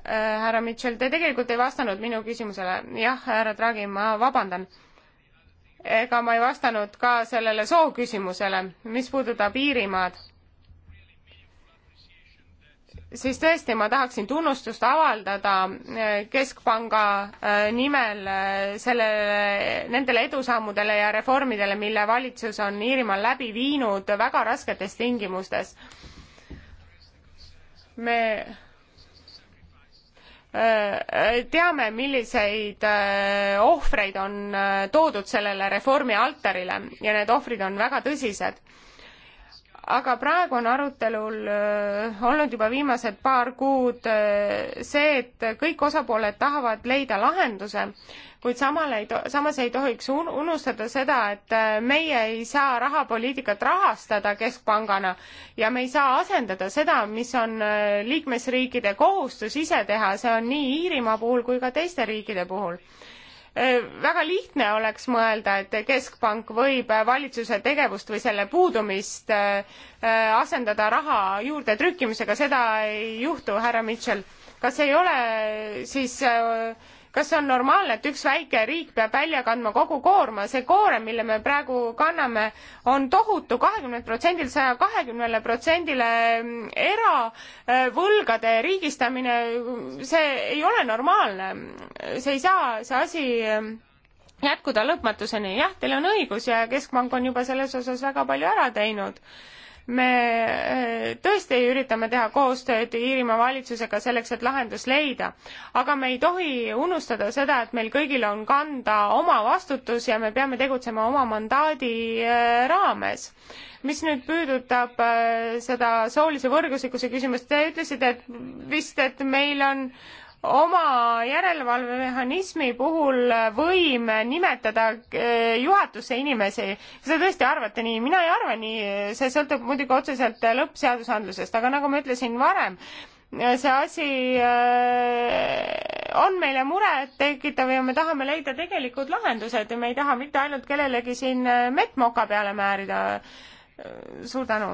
Äh, härra Mitchell, te tegelikult ei vastanud minu küsimusele. jah, härra Draghi, ma vabandan ega ma ei vastanud ka sellele sooküsimusele, mis puudutab Iirimaad. siis tõesti, ma tahaksin tunnustust avaldada eh, Keskpanga eh, nimel eh, sellele, nendele edusammudele ja reformidele, mille valitsus on Iirimaal läbi viinud väga rasketes tingimustes. me Äh, äh, teame, milliseid äh, ohvreid on toodud sellele reformi altarile ja need ohvrid on väga tõsised. aga praegu on arutelul olnud juba viimased paar kuud see, et kõik osapooled tahavad leida lahenduse kuid samal ei to-, samas ei tohiks un-, unustada seda, et äh, meie ei saa rahapoliitikat rahastada keskpangana ja me ei saa asendada seda, mis on äh, liikmesriikide kohustus ise teha, see on nii Iirimaa puhul kui ka teiste riikide puhul äh, väga lihtne oleks mõelda, et keskpank võib valitsuse tegevust või selle puudumist asendada raha juurdetrükkimisega, seda ei juhtu, härra Mitchell. kas ei ole siis äh, kas on normaalne, et üks väike riik peab välja kandma kogu koorma, see koorem, mille me praegu kanname, on tohutu, kahekümnelt protsendilt saja kahekümnele protsendile eravõlgade riigistamine, see ei ole normaalne, see ei saa, see asi ähm, jätkuda lõpmatuseni, jah, teil on õigus ja Keskpank on juba selles osas väga palju ära teinud me eh, tõesti üritame teha koostööd Iirimaa valitsusega selleks, et lahendus leida, aga me ei tohi unustada seda, et meil kõigil on kanda oma vastutus ja me peame tegutsema oma mandaadi eh, raames. mis nüüd puudutab eh, seda soolise võrgusikuse küsimust, te ütlesite, et vist, et meil on äh, oma järelevalvemehhanismi puhul võim nimetada eh, juhatusse inimesi. kas te tõesti arvate nii? mina ei arva nii, see sõltub muidugi otseselt lõppseadusandlusest, aga nagu ma ütlesin varem, see asi eh, on meile muret tekitav ja me tahame leida tegelikud lahendused ja me ei taha mitte ainult kellelegi siin eh, mett moka peale määrida. suur tänu!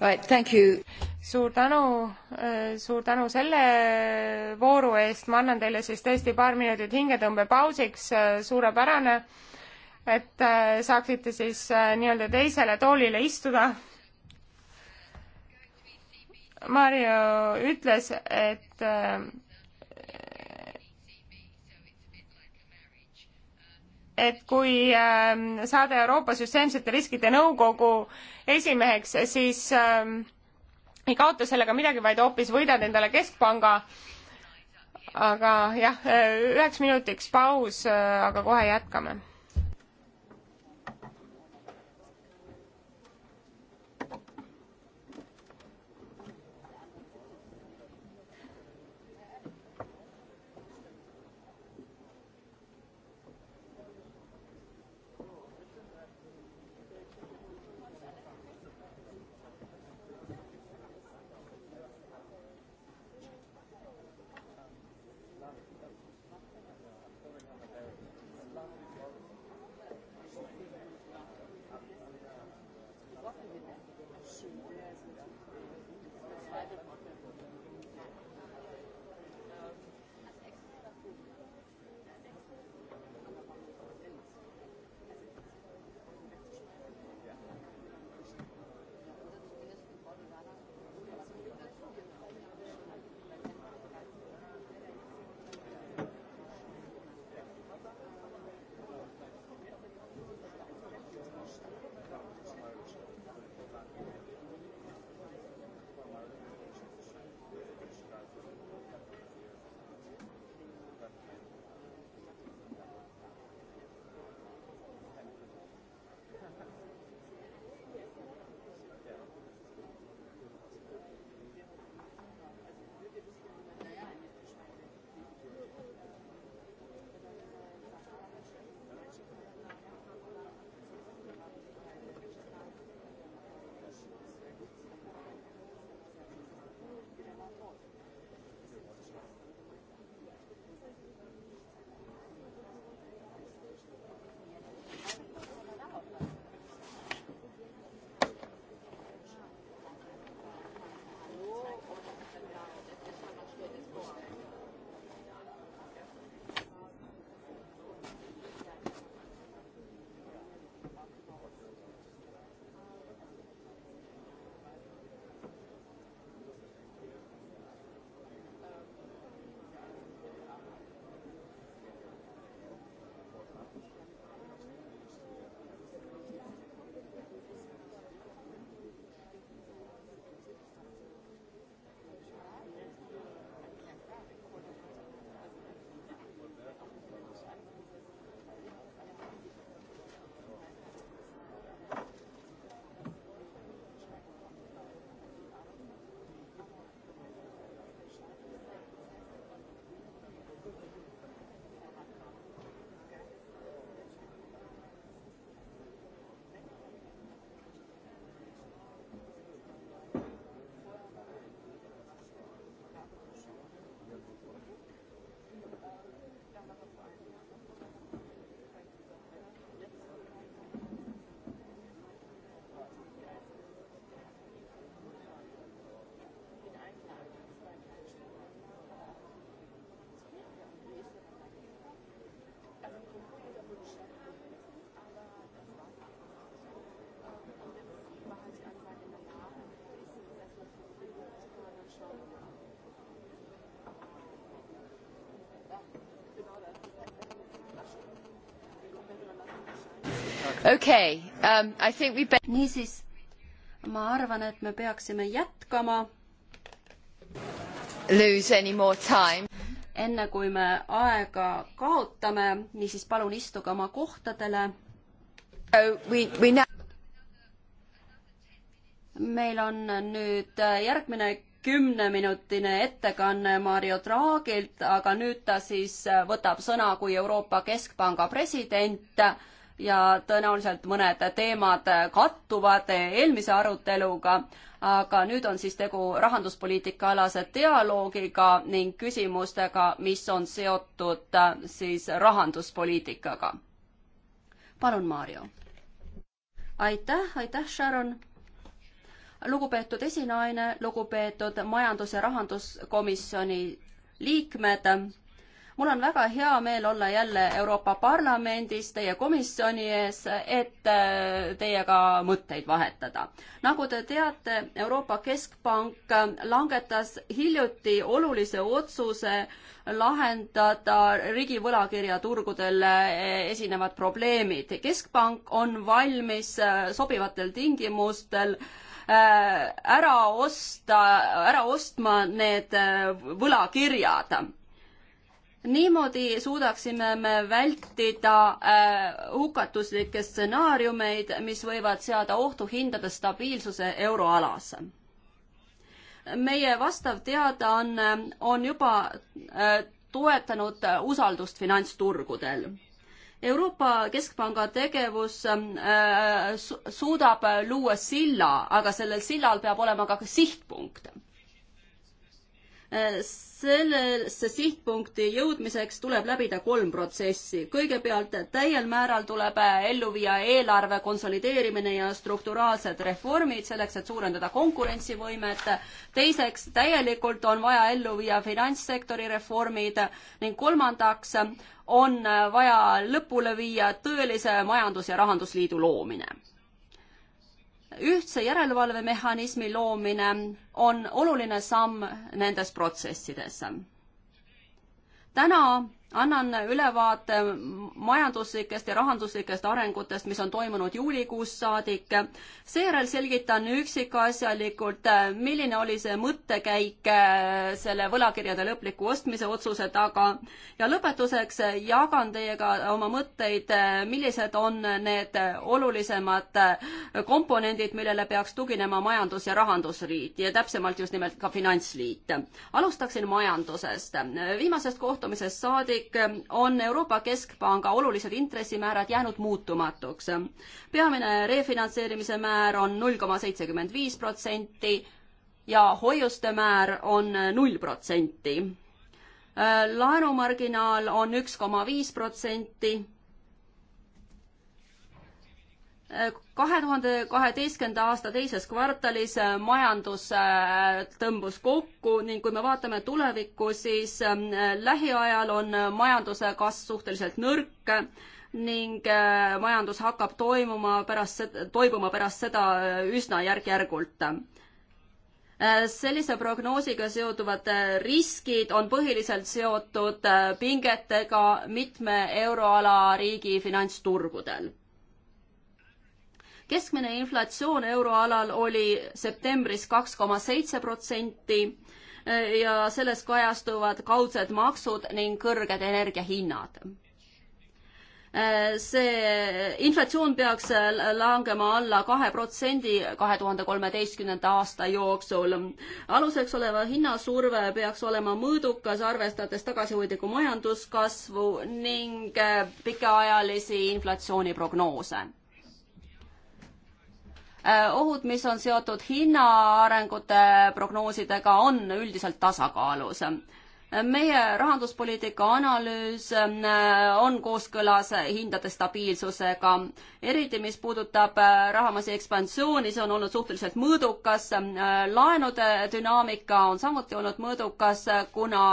Right, thank you suur tänu, äh, suur tänu selle vooru eest, ma annan teile siis tõesti paar minutit hingetõmbepausiks, äh, suurepärane, et äh, saaksite siis nii-öelda teisele toolile istuda. Mario ütles, et et kui saada Euroopa Süsteemsete Riskide Nõukogu esimeheks, siis ei kaota sellega midagi, vaid hoopis võidad endale keskpanga. aga jah, üheks minutiks paus, aga kohe jätkame okay, um, we... niisiis, ma arvan, et me peaksime jätkama. Lose any more time. enne kui me aega kaotame, niisiis palun istuge oma kohtadele oh,. We, we now... meil on nüüd äh, järgmine kümneminutine ettekanne Mario Draagilt, aga nüüd ta siis äh, võtab sõna kui Euroopa Keskpanga president ja tõenäoliselt mõned teemad kattuvad eelmise aruteluga, aga nüüd on siis tegu rahanduspoliitika alase dialoogiga ning küsimustega, mis on seotud äh, siis rahanduspoliitikaga. palun, Maarjo. aitäh, aitäh, Sharon lugupeetud esinaine, lugupeetud majandus- ja rahanduskomisjoni liikmed mul on väga hea meel olla jälle Euroopa Parlamendis teie komisjoni ees, et äh, teiega mõtteid vahetada. nagu te teate, Euroopa Keskpank äh, langetas hiljuti olulise otsuse lahendada riigi võlakirjaturgudel äh, esinevad probleemid. keskpank on valmis sobivatel tingimustel ära osta, ära ostma need võlakirjad niimoodi suudaksime me vältida äh, hukatuslikke stsenaariumeid, mis võivad seada ohtu hindade stabiilsuse euroalas meie vastav teadaanne on, on juba äh, toetanud usaldust finantsturgudel. Euroopa Keskpanga tegevus äh, suudab luua silla, aga sellel sillal peab olema ka sihtpunkt sellesse sihtpunkti jõudmiseks tuleb läbida kolm protsessi. kõigepealt täiel määral tuleb ellu viia eelarve konsolideerimine ja strukturaalsed reformid selleks, et suurendada konkurentsivõimet. teiseks, täielikult on vaja ellu viia finantssektori reformid ning kolmandaks on vaja lõpule viia tõelise majandus- ja rahandusliidu loomine ühtse järelevalvemehhanismi loomine on oluline samm nendes protsessides. täna annan ülevaate majanduslikest ja rahanduslikest arengutest, mis on toimunud juulikuust saadik. seejärel selgitan üksikasjalikult, milline oli see mõttekäik eh, selle võlakirjade lõpliku ostmise otsuse taga ja lõpetuseks jagan teiega oma mõtteid, eh, millised on need olulisemad eh, komponendid, millele peaks tuginema majandus- ja rahandusliit ja täpsemalt just nimelt ka finantsliit. alustaksin majandusest. viimasest kohtumisest saadik raamistik, ähm, on Euroopa Keskpanga olulised intressimäärad jäänud muutumatuks. peamine refinantseerimise määr on null koma seitsekümmend viis protsenti ja hoiuste määr on null protsenti. Äh, laenumarginaal on üks koma viis protsenti kahe tuhande kaheteistkümnenda aasta teises kvartalis äh, majandus äh, tõmbus kokku ning kui me vaatame tulevikku, siis äh, lähiajal on majanduse kasv suhteliselt nõrk ning majandus hakkab toimuma pärast, toibuma pärast seda üsna järk-järgult sellise prognoosiga seotuvad riskid on põhiliselt seotud pingetega mitme euroala riigi finantsturgudel keskmine inflatsioon euroalal oli septembris kaks koma seitse protsenti eh, ja selles kajastuvad kaudsed maksud ning kõrged energiahinnad. Eh, see inflatsioon peaks langema alla kahe protsendi kahe tuhande kolmeteistkümnenda aasta jooksul. aluseks oleva hinnasurve peaks olema mõõdukas, arvestades tagasihoidlikku majanduskasvu ning eh, pikaajalisi inflatsiooniprognoose Äh, ohud, mis on seotud hinnaarengute prognoosidega, on üldiselt tasakaalus meie rahanduspoliitika analüüs äh, on kooskõlas hindade stabiilsusega, eriti mis puudutab äh, rahamasi ekspansiooni, see on olnud suhteliselt mõõdukas, laenude dünaamika on samuti olnud mõõdukas, kuna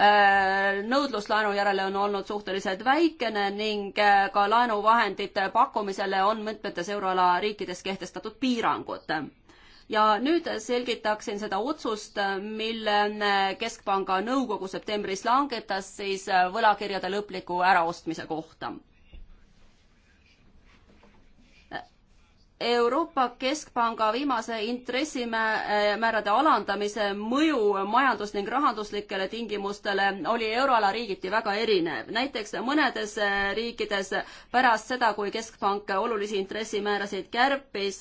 Äh, nõudluslaenu järele on olnud suhteliselt väikene ning äh, ka laenuvahendite pakkumisele on mitmetes euroala riikides kehtestatud piirangud. ja nüüd selgitaksin seda otsust, mille äh, Keskpanga nõukogu septembris langetas siis võlakirjade lõpliku äraostmise kohta Euroopa Keskpanga viimase intressimäärade alandamise mõju majandus- ning rahanduslikele tingimustele oli euroala riigiti väga erinev. näiteks mõnedes riikides pärast seda, kui Keskpank olulisi intressimäärasid kärpis,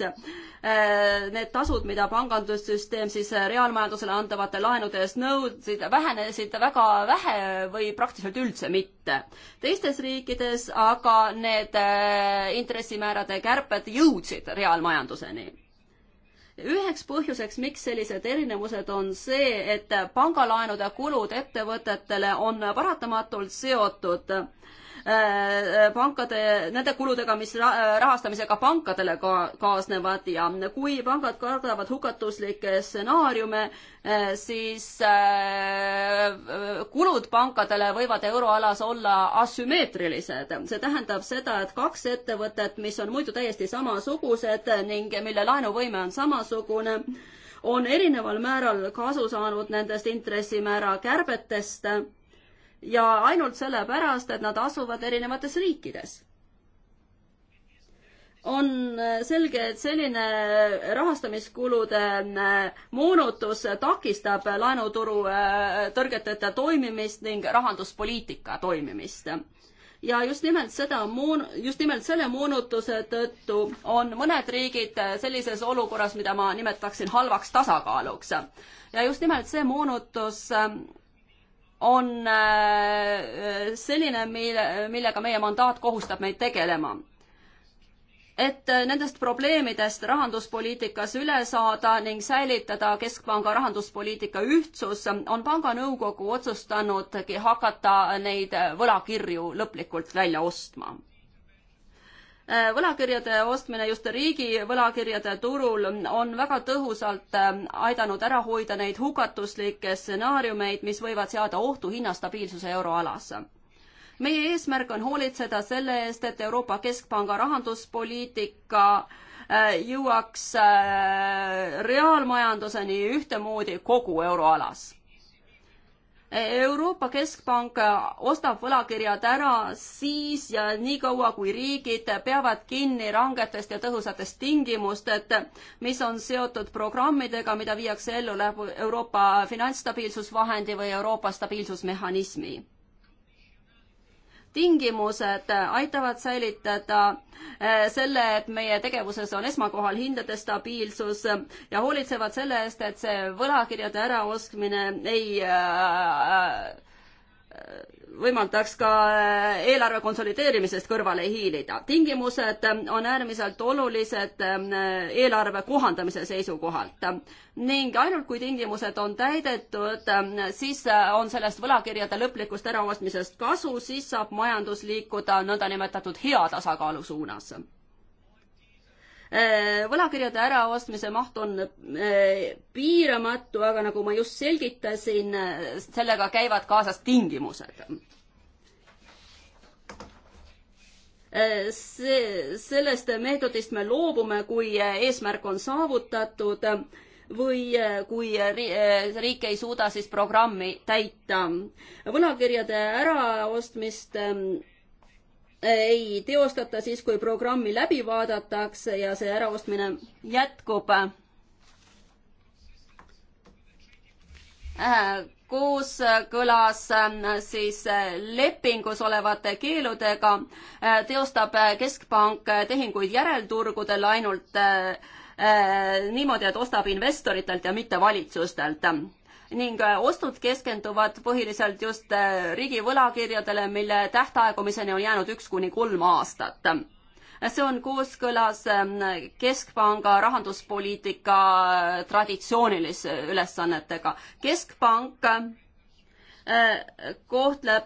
Äh, need tasud, mida pangandussüsteem siis äh, reaalmajandusele antavate laenude eest nõudsid, vähenesid väga vähe või praktiliselt üldse mitte. teistes riikides aga need äh, intressimäärade kärped jõudsid reaalmajanduseni üheks põhjuseks, miks sellised erinevused on see, et pangalaenude kulud ettevõtetele on paratamatult seotud äh, Äh, äh, pankade, nende kuludega, mis äh, rahastamisega pankadele ka kaasnevad ja kui pangad kardavad hukatuslikke stsenaariume, siis kulud pankadele võivad euroalas olla asümmeetrilised. see tähendab seda, et kaks ettevõtet, mis on muidu täiesti samasugused ning mille laenuvõime on samasugune, on erineval määral kasu saanud nendest intressimäära kärbetest ja ainult sellepärast, et nad asuvad erinevates riikides on selge, et selline rahastamiskulude äh, moonutus takistab laenuturu äh, tõrgeteta toimimist ning rahanduspoliitika toimimist. ja just nimelt seda moon-, just nimelt selle moonutuse tõttu on mõned riigid äh, sellises olukorras, mida ma nimetaksin halvaks tasakaaluks. ja just nimelt see moonutus on äh, selline, mille, millega meie mandaat kohustab meid tegelema. et äh, nendest probleemidest rahanduspoliitikas üle saada ning säilitada Keskpanga rahanduspoliitika ühtsus, on panga nõukogu otsustanudki hakata neid äh, võlakirju lõplikult välja ostma Äh, võlakirjade ostmine just riigi võlakirjade turul on väga tõhusalt äh, aidanud ära hoida neid hukatuslikke stsenaariumeid, mis võivad seada ohtu hinnastabiilsuse euroalas meie eesmärk on hoolitseda selle eest, et Euroopa Keskpanga rahanduspoliitika äh, jõuaks reaalmajanduseni ühtemoodi kogu euroalas Euroopa Keskpank ostab võlakirjad ära siis ja niikaua, kui riigid peavad kinni rangetest ja tõhusatest tingimustest, mis on seotud programmidega, mida viiakse ellu läbi Euroopa finantsstabiilsusvahendi või Euroopa stabiilsusmehhanismi tingimused aitavad säilitada eh, selle, et meie tegevuses on esmakohal hindade stabiilsus ja hoolitsevad selle eest, et see võlakirjade äraostmine ei äh, võimaldaks ka äh, eelarve konsolideerimisest kõrvale hiilida. tingimused ähm, on äärmiselt olulised ähm, eelarve kohandamise seisukohalt ning ainult kui tingimused on täidetud, ähm, siis äh, on sellest võlakirjade lõplikust äraostmisest kasu, siis saab majandus liikuda nõndanimetatud hea tasakaalu suunas Äh, võlakirjade äraostmise maht on äh, piiramatu, aga nagu ma just selgitasin, äh, sellega käivad kaasas tingimused. see, sellest meetodist me loobume, kui eesmärk on saavutatud või kui riik ei suuda siis programmi täita. võlakirjade äraostmist ähm, ei teostata siis, kui programmi läbi vaadatakse ja see äraostmine jätkub äh,. kooskõlas äh, äh, siis äh, lepingus olevate keeludega äh, teostab äh, Keskpank tehinguid järelturgudel ainult niimoodi, et ostab investoritelt ja mitte valitsustelt ning äh, ostud keskenduvad põhiliselt just äh, riigi võlakirjadele, mille tähtaegumiseni on jäänud üks kuni kolm aastat. see on kooskõlas ähm, Keskpanga rahanduspoliitika äh, traditsioonilise ülesannetega. keskpank kohtleb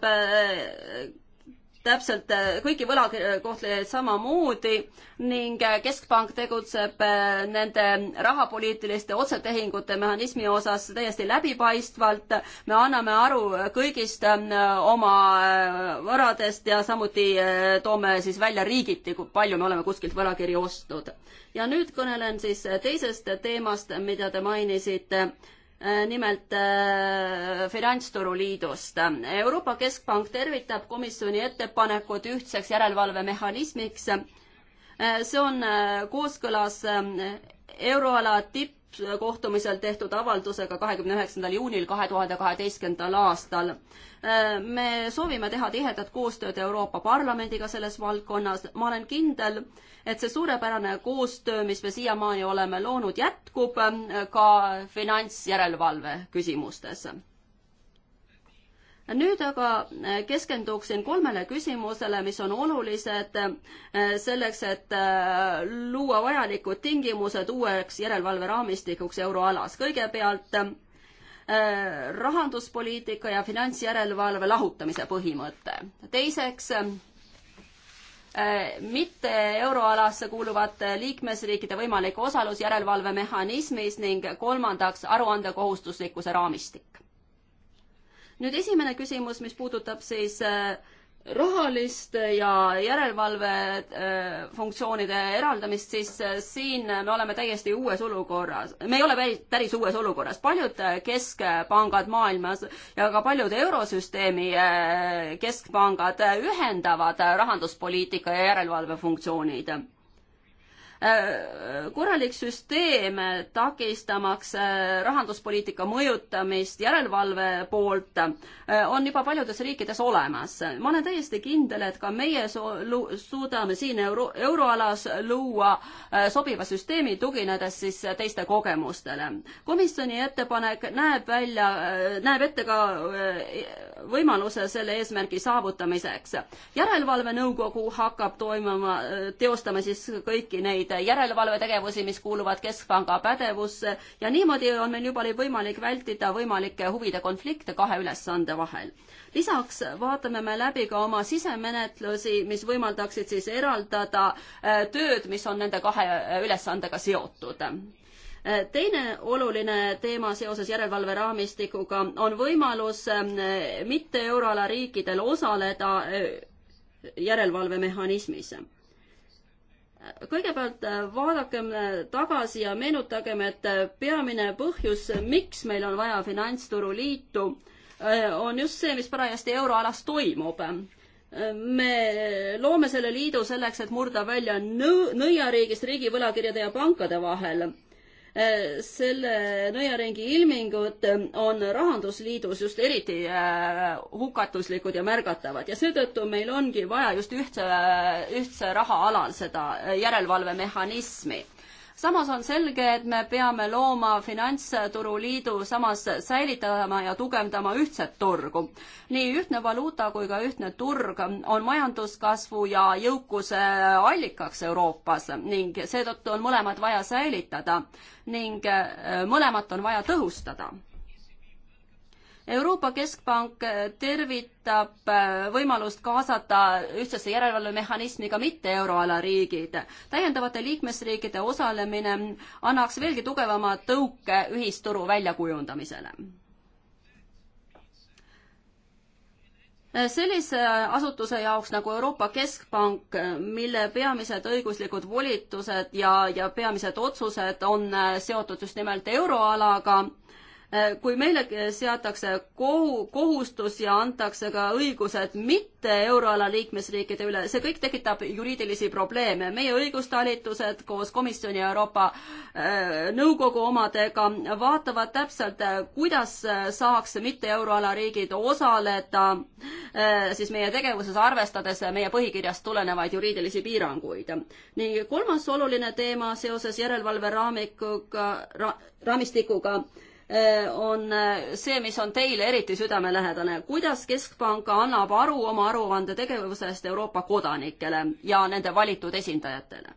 täpselt äh, kõiki võlakohtlejaid samamoodi ning äh, Keskpank tegutseb äh, nende rahapoliitiliste otsetehingute mehhanismi osas täiesti läbipaistvalt. me anname aru kõigist oma varadest ja samuti toome siis välja riigiti, kui palju me oleme kuskilt võlakirju ostnud. ja nüüd kõnelen siis teisest teemast, mida te mainisite Äh, nimelt äh, finantsturuliidust. Euroopa Keskpank tervitab komisjoni ettepanekut ühtseks järelevalvemehhanismiks. Äh, see on kooskõlas euroala tippkohtumisel tehtud avaldusega kahekümne üheksandal juunil kahe tuhande kaheteistkümnendal aastal. Äh, me soovime teha tihedat koostööd Euroopa Parlamendiga selles valdkonnas. ma olen kindel, et see suurepärane koostöö, mis me siiamaani oleme loonud, jätkub äh, ka finantsjärelevalve küsimustes. nüüd aga äh, keskenduksin kolmele küsimusele, mis on olulised selleks, et luua vajalikud tingimused uueks järelevalveraamistikuks euroalas. kõigepealt Äh, rahanduspoliitika ja finantsjärelevalve lahutamise põhimõte. teiseks, äh, mitte euroalasse kuuluvate liikmesriikide võimalik osalus järelevalvemehhanismis ning kolmandaks, aruandekohustuslikkuse raamistik. nüüd esimene küsimus, mis puudutab siis äh, rahaliste ja järelevalve äh, funktsioonide eraldamist, siis äh, siin me oleme täiesti uues olukorras. me ei ole päris uues olukorras, paljud äh, keskpangad maailmas ja ka paljud eurosüsteemi keskpangad ühendavad rahanduspoliitika ja järelevalve funktsioonid korralik süsteem takistamaks äh, rahanduspoliitika mõjutamist järelevalve poolt äh, on juba paljudes riikides olemas. ma olen täiesti kindel, et ka meie suudame siin euro, euroalas luua äh, sobiva süsteemi, tuginedes siis teiste kogemustele. komisjoni ettepanek näeb välja, näeb ette ka võimaluse selle eesmärgi saavutamiseks. järelevalvenõukogu hakkab toimuma, teostama siis kõiki neid selliseid järelevalvetegevusi, mis kuuluvad Keskpanga pädevusse ja niimoodi on meil juba võimalik vältida võimalikke huvide konflikte kahe ülesande vahel. lisaks vaatame me läbi ka oma sisemenetlusi, mis võimaldaksid siis eraldada äh, tööd, mis on nende kahe äh, ülesandega seotud äh, teine oluline teema seoses järelevalveraamistikuga on võimalus ähm, mitte euroala riikidel osaleda järelevalvemehhanismis kõigepealt äh, vaadakem äh, tagasi ja meenutagem, et äh, peamine põhjus, miks meil on vaja finantsturuliitu, on just see, mis parajasti euroalas toimub. me loome selle liidu selleks, et murda välja nõu-, nõiariigist riigi võlakirjade ja pankade vahel selle nõiaringi ilmingud on Rahandusliidus just eriti äh, hukatuslikud ja märgatavad ja seetõttu meil ongi vaja just ühtse, ühtse raha alal seda järelevalvemehhanismi samas on selge, et me peame looma finantsturuliidu, samas säilitama ja tugevdama ühtset turgu. nii ühtne valuuta kui ka ühtne turg on majanduskasvu ja jõukuse allikaks Euroopas ning seetõttu on mõlemad vaja säilitada ning äh, mõlemat on vaja tõhustada Euroopa Keskpank äh, tervitab äh, võimalust kaasata ühtsesse järelevalvemehhanismi ka mitte euroala riigid. täiendavate liikmesriikide osalemine annaks veelgi tugevama tõuke ühisturu väljakujundamisele. sellise asutuse jaoks nagu Euroopa Keskpank, mille peamised õiguslikud volitused ja, ja peamised otsused on äh, seotud just nimelt euroalaga, kui meile seatakse kohu, kohustus ja antakse ka õigused mitte euroala liikmesriikide üle, see kõik tekitab juriidilisi probleeme. meie õigustalitused koos komisjoni ja Euroopa äh, Nõukogu omadega vaatavad täpselt, kuidas saaks mitte euroala riigid osaleda äh, siis meie tegevuses, arvestades meie põhikirjast tulenevaid juriidilisi piiranguid. ning kolmas oluline teema seoses järelevalve raamikuga ra,, raamistikuga Äh, on äh, see, mis on teile eriti südamelähedane. kuidas Keskpank annab aru oma aruande tegevusest Euroopa kodanikele ja nende valitud esindajatele?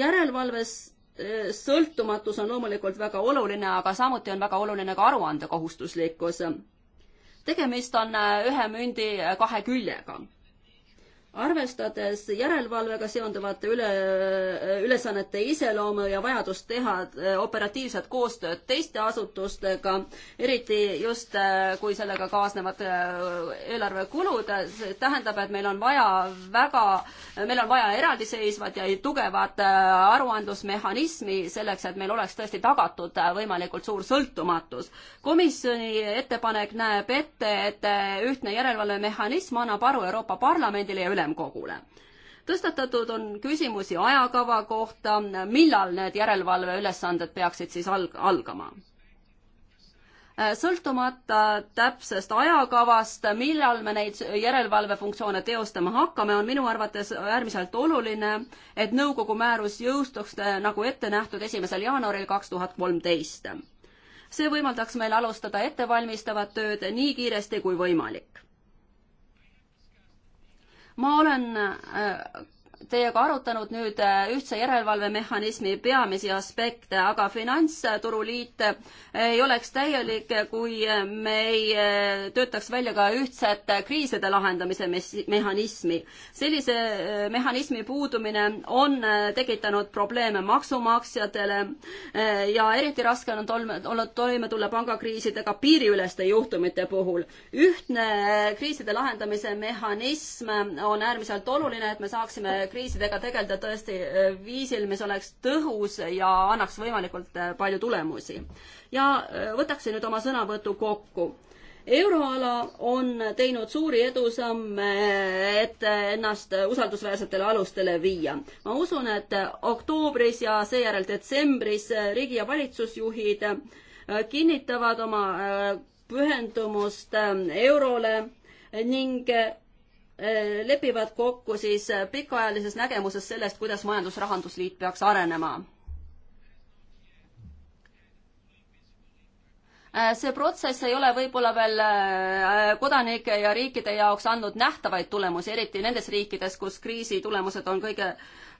järelevalves äh, sõltumatus on loomulikult väga oluline, aga samuti on väga oluline ka aruande kohustuslikkus. tegemist on ühe mündi kahe küljega arvestades järelevalvega seonduvate üle, ülesannete iseloomu ja vajadust teha äh, operatiivset koostööd teiste asutustega, eriti just äh, kui sellega kaasnevad äh, eelarvekulud, see tähendab, et meil on vaja väga, meil on vaja eraldiseisvat ja tugevat aruandlusmehhanismi selleks, et meil oleks tõesti tagatud võimalikult suur sõltumatus. komisjoni ettepanek näeb ette, et ühtne järelevalvemehhanism annab aru Euroopa Parlamendile ja üle ülemkogule tõstatatud on küsimusi ajakava kohta, millal need järelevalveülesanded peaksid siis alg-, algama? sõltumata täpsest ajakavast, millal me neid järelevalvefunktsioone teostama hakkame, on minu arvates äärmiselt oluline, et nõukogu määrus jõustuks eh, nagu ette nähtud esimesel jaanuaril kaks tuhat kolmteist. see võimaldaks meil alustada ettevalmistavat tööd nii kiiresti kui võimalik ma olen äh, teiega arutanud nüüd äh, ühtse järelevalvemehhanismi peamisi aspekte, aga finantsturuliit äh, ei oleks täielik, äh, kui me ei töötaks välja ka ühtset kriiside lahendamise mehhanismi. sellise mehhanismi puudumine on tekitanud probleeme maksumaksjatele ja eriti raske on olnud toime tulla pangakriisidega piiriüleste juhtumite puhul. ühtne kriiside lahendamise mehhanism on äärmiselt oluline, et me saaksime kriisidega tegeleda tõesti äh, viisil, mis oleks tõhus ja annaks võimalikult äh, palju tulemusi. ja äh, võtaksin nüüd oma sõnavõtu kokku euroala on teinud suuri edusamme, et ennast usaldusväärsetele alustele viia. ma usun, et oktoobris ja seejärel detsembris riigi- ja valitsusjuhid kinnitavad oma pühendumust eurole ning Eh, lepivad kokku siis eh, pikaajalises nägemuses sellest, kuidas majandus-rahandusliit peaks arenema. Eh, see protsess ei ole võib-olla veel kodanike ja riikide jaoks andnud nähtavaid tulemusi, eriti nendes riikides, kus kriisi tulemused on kõige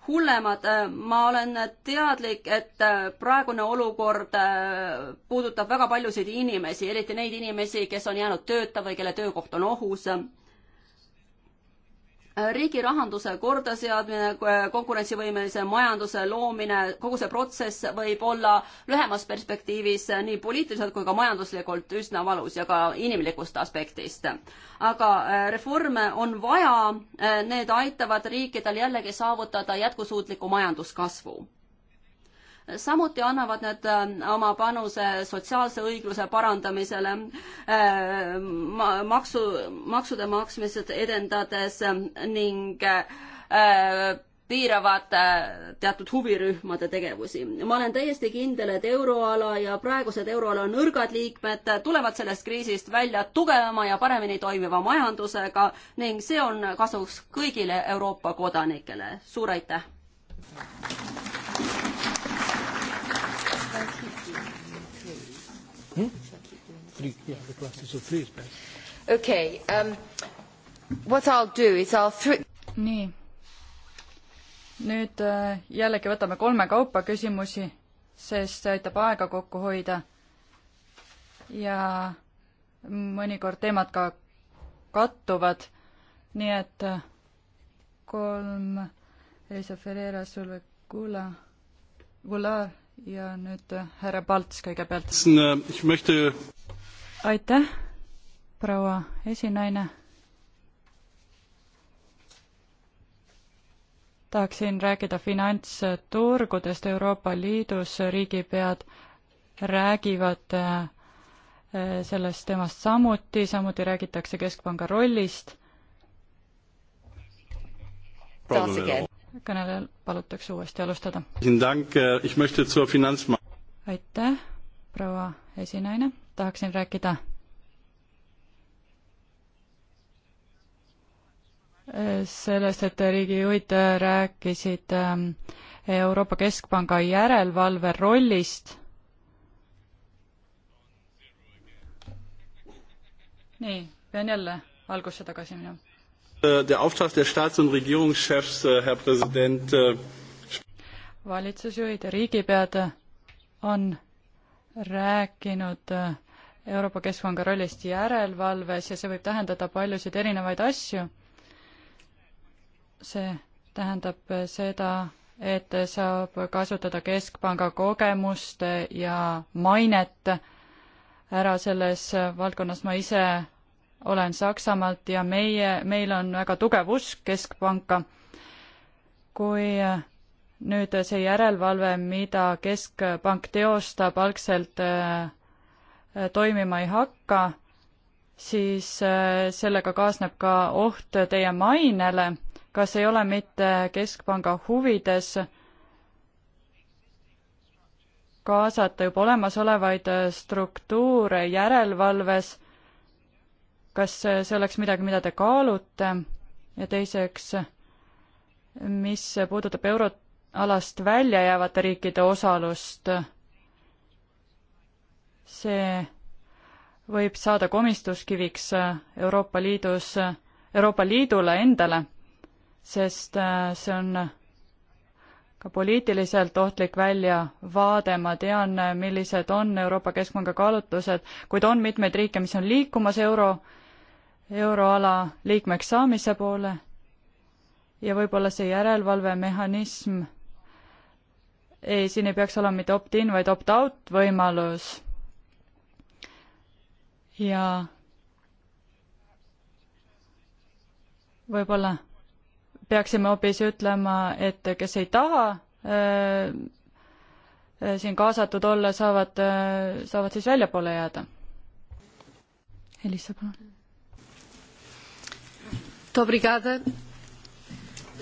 hullemad. ma olen teadlik, et praegune olukord puudutab väga paljusid inimesi, eriti neid inimesi, kes on jäänud tööta või kelle töökoht on ohus riigi rahanduse kordaseadmine, konkurentsivõimelise majanduse loomine, kogu see protsess võib olla lühemas perspektiivis nii poliitiliselt kui ka majanduslikult üsna valus ja ka inimlikust aspektist. aga äh, reforme on vaja, äh, need aitavad riikidel jällegi saavutada jätkusuutliku majanduskasvu samuti annavad nad ähm, oma panuse sotsiaalse õigluse parandamisele äh, ma, maksu, maksude maksmised edendades ähm, ning äh, piiravad äh, teatud huvirühmade tegevusi. ma olen täiesti kindel, et euroala ja praegused euroala nõrgad liikmed tulevad sellest kriisist välja tugevama ja paremini toimiva majandusega ning see on kasuks kõigile Euroopa kodanikele. suur aitäh! Hmm? Three, yeah, the classes of three is best. Okay, um, what I'll do is I'll th- nii. nüüd äh, jällegi võtame kolme kaupa küsimusi, sest see aitab aega kokku hoida ja mõnikord teemad ka kattuvad, nii et äh, kolm Elisa Ferreira, Solve Kula, Gular ja nüüd äh, härra Palts kõigepealt. Äh, aitäh, proua esinaine. tahaksin rääkida finantsturgudest Euroopa Liidus, riigipead räägivad äh, sellest temast samuti, samuti räägitakse keskpanga rollist kõnelejal palutakse uuesti alustada. aitäh, proua esinaine, tahaksin rääkida äh, sellest, et riigijuhid rääkisid ähm, Euroopa Keskpanga järelevalve rollist. nii, pean jälle algusse tagasi minema Äh, der Auftrag der Staats- und Regierungschefs, äh, Herr Präsident. Äh, valitsusjuhid ja riigipead on rääkinud Euroopa Keskpanga rollist järelevalves ja see võib tähendada paljusid erinevaid asju. see tähendab seda, et saab kasutada Keskpanga kogemust ja mainet ära selles valdkonnas, ma ise olen Saksamaalt ja meie, meil on väga tugev usk keskpanka. kui nüüd see järelevalve, mida keskpank teostab, algselt äh, toimima ei hakka, siis äh, sellega kaasneb ka oht teie mainele. kas ei ole mitte keskpanga huvides kaasata juba olemasolevaid äh, struktuure järelevalves kas see oleks midagi, mida te kaalute ja teiseks, mis puudutab euroalast välja jäävate riikide osalust, see võib saada komistuskiviks Euroopa Liidus, Euroopa Liidule endale, sest see on ka poliitiliselt ohtlik väljavaade, ma tean, millised on Euroopa Keskpanga kaalutlused, kuid on mitmeid riike, mis on liikumas euro euroala liikmeks saamise poole ja võib-olla see järelevalvemehhanism ei, siin ei peaks olema mitte opt-in, vaid opt-out võimalus. ja võib-olla peaksime hoopis ütlema, et kes ei taha äh, siin kaasatud olla, saavad äh,, saavad siis väljapoole jääda. Elisa, palun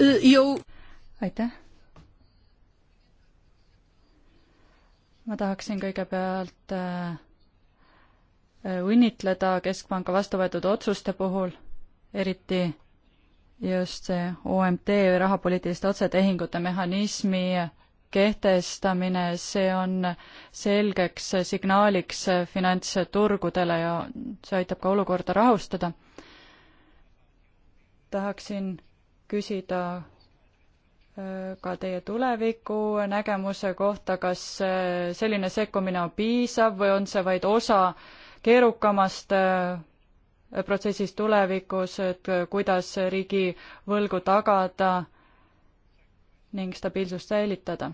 Eh, aitäh. ma tahaksin kõigepealt eh, õnnitleda Keskpanga vastu võetud otsuste puhul, eriti just see OMT või rahapoliitiliste otsetehingute mehhanismi kehtestamine, see on selgeks signaaliks finantsturgudele ja see aitab ka olukorda rahustada tahaksin küsida äh, ka teie tuleviku nägemuse kohta, kas äh, selline sekkumine on piisav või on see vaid osa keerukamast äh, protsessist tulevikus, et kuidas riigivõlgu tagada ning stabiilsust säilitada?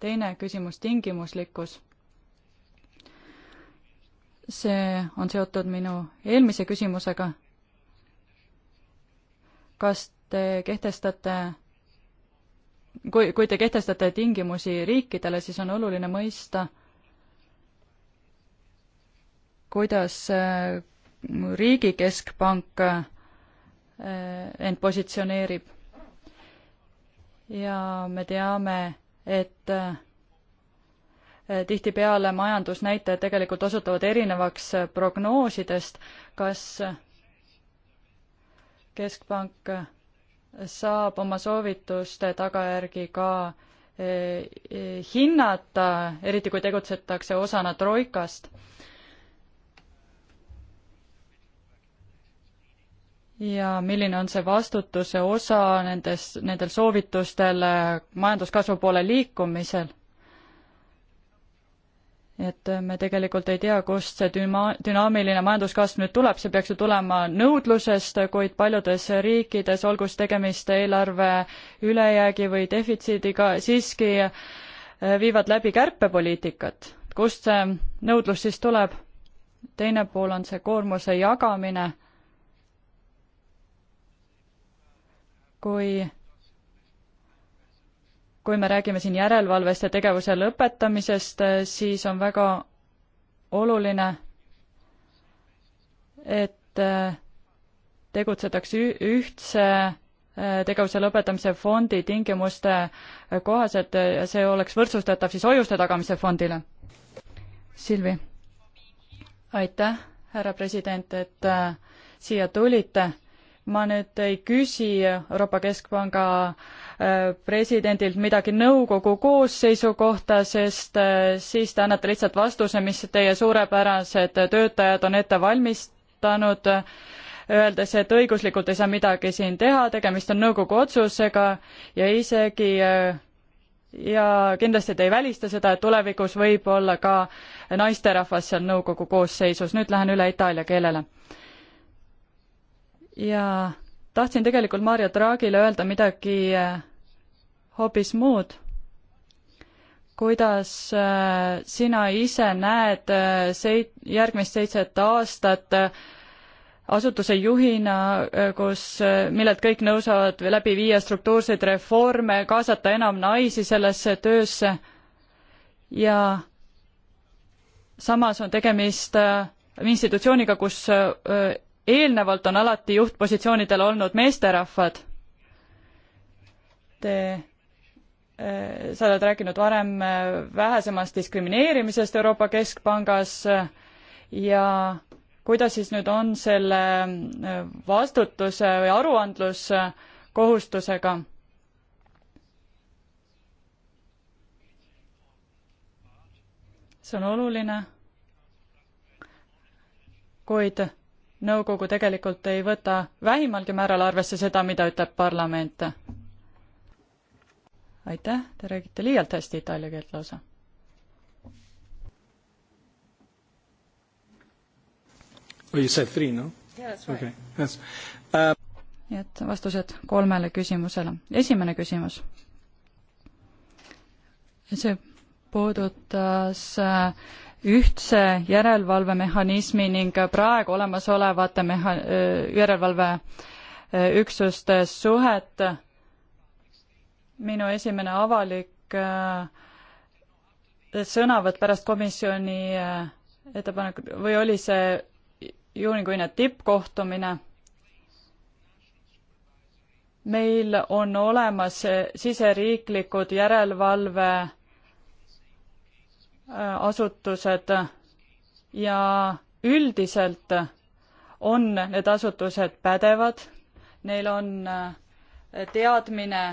teine küsimus, tingimuslikkus see on seotud minu eelmise küsimusega kas te kehtestate kui, kui te kehtestate tingimusi riikidele, siis on oluline mõista, kuidas äh, riigi keskpank äh, end positsioneerib. ja me teame, et äh, tihtipeale majandusnäitajad tegelikult osutuvad erinevaks prognoosidest, kas keskpank saab oma soovituste tagajärgi ka e, e, hinnata, eriti kui tegutsetakse osana troikast. ja milline on see vastutuse osa nendes, nendel soovitustel majanduskasvu poole liikumisel? et me tegelikult ei tea, kust see düma-, dünaamiline majanduskasv nüüd tuleb, see peaks ju tulema nõudlusest, kuid paljudes riikides, olgu siis tegemist eelarve ülejäägi või defitsiidiga, siiski äh, viivad läbi kärpepoliitikat. kust see nõudlus siis tuleb? teine pool on see koormuse jagamine. kui kui me räägime siin järelevalvest ja tegevuse lõpetamisest, siis on väga oluline, et äh, tegutsetakse ühtse äh, tegevuse lõpetamise fondi tingimuste äh, kohaselt ja see oleks võrdsustatav siis hoiuste tagamise fondile. Silvi. aitäh, härra president, et siia tulite. ma nüüd ei küsi Euroopa Keskpanga äh, Äh, presidendilt midagi nõukogu koosseisu kohta, sest äh, siis te annate lihtsalt vastuse, mis teie suurepärased töötajad on ette valmistanud, öeldes, et õiguslikult ei saa midagi siin teha, tegemist on nõukogu otsusega ja isegi äh, ja kindlasti te ei välista seda, et tulevikus võib olla ka naisterahvas seal nõukogu koosseisus, nüüd lähen üle itaalia keelele. ja tahtsin tegelikult Mario Draghile öelda midagi hoopis muud. kuidas äh, sina ise näed äh, seit-, järgmist seitset aastat äh, asutuse juhina, kus, millelt kõik nõusavad läbi viia struktuurseid reforme, kaasata enam naisi sellesse töösse ja samas on tegemist institutsiooniga, kus eelnevalt on alati juhtpositsioonidel olnud meesterahvad. Te Äh, sa oled rääkinud varem äh, vähesemast diskrimineerimisest Euroopa Keskpangas äh, ja kuidas siis nüüd on selle vastutuse või aruandluskohustusega? see on oluline, kuid nõukogu tegelikult ei võta vähimalgi määral arvesse seda, mida ütleb parlament aitäh, te räägite liialt hästi itaalia keelt lausa. Oh, you said three, no? Yeah, that's right. Okay, that's uh... nii et vastused kolmele küsimusele. esimene küsimus. see puudutas äh, ühtse järelevalvemehhanismi ning praegu olemasolevate meha-, äh, järelevalveüksuste suhet minu esimene avalik äh, sõnavõtt pärast komisjoni äh, ettepanekut või oli see juunikuine tippkohtumine. meil on olemas äh, siseriiklikud järelevalveasutused ja üldiselt on need asutused pädevad, neil on teadmine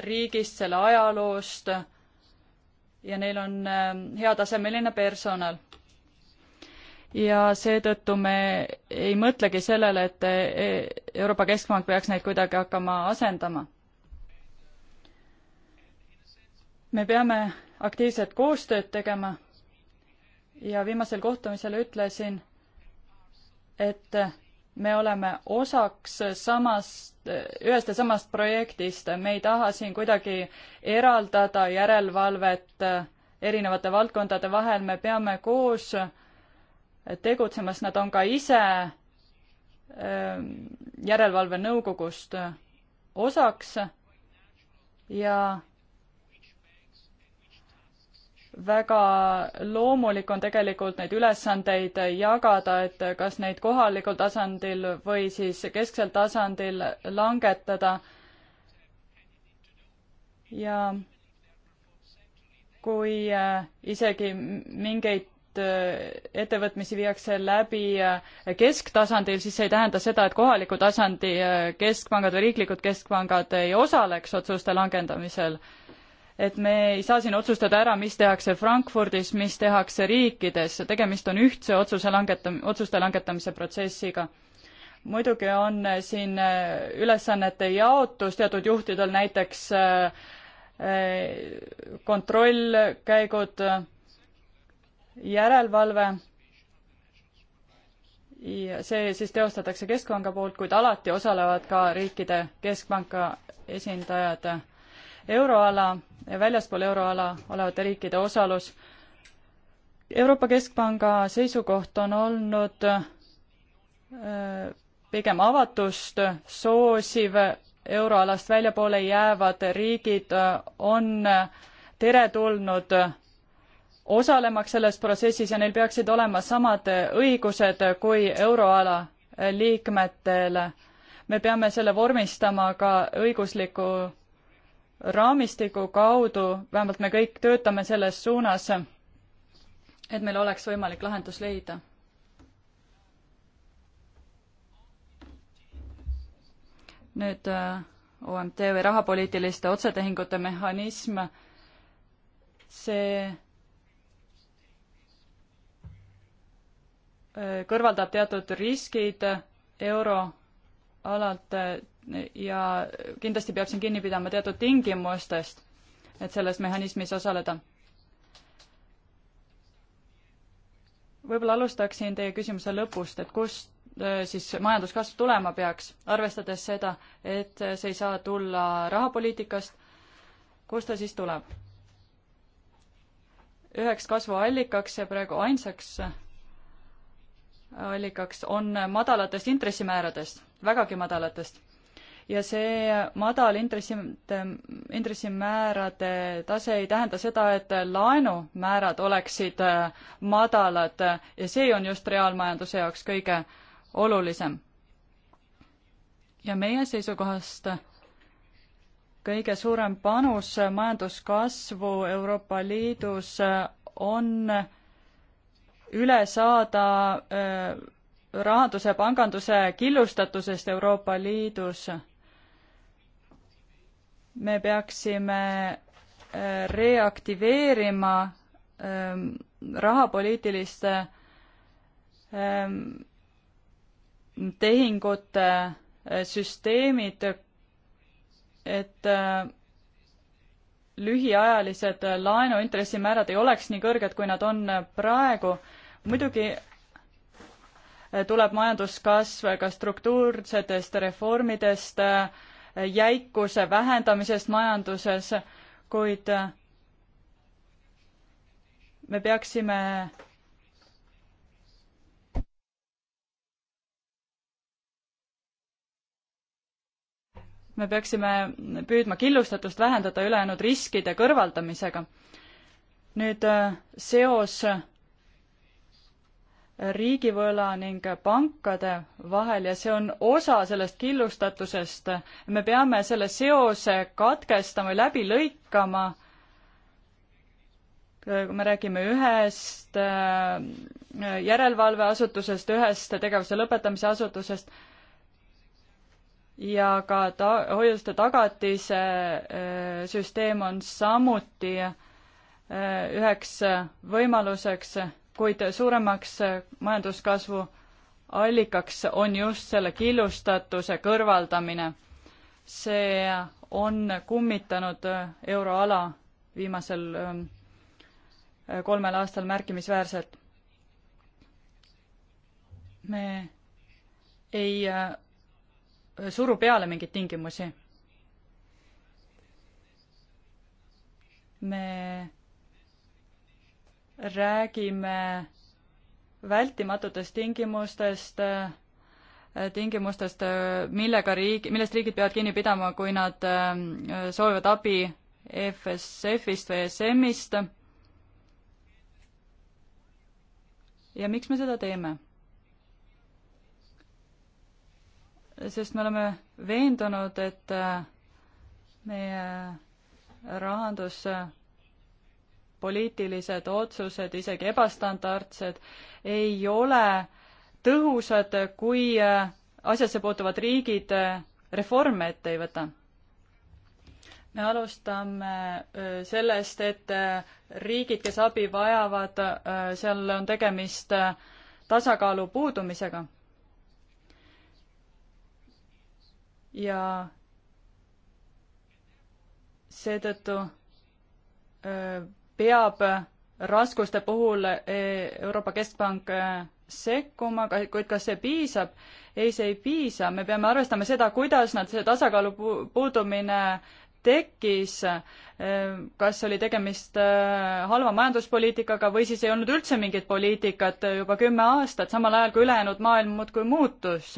riigist, selle ajaloost ja neil on äh, heatasemeline personal. ja seetõttu me ei mõtlegi sellele, et e, Euroopa Keskpank peaks neid kuidagi hakkama asendama. me peame aktiivset koostööd tegema ja viimasel kohtumisel ütlesin, et me oleme osaks samast ühest ja samast projektist, me ei taha siin kuidagi eraldada järelevalvet äh, erinevate valdkondade vahel, me peame koos äh, tegutsema, sest nad on ka ise ähm, järelevalvenõukogust äh, osaks ja väga loomulik on tegelikult neid ülesandeid jagada, et kas neid kohalikul tasandil või siis kesksel tasandil langetada. ja kui äh, isegi mingeid äh, ettevõtmisi viiakse läbi äh, kesktasandil, siis see ei tähenda seda, et kohaliku tasandi keskpangad või riiklikud keskpangad ei osaleks otsuste langendamisel et me ei saa siin otsustada ära, mis tehakse Frankfurdis, mis tehakse riikides, tegemist on ühtse otsuse langeta-, otsuste langetamise protsessiga. muidugi on siin äh, ülesannete jaotus teatud juhtidel, näiteks äh, äh, kontrollkäigud, järelevalve, ja see siis teostatakse Keskpanga poolt, kuid alati osalevad ka riikide keskpanka esindajad. euroala väljaspool euroala olevate riikide osalus. Euroopa Keskpanga seisukoht on olnud äh, pigem avatust soosiv, euroalast väljapoole jäävad riigid äh, on teretulnud osalemaks selles protsessis ja neil peaksid olema samad õigused kui euroala liikmetel. me peame selle vormistama ka õigusliku raamistiku kaudu, vähemalt me kõik töötame selles suunas, et meil oleks võimalik lahendus leida. nüüd äh, OMT või rahapoliitiliste otsetehingute mehhanism, see äh, kõrvaldab teatud riskid euroalalt äh, ja kindlasti peab siin kinni pidama teatud tingimustest, et selles mehhanismis osaleda. võib-olla alustaksin teie küsimuse lõpust, et kust äh, siis majanduskasv tulema peaks, arvestades seda, et see ei saa tulla rahapoliitikast, kust ta siis tuleb? üheks kasvuallikaks ja praegu ainsaks äh, allikaks on madalatest intressimääradest, vägagi madalatest ja see madal intressi, intressimäärade tase ei tähenda seda, et laenumäärad oleksid äh, madalad ja see on just reaalmajanduse jaoks kõige olulisem. ja meie seisukohast kõige suurem panus majanduskasvu Euroopa Liidus äh, on üle saada äh, rahanduse ja panganduse killustatusest Euroopa Liidus me peaksime äh, reaktiveerima ähm, rahapoliitiliste ähm, tehingute äh, süsteemid, et äh, lühiajalised laenuintressimäärad ei oleks nii kõrged, kui nad on praegu. muidugi tuleb majanduskasv ka struktuursetest reformidest äh,, jäikuse vähendamisest majanduses, kuid me peaksime me peaksime püüdma killustatust vähendada ülejäänud riskide kõrvaldamisega. nüüd äh, seos riigivõla ning pankade vahel ja see on osa sellest killustatusest. me peame selle seose katkestama või läbi lõikama. kui me räägime ühest äh, järelevalveasutusest, ühest tegevuse lõpetamise asutusest ja ka ta-, hoiuste tagatise äh, süsteem on samuti äh, üheks võimaluseks kuid suuremaks majanduskasvu allikaks on just selle killustatuse kõrvaldamine. see on kummitanud euroala viimasel ähm, kolmel aastal märkimisväärselt. me ei äh, suru peale mingeid tingimusi. me räägime vältimatutest tingimustest, tingimustest, millega riik, millest riigid peavad kinni pidama, kui nad äh, soovivad abi EFSF-ist või ESM-ist. ja miks me seda teeme? sest me oleme veendunud, et äh, meie äh, rahandus poliitilised otsused, isegi ebastandardsed, ei ole tõhusad, kui äh, asjasse puutuvad riigid äh, reforme ette ei võta. me alustame äh, sellest, et riigid, kes abi vajavad, seal on tegemist tasakaalu puudumisega. ja seetõttu peab raskuste puhul eh, Euroopa Keskpank eh, sekkuma, kuid kas see piisab? ei, see ei piisa, me peame arvestama seda, kuidas nad, see tasakaalu puudumine tekkis, eh, kas oli tegemist halva majanduspoliitikaga või siis ei olnud üldse mingit poliitikat juba kümme aastat, samal ajal kui ülejäänud maailm muudkui muutus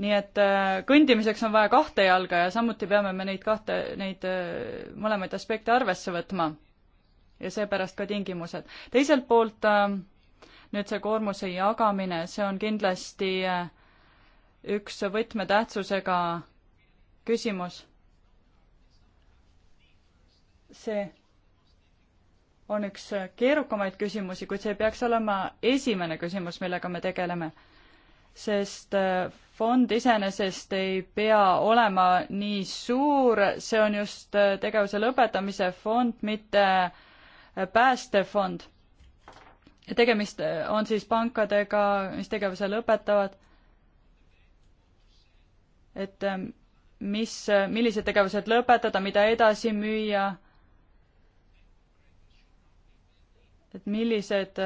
nii et äh, kõndimiseks on vaja kahte jalga ja samuti peame me neid kahte, neid äh, mõlemaid aspekte arvesse võtma. ja seepärast ka tingimused. teiselt poolt äh, nüüd see koormuse jagamine, see on kindlasti üks võtmetähtsusega küsimus. see on üks keerukamaid küsimusi, kuid see peaks olema esimene küsimus, millega me tegeleme. sest fond iseenesest ei pea olema nii suur, see on just äh, tegevuse lõpetamise fond, mitte äh, päästefond. tegemist äh, on siis pankadega, mis tegevuse lõpetavad. et mis, millised tegevused lõpetada, mida edasi müüa. et millised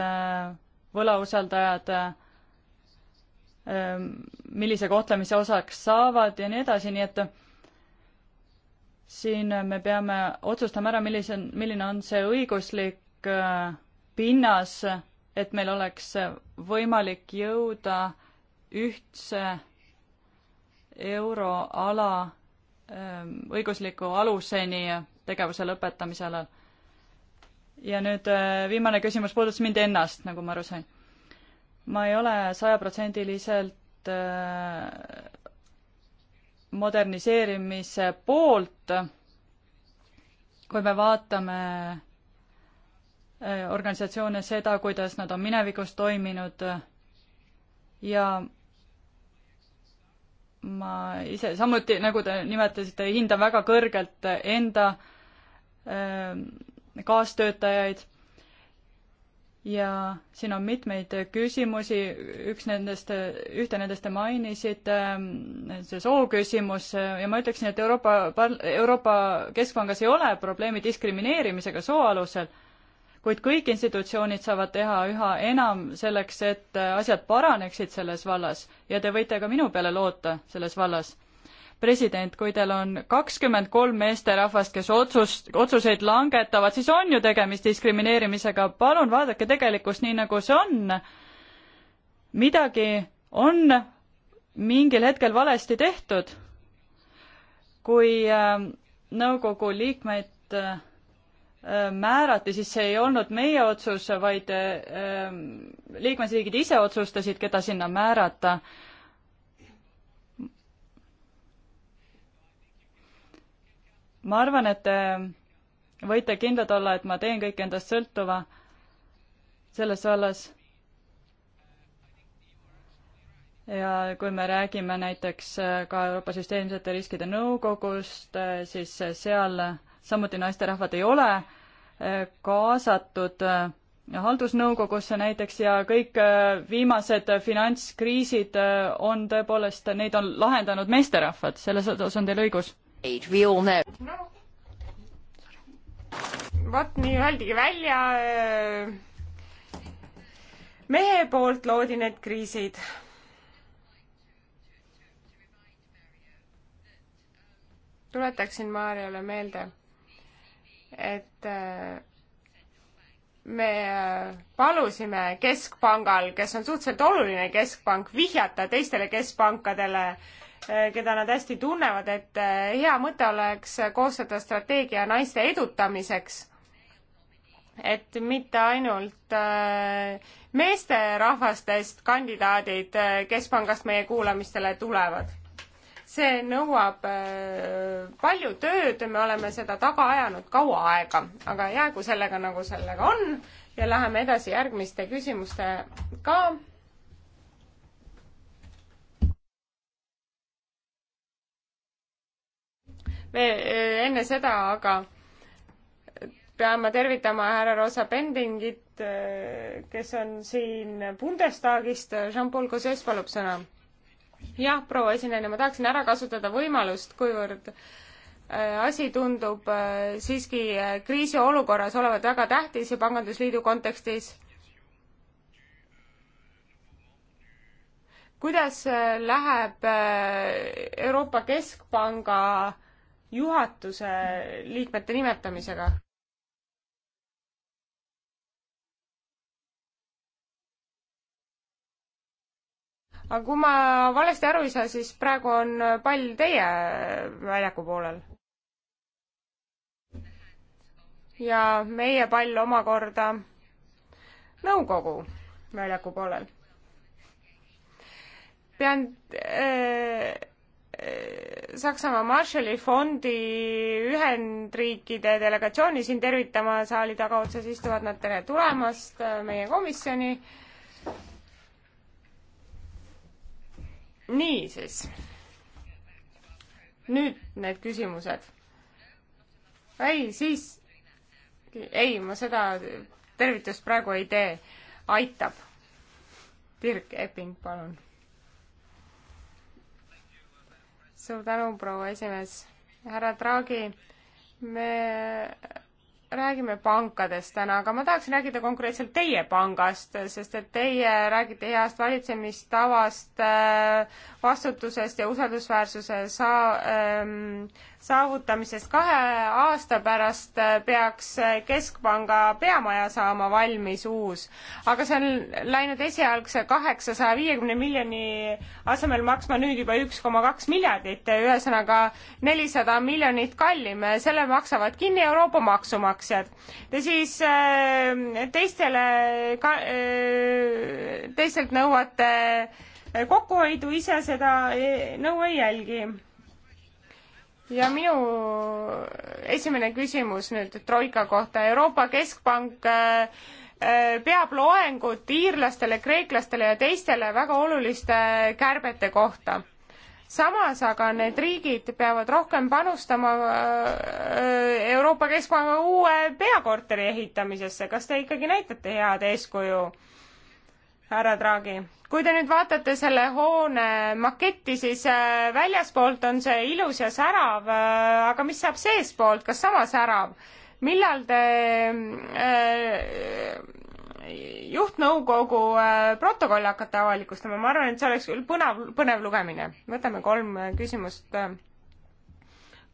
võlausaldajad äh, Ähm, millise kohtlemise osaks saavad ja nii edasi, nii et siin me peame otsustama ära, millise, milline on see õiguslik äh, pinnas, et meil oleks võimalik jõuda ühtse euroala ähm, õigusliku aluseni tegevuse lõpetamise alal. ja nüüd äh, viimane küsimus puudutas mind ennast, nagu ma aru sain ma ei ole sajaprotsendiliselt äh, moderniseerimise poolt, kui me vaatame äh, organisatsioone seda, kuidas nad on minevikus toiminud ja ma ise samuti, nagu te nimetasite, hindan väga kõrgelt enda äh, kaastöötajaid ja siin on mitmeid küsimusi, üks nendest, ühte nendest te mainisite, see sooküsimus ja ma ütleksin, et Euroopa par-, Euroopa Keskpangas ei ole probleemi diskrimineerimisega soo alusel, kuid kõik institutsioonid saavad teha üha enam selleks, et asjad paraneksid selles vallas ja te võite ka minu peale loota selles vallas president, kui teil on kakskümmend kolm meesterahvast, kes otsust, otsuseid langetavad, siis on ju tegemist diskrimineerimisega, palun vaadake tegelikkust nii, nagu see on. midagi on mingil hetkel valesti tehtud. kui äh, nõukogu liikmeid äh, määrati, siis see ei olnud meie otsus, vaid äh, liikmesriigid ise otsustasid, keda sinna määrata äh, ma arvan, et te võite kindlad olla, et ma teen kõik endast sõltuva selles vallas. ja kui me räägime näiteks äh, ka Euroopa Süsteemsete Riskide Nõukogust, äh, siis äh, seal samuti naisterahvad ei ole kaasatud haldusnõukogusse näiteks ja kõik viimased finantskriisid on tõepoolest, neid on lahendanud meesterahvad, selles osas on teil õigus We all know no.. vot nii öeldigi välja äh, mehe poolt loodi need kriisid. tuletaksin Maarjale meelde, et äh, me äh, palusime keskpangal, kes on suhteliselt oluline keskpank, vihjata teistele keskpankadele äh, Eh, keda nad hästi tunnevad, et eh, hea mõte oleks koostada strateegia naiste edutamiseks. et mitte ainult eh, meesterahvastest kandidaadid Keskpangast meie kuulamistele tulevad. see nõuab palju tööd, me oleme seda taga ajanud kaua aega, aga jäägu sellega, nagu sellega on ja läheme edasi järgmiste küsimuste ka Eh, enne seda aga pean ma tervitama härra Rosa Pendingit, eh, kes on siin Bundestagist. Jean-Paul Gauzes palub sõna. jah, proua esineja, ma tahaksin ära kasutada võimalust, kuivõrd eh, asi tundub siiski kriisiolukorras olevat väga tähtis ja pangandusliidu kontekstis. kuidas läheb Euroopa Keskpanga juhatuse liikmete nimetamisega? aga kui ma valesti aru ei saa, siis praegu on pall teie väljaku poolel. ja meie pall omakorda nõukogu väljaku poolel. pean äh, Saksamaa Marshalli fondi Ühendriikide delegatsiooni siin tervitama, saali tagaotsas istuvad nad, tere tulemast meie komisjoni. niisiis, nüüd need küsimused. ei, siis, ei, ma seda tervitust praegu ei tee, aitab. Dirk Epping, palun suur tänu, proua esimees. härra Draghi, me räägime pankadest täna, aga ma tahaksin rääkida konkreetselt teie pangast, sest et teie räägite heast valitsemistavast, äh, vastutusest ja usaldusväärsuse saa- ähm,, saavutamisest kahe aasta pärast äh, peaks äh, Keskpanga peamaja saama valmis uus, aga see on läinud esialgse kaheksasaja viiekümne miljoni asemel maksma nüüd juba üks koma kaks miljardit, ühesõnaga nelisada miljonit kallim, selle maksavad kinni Euroopa maksumaksjad. ja siis äh, teistele, teistelt nõuate kokkuhoidu, ise seda nõu ei jälgi ja minu esimene küsimus nüüd Troika kohta. Euroopa Keskpank äh, äh, peab loengut iirlastele, kreeklastele ja teistele väga oluliste kärbete kohta. samas aga need riigid peavad rohkem panustama äh, Euroopa Keskpanga uue peakorteri ehitamisesse. kas te ikkagi näitate head eeskuju? härra Draghi. kui te nüüd vaatate selle hoone maketti, siis äh, väljaspoolt on see ilus ja särav, äh, aga mis saab seespoolt, kas sama särav? millal te äh, juhtnõukogu äh, protokolli hakkate avalikustama, ma arvan, et see oleks küll põnev, põnev lugemine. võtame kolm küsimust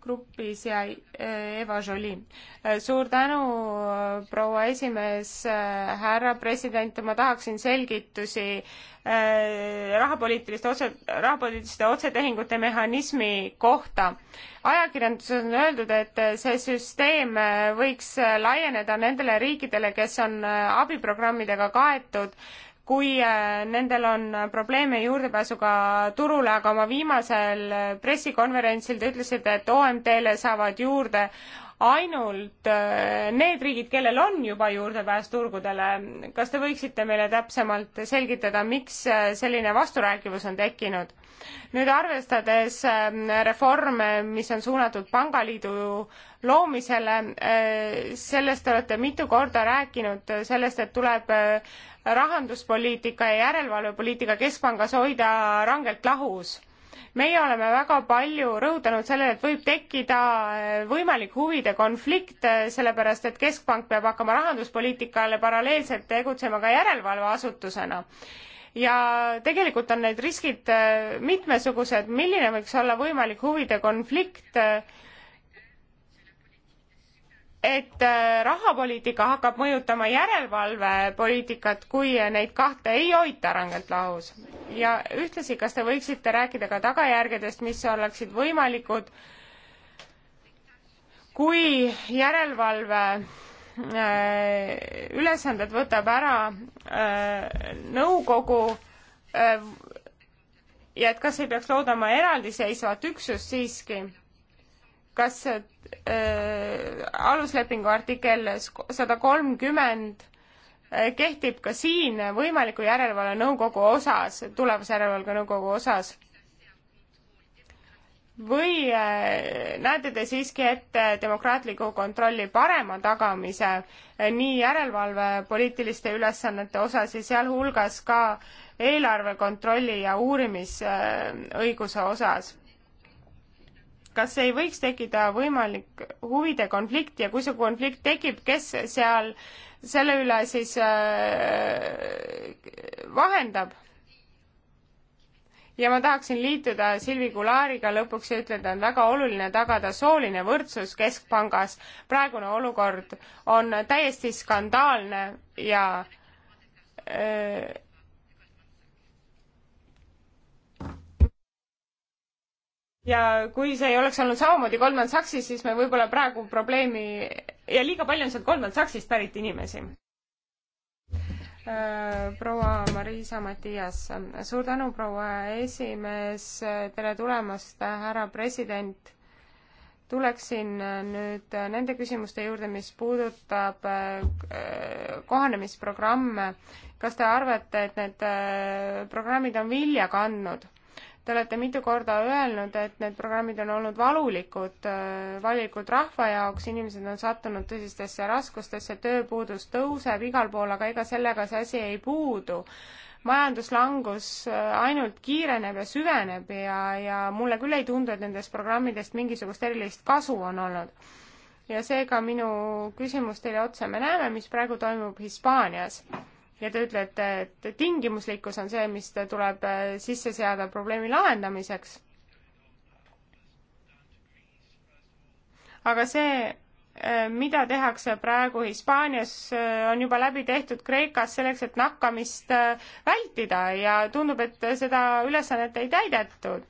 grupis ja äh, Eva Jolie. Äh, suur tänu, äh, proua esimees, härra president, ma tahaksin selgitusi rahapoliitiliste otse, rahapoliitiliste otsetehingute mehhanismi kohta. ajakirjanduses on öeldud, et see süsteem võiks laieneda nendele riikidele, kes on abiprogrammidega kaetud kui äh, nendel on probleeme juurdepääsuga turule, aga oma viimasel äh, pressikonverentsil te ütlesite, et OMT-le saavad juurde ainult äh, need riigid, kellel on juba juurdepääs turgudele. kas te võiksite meile täpsemalt selgitada, miks selline vasturääkivus on tekkinud? nüüd arvestades reforme, mis on suunatud Pangaliidu loomisele, sellest te olete mitu korda rääkinud, sellest, et tuleb rahanduspoliitika ja järelevalvepoliitika keskpangas hoida rangelt lahus meie oleme väga palju rõhutanud sellele, et võib tekkida eh, võimalik huvide konflikt, eh, sellepärast et keskpank peab hakkama rahanduspoliitikale paralleelselt tegutsema ka järelevalveasutusena. ja tegelikult on need riskid eh, mitmesugused, milline võiks olla võimalik huvide konflikt äh, et äh, rahapoliitika hakkab mõjutama järelevalvepoliitikat, kui neid kahte ei hoita rangelt lahus. ja ühtlasi, kas te võiksite rääkida ka tagajärgedest, mis oleksid võimalikud, kui järelevalve äh, ülesanded võtab ära äh, nõukogu ja et kas ei peaks loodama eraldiseisvat üksust siiski kas äh, aluslepingu artikkel sada kolmkümmend äh, kehtib ka siin võimaliku järelevalve nõukogu osas, tulevase järelevalve nõukogu osas? või äh, näete te siiski ette demokraatliku kontrolli parema tagamise äh, nii järelevalve poliitiliste ülesannete osas ja sealhulgas ka eelarve kontrolli ja uurimisõiguse osas? kas ei võiks tekkida võimalik huvide konflikt ja kui see konflikt tekib, kes seal selle üle siis äh, vahendab? ja ma tahaksin liituda Silvi Kulaariga lõpuks ja ütelda, on väga oluline tagada sooline võrdsus Keskpangas. praegune olukord on täiesti skandaalne ja äh, ja kui see ei oleks olnud samamoodi Goldman Sachsis, siis me võib-olla praegu probleemi ja liiga palju on sealt Goldman Sachsist pärit inimesi. Äh, proua Marisa Matias, suur tänu, proua esimees, tere tulemast, härra president. tuleksin nüüd nende küsimuste juurde, mis puudutab äh, kohanemisprogramme. kas te arvate, et need äh, programmid on vilja kandnud? Te olete mitu korda öelnud, et need programmid on olnud valulikud, äh, valulikud rahva jaoks, inimesed on sattunud tõsistesse raskustesse, tööpuudus tõuseb igal pool, aga ega sellega see asi ei puudu. majanduslangus äh, ainult kiireneb ja süveneb ja, ja mulle küll ei tundu, et nendest programmidest mingisugust erilist kasu on olnud. ja seega minu küsimus teile otse, me näeme, mis praegu toimub Hispaanias ja te ütlete, et tingimuslikkus on see, mis tuleb äh, sisse seada probleemi lahendamiseks. aga see, äh, mida tehakse praegu Hispaanias, äh, on juba läbi tehtud Kreekas selleks, et nakkamist vältida ja tundub, et seda ülesannet ei täidetud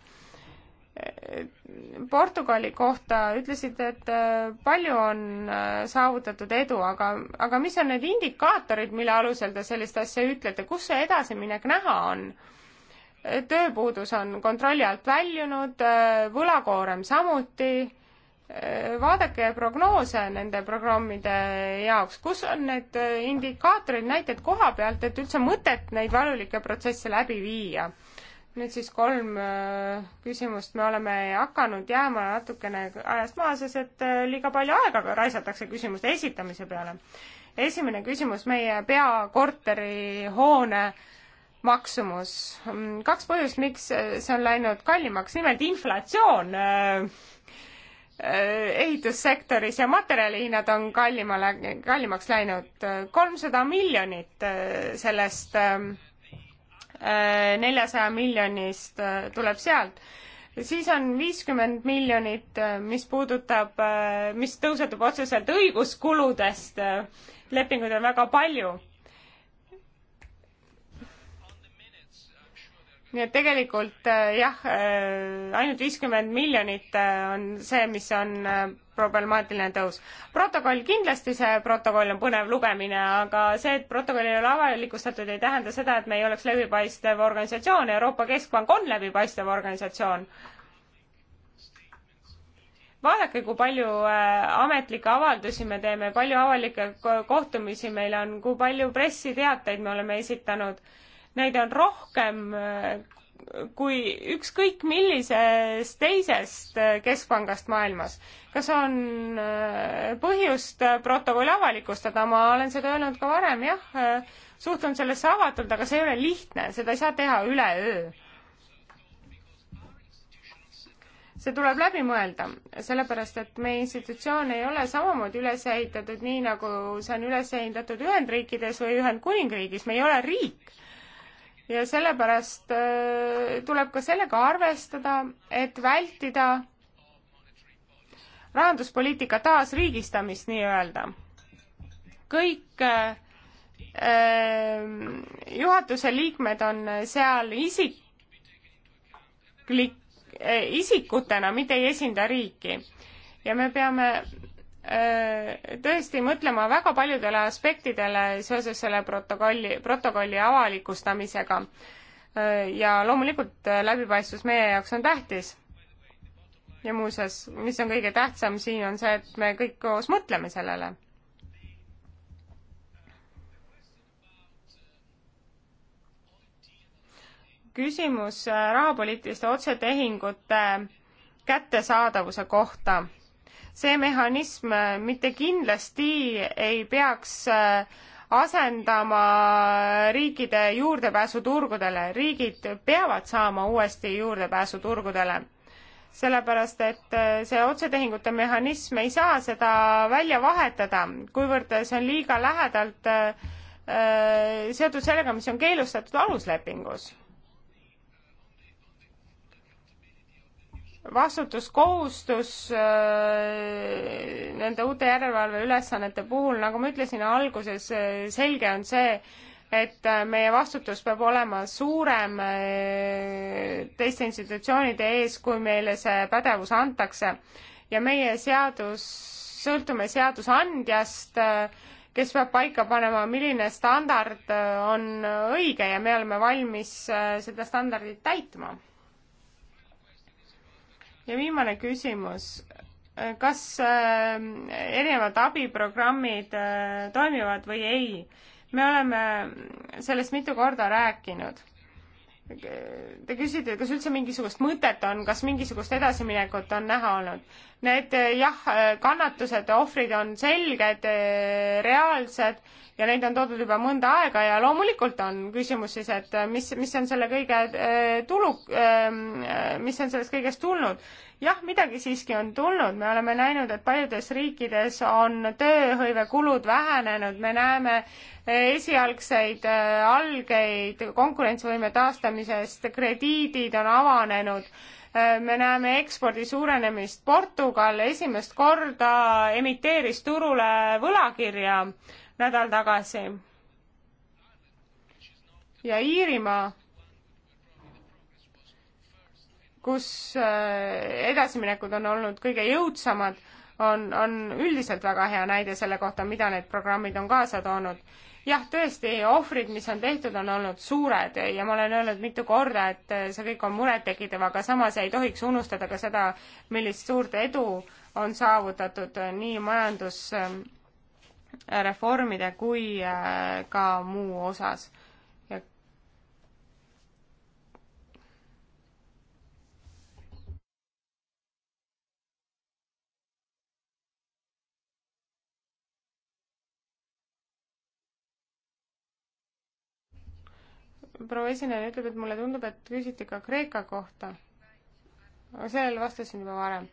Portugali kohta ütlesite, et äh, palju on äh, saavutatud edu, aga, aga mis on need indikaatorid, mille alusel te sellist asja ütlete, kus see edasiminek näha on? tööpuudus on kontrolli alt väljunud, äh, võlakoorem samuti, vaadake prognoose nende programmide jaoks, kus on need indikaatorid, näited koha pealt, et üldse mõtet neid valulikke protsesse läbi viia nüüd siis kolm äh, küsimust, me oleme hakanud jääma natukene ajast maha, sest et äh, liiga palju aega raisatakse küsimuste esitamise peale. esimene küsimus, meie peakorteri hoone maksumus. Mm, kaks põhjust, miks äh, see on läinud kallimaks, nimelt inflatsioon ehitussektoris ja materjalihinnad on kallimale, kallimaks läinud. kolmsada miljonit sellest ähm, neljasaja miljonist äh, tuleb sealt. siis on viiskümmend miljonit, äh, mis puudutab, äh, mis tõusetub otseselt õiguskuludest, lepinguid on väga palju nii et tegelikult äh, jah, äh, ainult viiskümmend miljonit äh, on see, mis on problemaatiline tõus. protokoll, kindlasti see protokoll on põnev lugemine, aga see, et protokoll ei ole avalikustatud, ei tähenda seda, et me ei oleks läbipaistev organisatsioon, Euroopa Keskpank on läbipaistev organisatsioon. vaadake, kui palju ametlikke avaldusi me teeme, palju avalikke kohtumisi meil on, kui palju pressiteateid me oleme esitanud neid on rohkem äh, kui ükskõik millisest teisest äh, keskpangast maailmas. kas on äh, põhjust protokoll avalikustada, ma olen seda öelnud ka varem, jah, suhtun sellesse avatult, aga see ei ole lihtne, seda ei saa teha üleöö. see tuleb läbi mõelda, sellepärast et meie institutsioon ei ole samamoodi üles ehitatud nii, nagu see on üles ehitatud Ühendriikides või Ühendkuningriigis, me ei ole riik ja sellepärast äh, tuleb ka sellega arvestada, et vältida rahanduspoliitika taasriigistamist nii-öelda. kõik äh, juhatuse liikmed on seal isiklik äh,, isikutena, mitte ei esinda riiki. ja me peame Äh, tõesti mõtlema väga paljudele aspektidele seoses selle protokolli, protokolli avalikustamisega. Äh, ja loomulikult äh, läbipaistvus meie jaoks on tähtis. ja muuseas, mis on kõige tähtsam siin, on see, et me kõik koos mõtleme sellele küsimus rahapoliitiliste otsetehingute kättesaadavuse kohta see mehhanism äh, mitte kindlasti ei peaks äh, asendama riikide juurdepääsu turgudele, riigid peavad saama uuesti juurdepääsu turgudele sellepärast et äh, see otsetehingute mehhanism ei saa seda välja vahetada, kuivõrd see on liiga lähedalt seotud sellega, mis on keelustatud aluslepingus. vastutuskohustus äh, nende uute järelevalveülesannete puhul, nagu ma ütlesin alguses, äh, selge on see, et äh, meie vastutus peab olema suurem teiste institutsioonide ees, kui meile see pädevus antakse. ja meie seadus, sõltume seadusandjast, kes peab paika panema, milline standard on õige ja me oleme valmis seda standardit täitma ja viimane küsimus, kas ähm, erinevad abiprogrammid äh, toimivad või ei? me oleme sellest mitu korda rääkinud Te küsite, kas üldse mingisugust mõtet on, kas mingisugust edasiminekut on näha olnud? Need eh, jah, kannatused, ohvrid on selged, eh, reaalsed ja neid on toodud juba mõnda aega ja loomulikult on küsimus siis, et mis, mis on selle kõige eh, tulu, mis on sellest kõigest tulnud jah, midagi siiski on tulnud, me oleme näinud, et paljudes riikides on tööhõivekulud vähenenud, me näeme eh, esialgseid eh, algeid konkurentsivõime taastamisest, krediidid on avanenud eh, me näeme ekspordi suurenemist. Portugal esimest korda emiteeris turule võlakirja nädal tagasi. ja Iirimaa kus äh, edasiminekud on olnud kõige jõudsamad, on, on üldiselt väga hea näide selle kohta, mida need programmid on kaasa toonud. jah, tõesti, ohvrid, mis on tehtud, on olnud suured ja ma olen öelnud mitu korda, et äh, see kõik on murettekitav, aga samas ei tohiks unustada ka seda, millist suurt edu on saavutatud äh, nii majandusreformide kui ka muu osas proua esineja ütleb, et mulle tundub, et küsiti ka Kreeka kohta. aga sellele vastasin juba varem.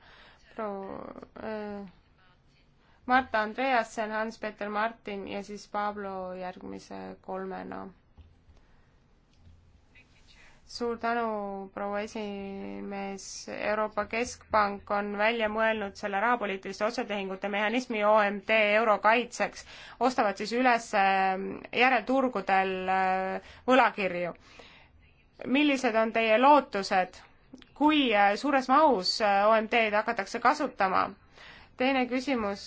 proua äh, Marta Andreasen, Hans-Peter Martin ja siis Pablo järgmise kolmena suur tänu, proua esimees. Euroopa Keskpank on välja mõelnud selle rahapoliitiliste otsetehingute mehhanismi OMT euro kaitseks, ostavad siis üles äh, järelturgudel äh, võlakirju. millised on teie lootused, kui äh, suures mahus OMT-d hakatakse kasutama? teine küsimus,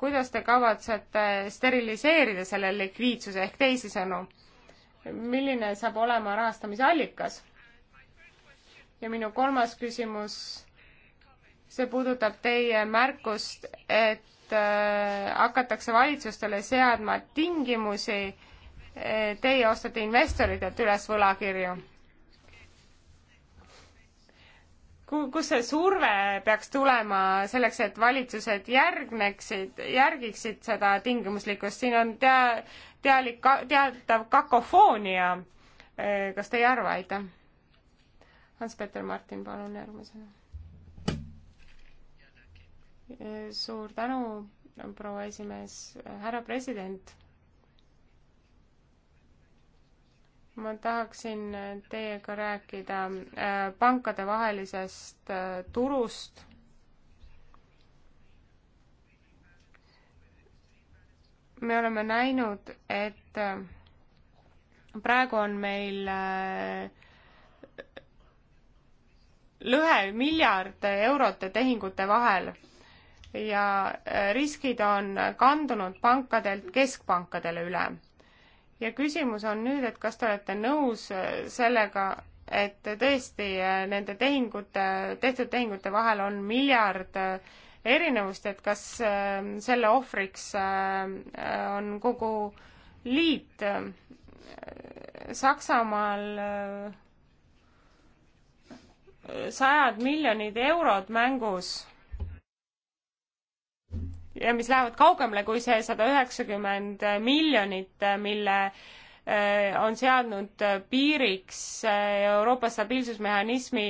kuidas te kavatsete steriliseerida selle likviidsuse ehk teisisõnu? milline saab olema rahastamise allikas? ja minu kolmas küsimus, see puudutab teie märkust, et äh, hakatakse valitsustele seadma tingimusi äh,, teie ostate investoritelt üles võlakirju kus see surve peaks tulema selleks, et valitsused järgneksid, järgiksid seda tingimuslikkust, siin on tea-, tealik-, teatav kakofoonia. kas te ei arva, aitäh? Hans-Peter Martin, palun järgmisena. suur tänu, proua esimees, härra president ma tahaksin teiega rääkida äh, pankadevahelisest äh, turust. me oleme näinud, et äh, praegu on meil lõhe miljard eurot tehingute vahel ja riskid on kandunud pankadelt keskpankadele üle ja küsimus on nüüd, et kas te olete nõus äh, sellega, et tõesti äh, nende tehingute, tehtud tehingute vahel on miljard äh, erinevust, et kas selle ohvriks on kogu liit Saksamaal sajad miljonid eurod mängus ja mis lähevad kaugemale kui see sada üheksakümmend miljonit, mille äh, on seadnud äh, piiriks äh, Euroopa stabiilsusmehhanismi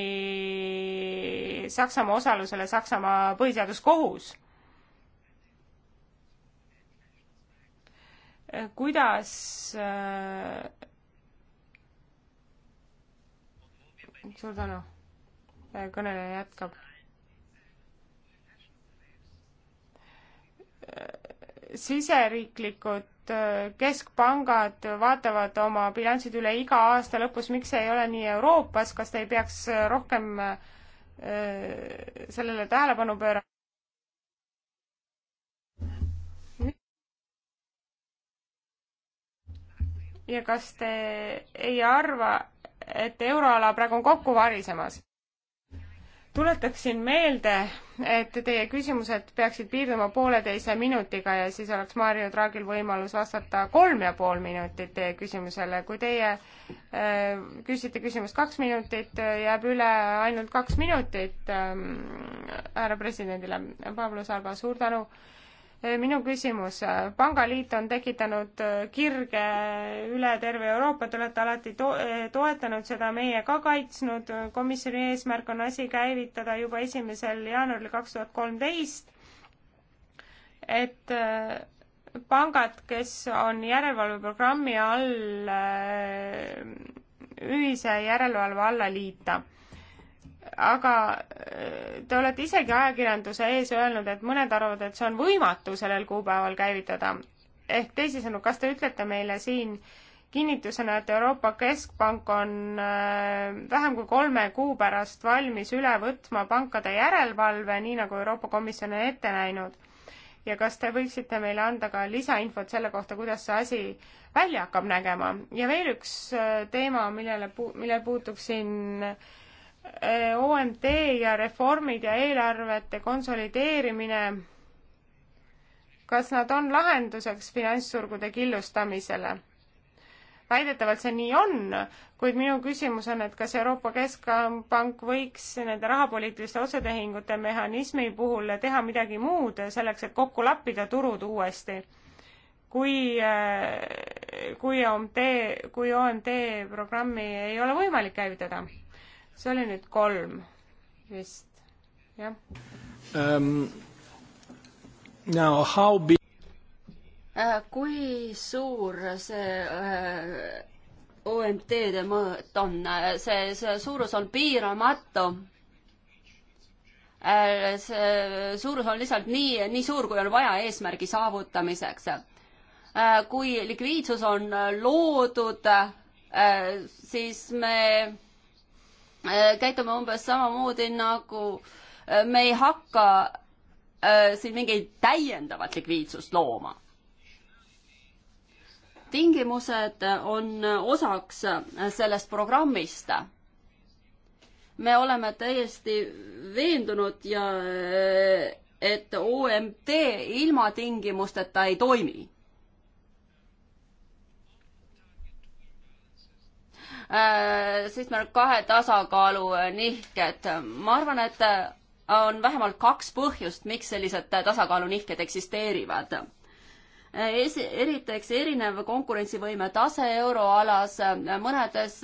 Saksamaa osalusele Saksamaa põhiseaduskohus. kuidas suur tänu, kõneleja jätkab siseriiklikud äh, keskpangad vaatavad oma bilansid üle iga aasta lõpus, miks see ei ole nii Euroopas, kas te ei peaks äh, rohkem äh, sellele tähelepanu pöörama? ja kas te ei arva, et euroala praegu on kokku varisemas? tuletaksin meelde, et teie küsimused peaksid piirduma pooleteise minutiga ja siis oleks Mario Draagil võimalus vastata kolm ja pool minutit teie küsimusele. kui teie äh, küsite küsimust kaks minutit, äh, jääb üle ainult kaks minutit ähm, härra äh, presidendile. Pablo Sarva, suur tänu Eh, minu küsimus, eh, Pangaliit on tekitanud eh, kirge üle terve Euroopa, te olete alati to toetanud seda, meie ka kaitsnud, komisjoni eesmärk on asi käivitada juba esimesel jaanuaril kaks tuhat kolmteist, et pangad, kes on järelevalveprogrammi all, ühise järelevalve alla liita aga äh, te olete isegi ajakirjanduse ees öelnud, et mõned arvavad, et see on võimatu sellel kuupäeval käivitada. ehk teisisõnu, kas te ütlete meile siin kinnitusena, et Euroopa Keskpank on äh, vähem kui kolme kuu pärast valmis üle võtma pankade järelevalve, nii nagu Euroopa Komisjon on ette näinud? ja kas te võiksite meile anda ka lisainfot selle kohta, kuidas see asi välja hakkab nägema? ja veel üks äh, teema, millele, millele puutuksin äh, Äh, OMT ja reformid ja eelarvete konsolideerimine, kas nad on lahenduseks finantsturgude killustamisele? väidetavalt see nii on, kuid minu küsimus on, et kas Euroopa Keskpank võiks nende rahapoliitiliste otsetehingute mehhanismi puhul teha midagi muud selleks, et kokku lappida turud uuesti? kui, äh, kui OMT, kui OMT programmi ei ole võimalik käivitada see oli nüüd kolm vist, jah um,. Now how big äh, kui suur see äh, OMT-de mõõt on, äh, see, see suurus on piiramatu äh,. see suurus on lihtsalt nii, nii suur, kui on vaja eesmärgi saavutamiseks äh,. kui likviidsus on loodud, äh, siis me Äh, käitume umbes samamoodi nagu äh, me ei hakka äh, siin mingit täiendavat likviidsust looma. tingimused on osaks sellest programmist. me oleme täiesti veendunud ja et OMT ilma tingimusteta ei toimi siis meil on kahe tasakaalu äh, nihked. ma arvan, et äh, on vähemalt kaks põhjust, miks sellised äh, tasakaalunihked eksisteerivad. Esi-, eriteks erinev konkurentsivõime tase euroalas, mõnedes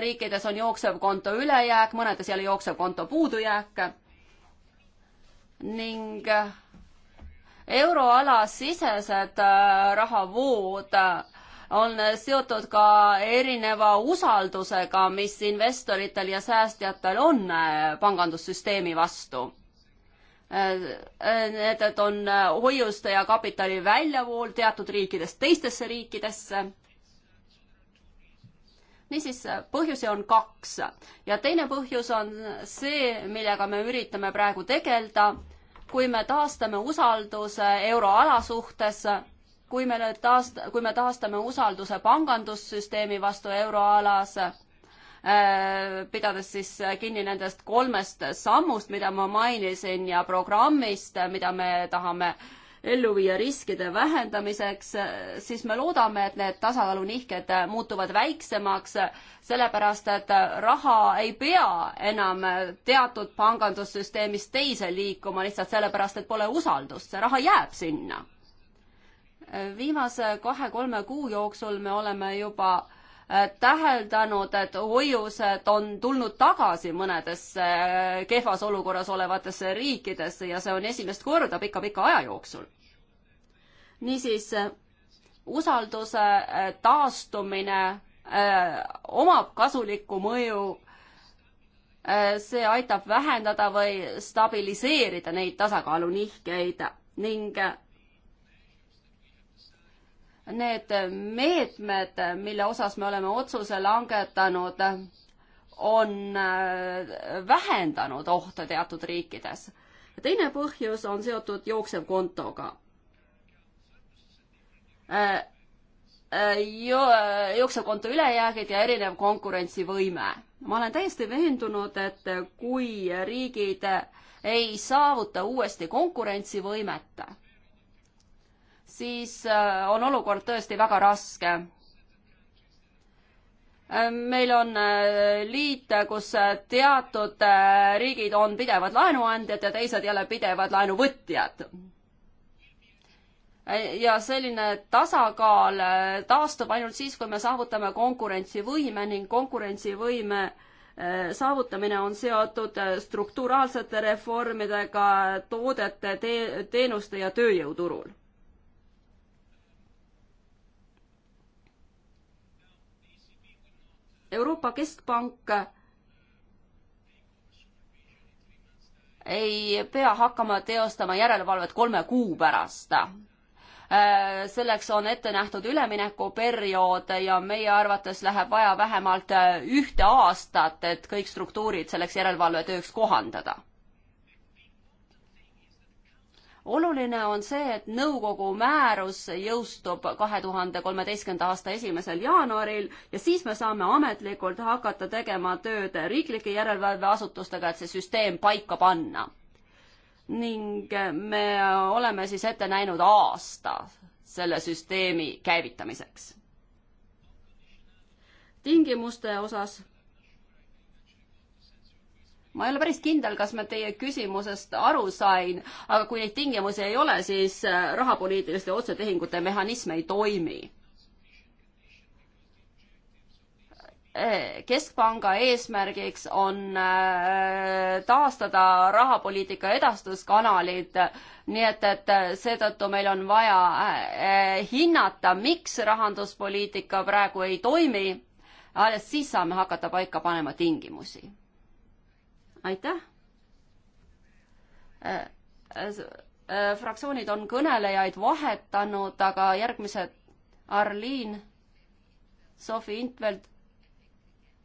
riikides on jooksev konto ülejääk, mõnedes jälle jooksev konto puudujääk ning euroala sisesed rahavood on seotud ka erineva usaldusega, mis investoritel ja säästjatel on äh, pangandussüsteemi vastu äh, need, et on äh, hoiuste ja kapitali väljavool teatud riikidest teistesse riikidesse. niisiis, põhjusi on kaks ja teine põhjus on see, millega me üritame praegu tegeleda. kui me taastame usalduse euroala suhtes, kui me nüüd taast-, kui me taastame usalduse pangandussüsteemi vastu euroalas, äh, pidades siis kinni nendest kolmest sammust, mida ma mainisin ja programmist, mida me tahame ellu viia riskide vähendamiseks, siis me loodame, et need tasakaalunihked muutuvad väiksemaks, sellepärast et raha ei pea enam teatud pangandussüsteemist teise liikuma lihtsalt sellepärast, et pole usaldust, see raha jääb sinna viimase kahe-kolme kuu jooksul me oleme juba äh, täheldanud, et hoiused on tulnud tagasi mõnedesse äh, kehvas olukorras olevatesse riikidesse ja see on esimest korda pika-pika aja jooksul. niisiis, usalduse äh, taastumine omab kasulikku mõju, see aitab vähendada või stabiliseerida neid tasakaalunihkeid ning need meetmed, mille osas me oleme otsuse langetanud, on äh, vähendanud ohte teatud riikides. teine põhjus on seotud jooksevkontoga. Äh, äh, jooksevkonto ülejäägid ja erinev konkurentsivõime. ma olen täiesti veendunud, et kui riigid ei saavuta uuesti konkurentsivõimet siis äh, on olukord tõesti väga raske. Ähm, meil on äh, liit, kus äh, teatud riigid on pidevad laenuandjad ja teised jälle pidevad laenuvõtjad. ja selline tasakaal taastub ainult siis, kui me saavutame konkurentsivõime ning konkurentsivõime saavutamine on seotud strukturaalsete reformidega toodete te, teenuste ja tööjõuturul Euroopa Keskpank ei pea hakkama teostama järelevalvet kolme kuu pärast. Äh, selleks on ette nähtud üleminekuperiood ja meie arvates läheb vaja vähemalt ühte aastat, et kõik struktuurid selleks järelevalvetööks kohandada oluline on see, et nõukogu määrus jõustub kahe tuhande kolmeteistkümnenda aasta esimesel jaanuaril ja siis me saame ametlikult hakata tegema tööd riiklike järelevalveasutustega, et see süsteem paika panna. ning me oleme siis ette näinud aasta selle süsteemi käivitamiseks. tingimuste osas ma ei ole päris kindel, kas ma teie küsimusest aru sain, aga kui neid tingimusi ei ole, siis äh, rahapoliitiliste otsetehingute mehhanism ei toimi äh, keskpanga eesmärgiks on äh, taastada rahapoliitika edastuskanalid, nii et, et seetõttu meil on vaja hinnata, miks rahanduspoliitika praegu ei toimi, alles siis saame hakata paika panema tingimusi aitäh äh,. Äh, äh, fraktsioonid on kõnelejaid vahetanud, aga järgmised Arliin, Sofi Intveld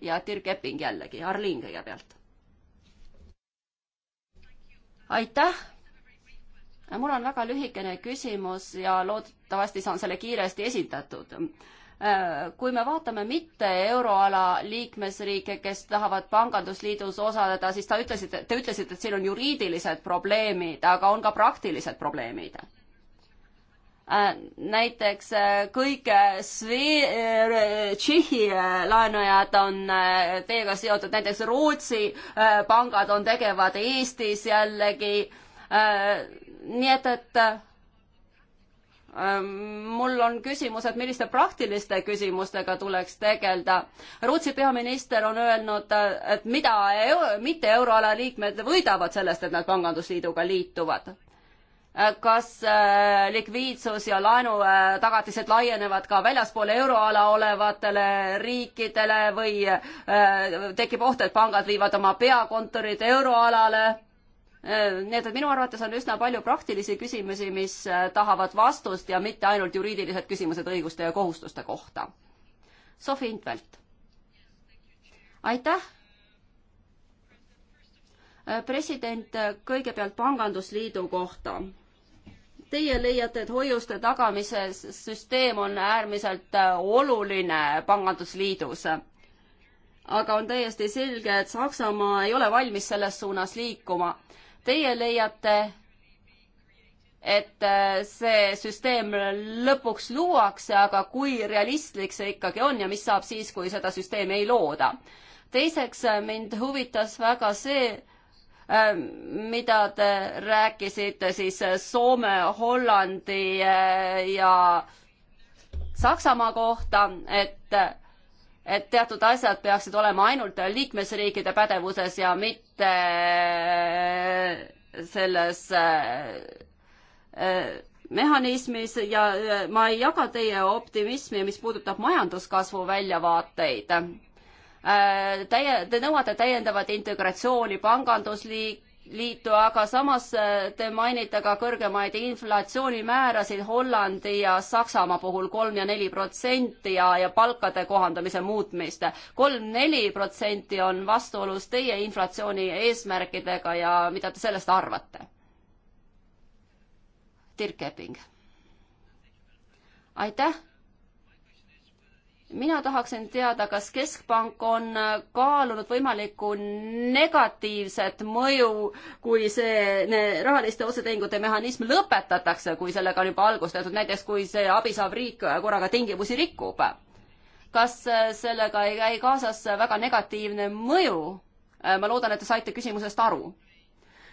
ja Dirk Epping jällegi, Arliin kõigepealt. aitäh mul on väga lühikene küsimus ja loodetavasti saan selle kiiresti esitatud. Äh, kui me vaatame mitte euroala liikmesriike, kes tahavad pangandusliidus osaleda, siis ta ütles, et te ütlesite, et siin on juriidilised probleemid, aga on ka praktilised probleemid. Äh, näiteks äh, kõige svee-, Tšehhi laenujad on teiega seotud, näiteks Rootsi pangad on tegevad Eestis jällegi. nii et, et Ehm, mul on küsimus, et milliste praktiliste küsimustega tuleks tegeleda. Rootsi peaminister on öelnud, et mida euro, mitte euroala liikmed võidavad sellest, et nad pangandusliiduga liituvad. Ehm, kas ehm, likviidsus ja laenutagatised laienevad ka väljaspool euroala olevatele riikidele või tekib oht, et pangad viivad oma peakontorid euroalale? Äh, Need on minu arvates on üsna palju praktilisi küsimusi, mis äh, tahavad vastust ja mitte ainult juriidilised küsimused õiguste ja kohustuste kohta. Sofi Intvelt. aitäh äh, president kõigepealt Pangandusliidu kohta. Teie leiate, et hoiuste tagamise süsteem on äärmiselt oluline Pangandusliidus. aga on täiesti selge, et Saksamaa ei ole valmis selles suunas liikuma teie leiate, et äh, see süsteem lõpuks luuakse, aga kui realistlik see ikkagi on ja mis saab siis, kui seda süsteemi ei looda? teiseks äh, mind huvitas väga see, äh, mida te rääkisite siis Soome, Hollandi ja Saksamaa kohta, et et teatud asjad peaksid olema ainult liikmesriikide pädevuses ja mitte äh, selles äh, äh, mehhanismis ja ma ei jaga teie optimismi, mis puudutab majanduskasvu väljavaateid. Täie, te nõuate täiendavat integratsiooni pangandusliik-, liitu, aga samas äh, te mainite ka kõrgemaid inflatsioonimäärasid Hollandi ja Saksamaa puhul kolm ja neli protsenti ja, ja palkade kohandamise muutmist. kolm-neli protsenti on vastuolus teie inflatsiooni eesmärkidega ja mida te sellest arvate? Dirk Epping. aitäh mina tahaksin teada, kas Keskpank on kaalunud võimalikku negatiivset mõju, kui see rahaliste otsetehingute mehhanism lõpetatakse, kui sellega on juba algust tehtud, näiteks kui see abi saav riik korraga tingimusi rikub. kas sellega ei käi kaasas väga negatiivne mõju? ma loodan, et te saite küsimusest aru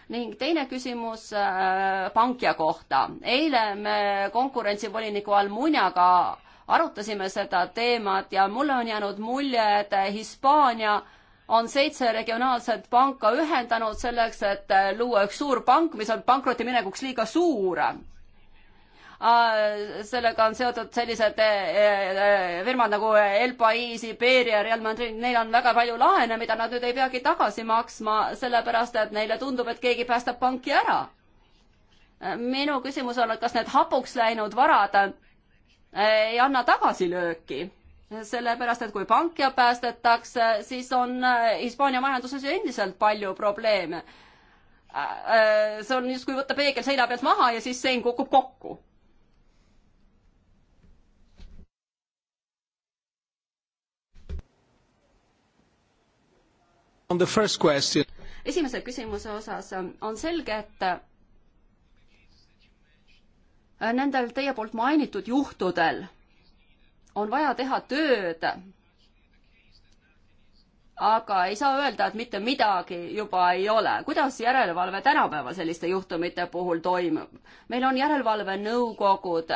ning teine küsimus äh, pankja kohta. eile me konkurentsivoliniku Almuniaga arutasime seda teemat ja mulle on jäänud mulje, et Hispaania on seitse regionaalset panka ühendanud selleks, et luua üks suur pank, mis on pankrotti minekuks liiga suur. sellega on seotud sellised eh, eh, eh, firmad nagu El Pais, Iberia, Real Madrid, neil on väga palju laene, mida nad nüüd ei peagi tagasi maksma, sellepärast et neile tundub, et keegi päästab panki ära. minu küsimus on, et kas need hapuks läinud varad ei anna tagasilööki sellepärast, et kui panke päästetakse, siis on äh, Hispaania majanduses ju endiselt palju probleeme. Äh, äh, see on justkui võtta peegel seina pealt maha ja siis sein kukub kokku. esimese küsimuse osas on selge, et Äh, nendel teie poolt mainitud juhtudel on vaja teha tööd, aga ei saa öelda, et mitte midagi juba ei ole. kuidas järelevalve tänapäeval selliste juhtumite puhul toimub? meil on järelevalvenõukogud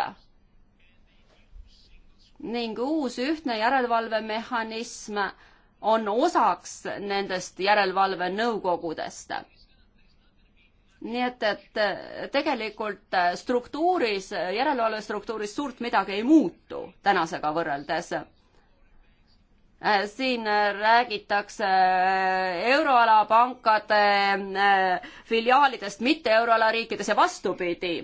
ning uus ühtne järelevalvemehhanism on osaks nendest järelevalvenõukogudest nii et, et tegelikult äh, struktuuris, äh, järelevalvestruktuuris suurt midagi ei muutu tänasega võrreldes. Äh, siin räägitakse euroala pankade filiaalidest mitte euroala riikides ja vastupidi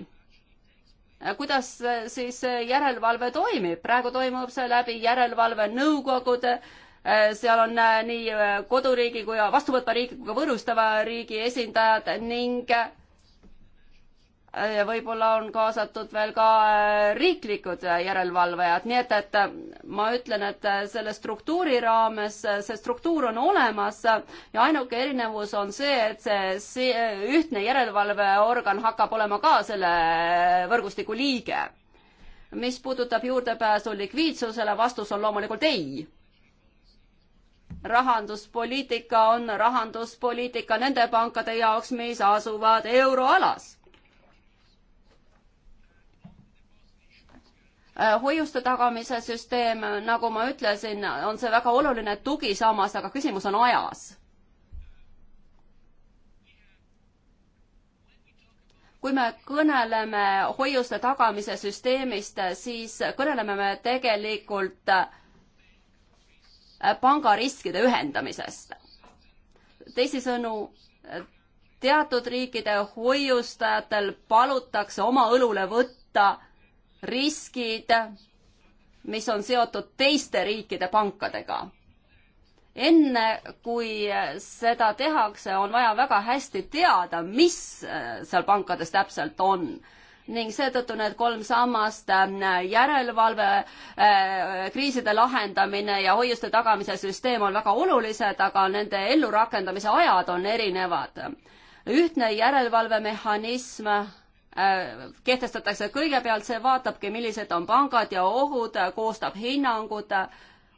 kuidas siis järelevalve toimib, praegu toimub see läbi järelevalvenõukogude, Äh, seal on äh, nii äh, koduriigi kui vastuvõtva riigi kui ka võõrustava riigi esindajad ning võib-olla on kaasatud veel ka riiklikud järelevalvajad, nii et, et ma ütlen, et selle struktuuri raames see struktuur on olemas ja ainuke erinevus on see, et see, see ühtne järelevalveorgan hakkab olema ka selle võrgustiku liige. mis puudutab juurdepääsu likviidsusele, vastus on loomulikult ei rahanduspoliitika on rahanduspoliitika nende pankade jaoks, mis asuvad euroalas. hoiuste tagamise süsteem, nagu ma ütlesin, on see väga oluline tugisammas, aga küsimus on ajas kui me kõneleme hoiuste tagamise süsteemist, siis kõneleme me tegelikult äh, Äh, pangariskide ühendamisest. teisisõnu, teatud riikide hoiustajatel palutakse oma õlule võtta riskid, mis on seotud teiste riikide pankadega. enne, kui seda tehakse, on vaja väga hästi teada, mis äh, seal pankades täpselt on ning seetõttu need kolm sammast, äh, järelevalve, äh, kriiside lahendamine ja hoiuste tagamise süsteem on väga olulised, aga nende ellurakendamise ajad on erinevad. ühtne järelevalvemehhanism äh, kehtestatakse kõigepealt, see vaatabki, millised on pangad ja ohud, koostab hinnangud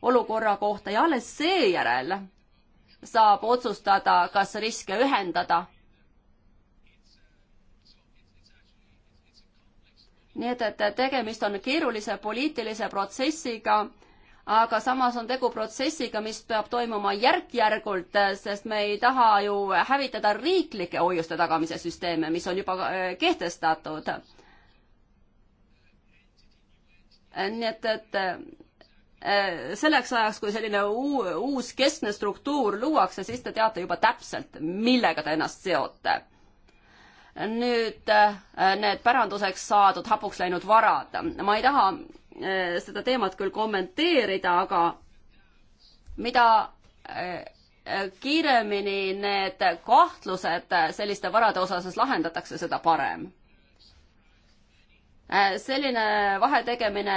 olukorra kohta ja alles seejärel saab otsustada, kas riske ühendada nii et, et tegemist on keerulise poliitilise protsessiga, aga samas on tegu protsessiga, mis peab toimuma järk-järgult, sest me ei taha ju hävitada riiklike hoiuste tagamise süsteeme, mis on juba äh, kehtestatud. nii et, et äh, selleks ajaks, kui selline uu, uus keskne struktuur luuakse, siis te teate juba täpselt, millega te ennast seote nüüd äh, need päranduseks saadud hapuks läinud varad. ma ei taha äh, seda teemat küll kommenteerida, aga mida äh, kiiremini need kahtlused selliste varade osas lahendatakse, seda parem. selline vahetegemine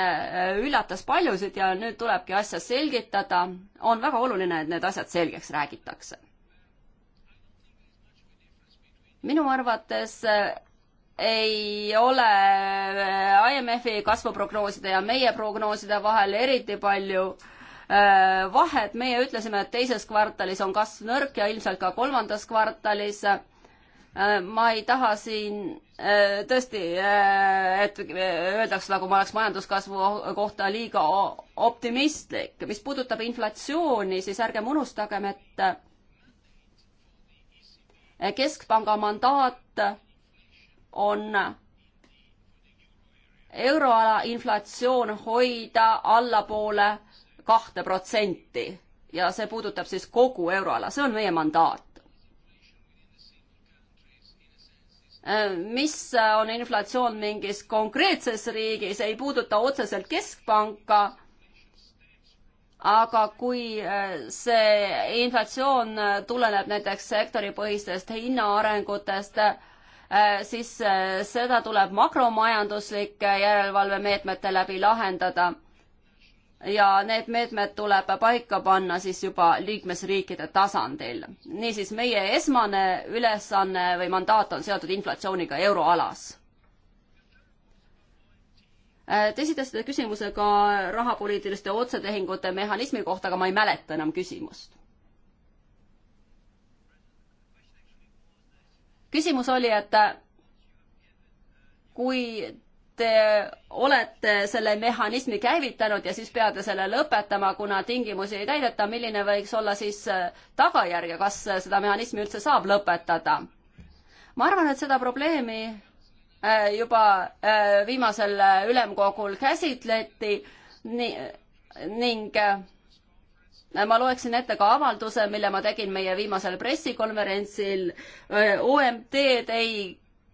üllatas paljusid ja nüüd tulebki asja selgitada. on väga oluline, et need asjad selgeks räägitakse minu arvates eh, ei ole eh, IMF-i kasvuprognooside ja meie prognooside vahel eriti palju eh, vahet, meie ütlesime, et teises kvartalis on kasv nõrk ja ilmselt ka kolmandas kvartalis. ma ei taha siin tõesti, et öeldaks, nagu ma oleks majanduskasvu kohta liiga optimistlik. mis puudutab inflatsiooni, siis ärgem unustagem, et keskpanga mandaat on euroala inflatsioon hoida allapoole kahte protsenti ja see puudutab siis kogu euroala, see on meie mandaat. mis on inflatsioon mingis konkreetses riigis, ei puuduta otseselt keskpanka aga kui äh, see inflatsioon äh, tuleneb näiteks sektoripõhistest hinnaarengutest, äh, siis seda tuleb makromajanduslike järelevalvemeetmete läbi lahendada. ja need meetmed tuleb paika panna siis juba liikmesriikide tasandil. niisiis, meie esmane ülesanne või mandaat on seotud inflatsiooniga euroalas Äh, te esitasite küsimuse ka rahapoliitiliste otsetehingute mehhanismi kohta, aga ma ei mäleta enam küsimust. küsimus oli, et kui te olete selle mehhanismi käivitanud ja siis peate selle lõpetama, kuna tingimusi ei täideta, milline võiks olla siis äh, tagajärg ja kas seda mehhanismi üldse saab lõpetada? ma arvan, et seda probleemi Äh, juba äh, viimasel äh, ülemkogul käsitleti ning ma loeksin ette ka avalduse, mille ma tegin meie viimasel pressikonverentsil. OMT-d ei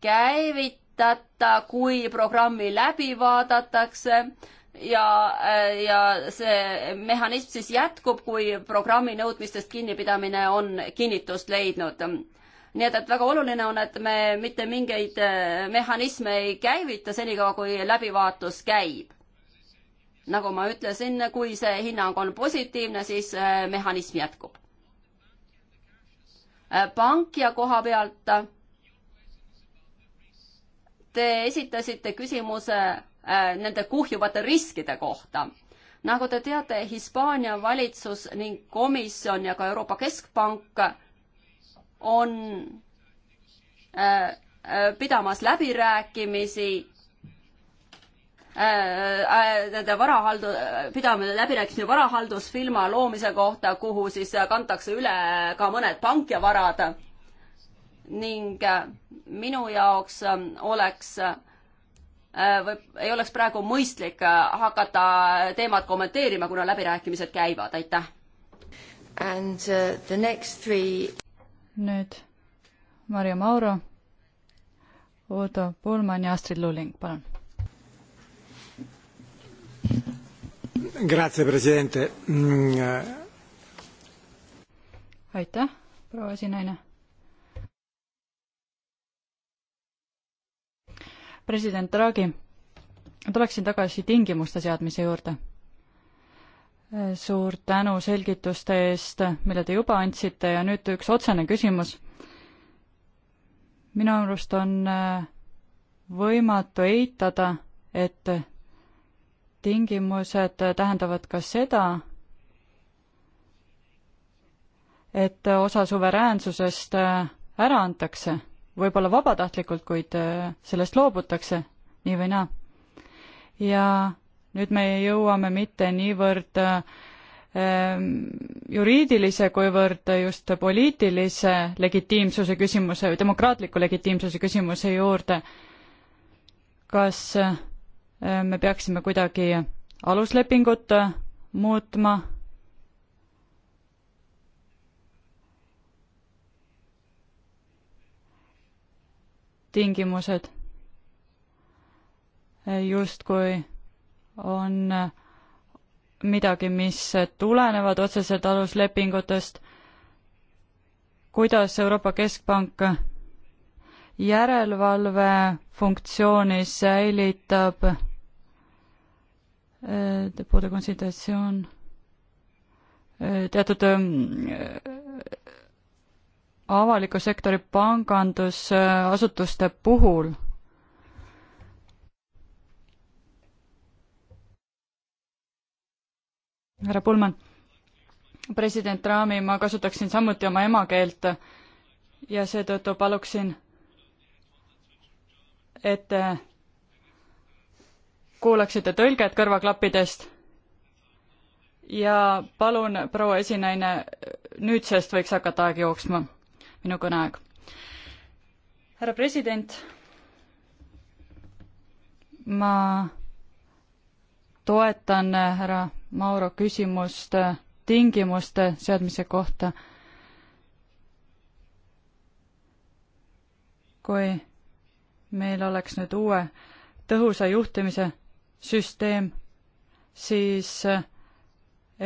käivitata, kui programmi läbi vaadatakse ja, ja see mehhanism siis jätkub, kui programmi nõudmistest kinnipidamine on kinnitust leidnud nii et, et väga oluline on, et me mitte mingeid äh, mehhanisme ei käivita senikaua, kui läbivaatus käib. nagu ma ütlesin, kui see hinnang on positiivne, siis äh, mehhanism jätkub. Äh, pankija koha pealt. Te esitasite küsimuse nende kuhjuvate riskide kohta nagu te teate, Hispaania valitsus ning komisjon ja ka Euroopa Keskpank on äh, äh, pidamas läbirääkimisi äh, nende varahaldu-, pidame läbirääkimisi varahaldusfirma loomise kohta, kuhu siis kantakse üle ka mõned pankjavarad. ning minu jaoks oleks või ei oleks praegu mõistlik hakata teemat kommenteerima, kuna läbirääkimised käivad, aitäh. And uh, the next three nüüd Marju Mauro, Udo Pulman ja Astrid Luling, palun. Mm, äh, aitäh, proua esinaine. president Draghi, tuleksin tagasi tingimuste seadmise juurde suur tänu selgituste eest, mille te juba andsite ja nüüd üks otsene küsimus. minu arust on äh, võimatu eitada, et tingimused tähendavad ka seda, et osa suveräänsusest äh, ära antakse, võib-olla vabatahtlikult, kuid äh, sellest loobutakse nii või naa. ja nüüd me jõuame mitte niivõrd äh, ähm, juriidilise, kuivõrd just poliitilise legitiimsuse küsimuse või demokraatliku legitiimsuse küsimuse juurde. kas äh, me peaksime kuidagi aluslepingut äh, muutma? tingimused justkui on midagi, mis tulenevad otseselt aluslepingutest, kuidas Euroopa Keskpank järelevalve funktsiooni säilitab, puude konsultatsioon, teatud ähm, avaliku sektori pangandusasutuste puhul härra Pullmann. president Raami, ma kasutaksin samuti oma emakeelt ja seetõttu paluksin, et te kuulaksite tõlget kõrvaklappidest ja palun, proua esinaine, nüüdsest võiks hakata aeg jooksma, minu kõneaeg. härra president, ma toetan härra Mauro küsimust tingimuste seadmise kohta. kui meil oleks nüüd uue tõhusa juhtimise süsteem, siis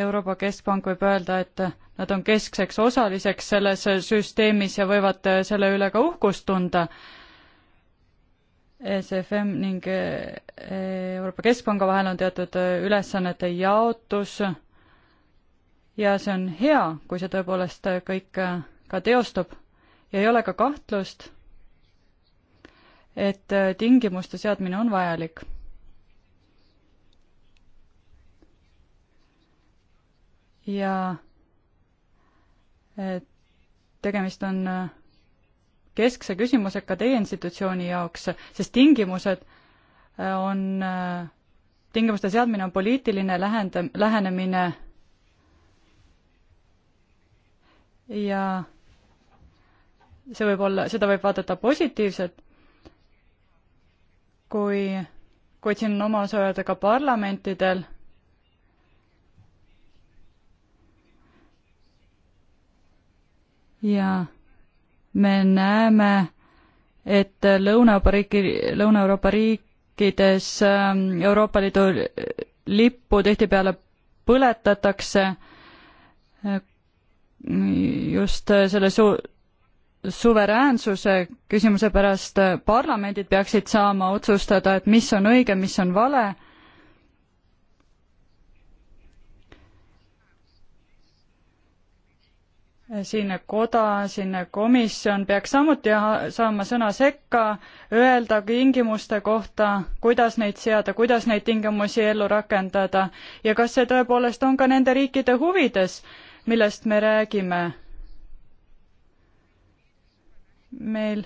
Euroopa Keskpank võib öelda, et nad on keskseks osaliseks selles süsteemis ja võivad selle üle ka uhkust tunda ECFM ning e, e, Euroopa Keskpanga vahel on teatud e, ülesannete jaotus ja see on hea, kui see tõepoolest kõik ka teostub ja ei ole ka kahtlust, et tingimuste seadmine on vajalik. ja tegemist on keskse küsimused ka teie institutsiooni jaoks, sest tingimused äh, on, äh, tingimuste seadmine on poliitiline lähend-, lähenemine ja see võib olla, seda võib vaadata positiivselt, kui, kuid siin on oma osa öelda ka parlamentidel jaa me näeme, et Lõuna-Euroopa riiki, Lõuna-Euroopa riikides ähm, Euroopa Liidu lippu tihtipeale põletatakse äh, just selle su-, suveräänsuse küsimuse pärast äh, parlamendid peaksid saama otsustada, et mis on õige, mis on vale siin koda, siin komisjon peaks samuti saama sõna sekka, öelda tingimuste kohta, kuidas neid seada, kuidas neid tingimusi ellu rakendada ja kas see tõepoolest on ka nende riikide huvides, millest me räägime. meil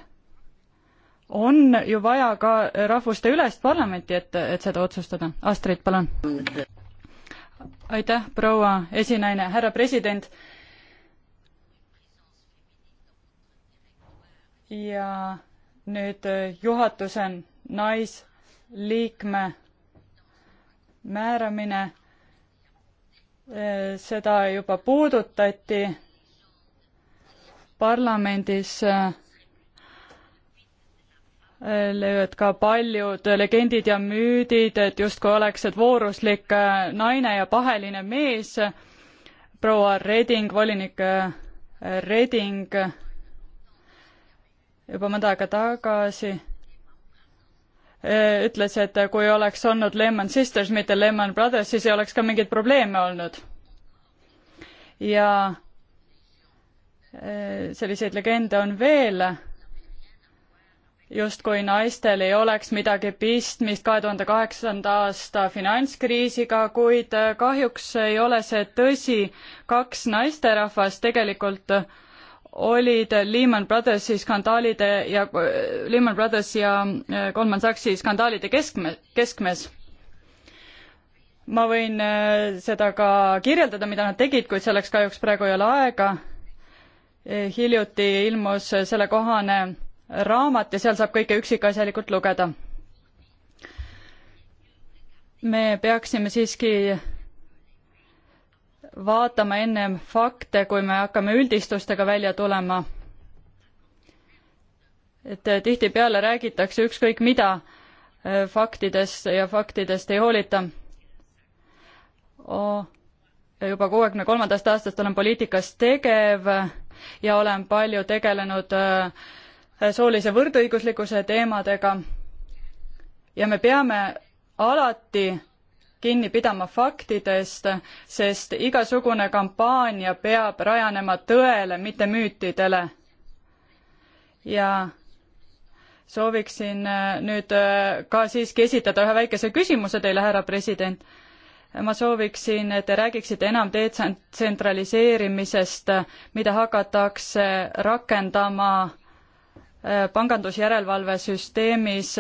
on ju vaja ka rahvusteülest parlamenti, et, et seda otsustada. Astrid, palun. aitäh, proua esinaine, härra president ja nüüd äh, juhatuse naisliikme määramine, äh, seda juba puudutati parlamendis löövad äh, ka paljud legendid ja müüdid, et justkui oleks, et vooruslik naine ja paheline mees. proua Reding, volinik Reding juba mõnda aega tagasi e, ütles, et kui oleks olnud Lehman Sisters, mitte Lehman Brothers, siis ei oleks ka mingeid probleeme olnud. ja e, selliseid legende on veel, justkui naistel ei oleks midagi pistmist kahe tuhande kaheksanda aasta finantskriisiga, kuid e, kahjuks ei ole see tõsi. kaks naisterahvast tegelikult äh, olid Lehman Brothersi skandaalide ja Lehman Brothers ja äh, Goldman Sachsi skandaalide keskme, keskmes. ma võin äh, seda ka kirjeldada, mida nad tegid, kuid selleks kahjuks praegu ei ole aega. Äh, hiljuti ilmus sellekohane raamat ja seal saab kõike üksikasjalikult lugeda. me peaksime siiski vaatama ennem fakte, kui me hakkame üldistustega välja tulema. et eh, tihtipeale räägitakse ükskõik mida eh, faktidest ja faktidest ei hoolita oh,. juba kuuekümne kolmandast aastast olen poliitikas tegev ja olen palju tegelenud eh, soolise võrdõiguslikkuse teemadega. ja me peame alati kinni pidama faktidest, sest igasugune kampaania peab rajanema tõele, mitte müütidele. ja sooviksin äh, nüüd äh, ka siiski esitada ühe väikese küsimuse teile, härra president. ma sooviksin, et te räägiksite enam detsentraliseerimisest, mida hakatakse rakendama äh, pangandusjärelevalvesüsteemis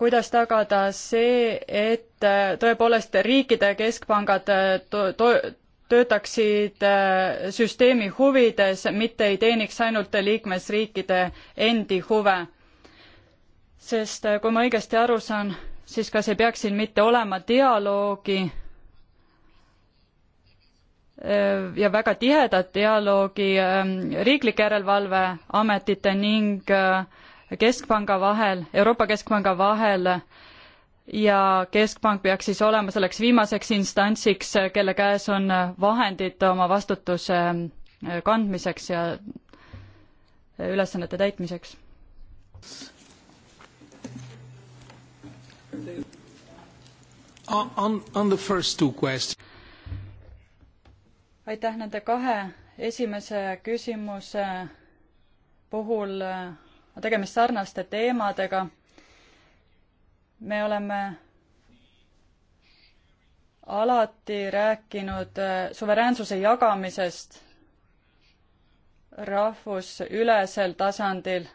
kuidas tagada see, et äh, tõepoolest riikide keskpangad äh, to-, to-, töötaksid äh, süsteemi huvides, mitte ei teeniks ainult liikmesriikide endi huve. sest kui ma õigesti aru saan, siis kas ei peaks siin mitte olema dialoogi ja väga tihedat dialoogi ähm, riiklike järelevalveametite ning äh, keskpanga vahel, Euroopa Keskpanga vahel ja keskpank peaks siis olema selleks viimaseks instantsiks, kelle käes on vahendid oma vastutuse eh, kandmiseks ja ülesannete täitmiseks. On, on the first two questions. aitäh nende kahe esimese küsimuse puhul eh, on tegemist sarnaste teemadega. me oleme alati rääkinud äh, suveräänsuse jagamisest rahvusülesel tasandil. Äh,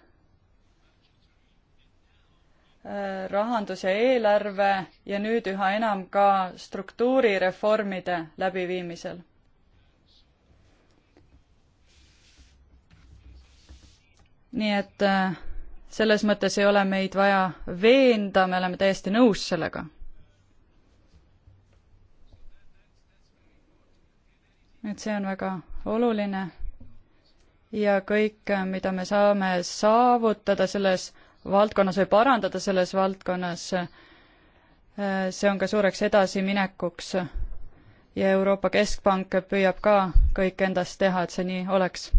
rahandus ja eelarve ja nüüd üha enam ka struktuurireformide läbiviimisel nii et äh, selles mõttes ei ole meid vaja veenda, me oleme täiesti nõus sellega. et see on väga oluline ja kõik, äh, mida me saame saavutada selles valdkonnas või parandada selles valdkonnas, äh, see on ka suureks edasiminekuks ja Euroopa Keskpank püüab ka kõik endast teha, et see nii oleks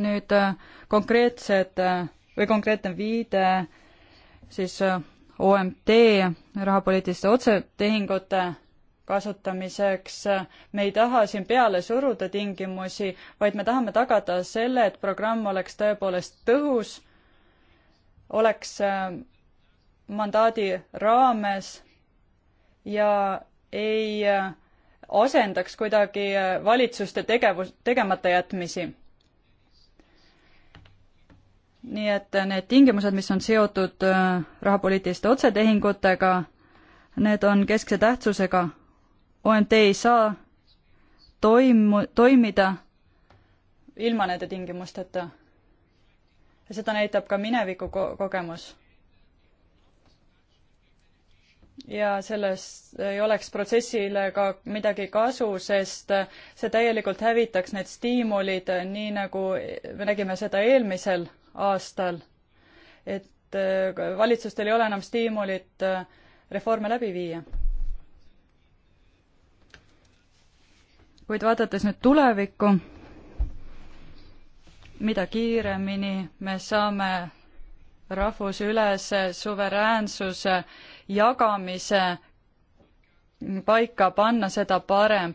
nüüd äh, konkreetsed äh, või konkreetne viide siis äh, OMT rahapoliitiliste otsetehingute kasutamiseks. me ei taha siin peale suruda tingimusi, vaid me tahame tagada selle, et programm oleks tõepoolest tõhus, oleks mandaadi raames ja ei asendaks kuidagi valitsuste tegevus, tegemata jätmisi nii et need tingimused, mis on seotud äh, rahapoliitiliste otsetehingutega, need on keskse tähtsusega. OMT ei saa toimu, toimida ilma nende tingimusteta. ja seda näitab ka mineviku ko kogemus. ja sellest ei oleks protsessile ka midagi kasu, sest see täielikult hävitaks need stiimulid, nii nagu me nägime seda eelmisel aastal, et äh, valitsustel ei ole enam stiimulit äh, reforme läbi viia. kuid vaadates nüüd tulevikku, mida kiiremini me saame rahvusülese suveräänsuse jagamise paika panna, seda parem.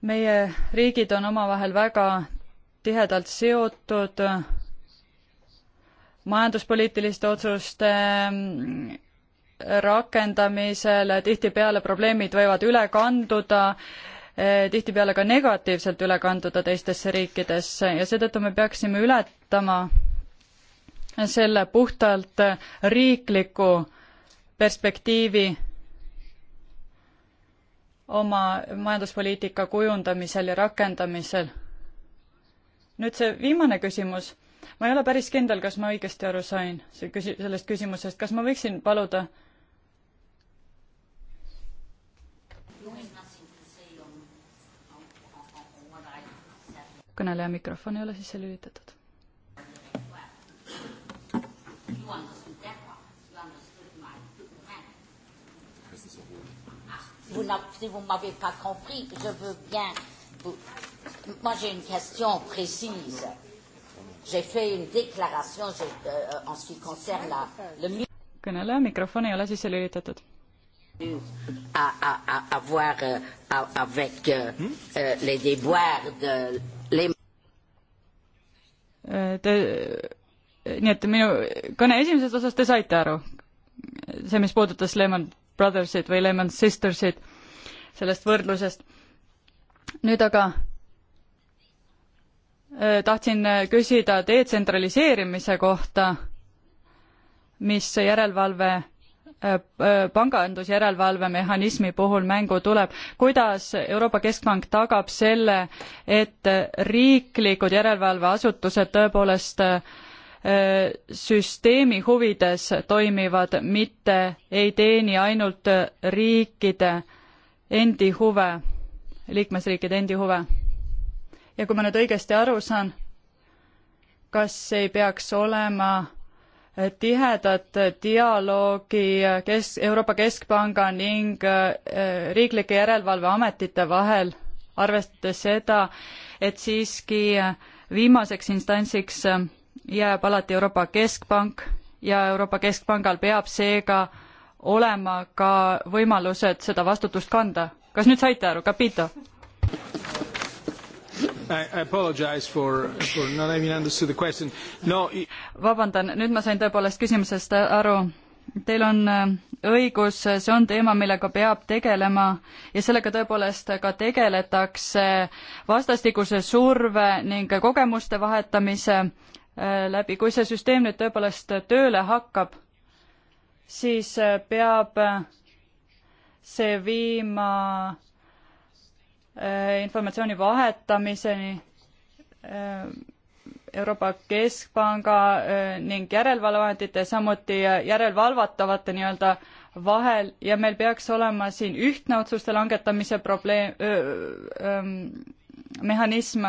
meie riigid on omavahel väga tihedalt seotud majanduspoliitiliste otsuste mm, rakendamisel, tihtipeale probleemid võivad üle kanduda, eh, tihtipeale ka negatiivselt üle kanduda teistesse riikidesse ja seetõttu me peaksime ületama selle puhtalt riikliku perspektiivi oma majanduspoliitika kujundamisel ja rakendamisel nüüd see viimane küsimus, ma ei ole päris kindel, kas ma õigesti aru sain see küsi-, sellest küsimusest, kas ma võiksin paluda kõneleja mikrofon ei ole sisse lülitatud. Vous n'avez pas compris, je veux bien vous Moi, j'ai une question précise. J'ai fait une déclaration je, euh, en ce qui concerne la, le kõneleja mikrofon ei ole sisse lülitatud. À, à, à avoir euh, à, avec euh, hmm? euh, les déboires de les... Äh, te, äh, nii et minu kõne esimesest osast te saite aru, see, mis puudutas Lehman Brothersit või Lehman Sistersit, sellest võrdlusest. nüüd aga Äh, tahtsin äh, küsida detsentraliseerimise kohta, mis järelevalve äh, pangandusjärelevalve mehhanismi puhul mängu tuleb. kuidas Euroopa Keskpank tagab selle, et riiklikud järelevalveasutused tõepoolest süsteemi huvides toimivad, mitte ei teeni ainult riikide endi huve, liikmesriikide endi huve? ja kui ma nüüd õigesti aru saan, kas ei peaks olema äh, tihedat äh, dialoogi äh, kes-, Euroopa Keskpanga ning riiklike järelevalveametite vahel, arvestades seda, et siiski viimaseks instantsiks jääb alati Euroopa Keskpank ja Euroopa Keskpangal peab seega olema ka võimalused seda vastutust kanda. kas nüüd saite aru, Capito? No... vabandan, nüüd ma sain tõepoolest küsimusest aru. Teil on äh, õigus, see on teema, millega peab tegelema ja sellega tõepoolest ka tegeletakse vastastikuse surve ning kogemuste vahetamise äh, läbi. kui see süsteem nüüd tõepoolest tööle hakkab, siis äh, peab see viima Äh, informatsiooni vahetamiseni äh, Euroopa Keskpanga äh, ning järelevalvevahendite, samuti järelevalvatavate nii-öelda vahel ja meil peaks olema siin ühtne otsuste langetamise probleem, ähm, mehhanism.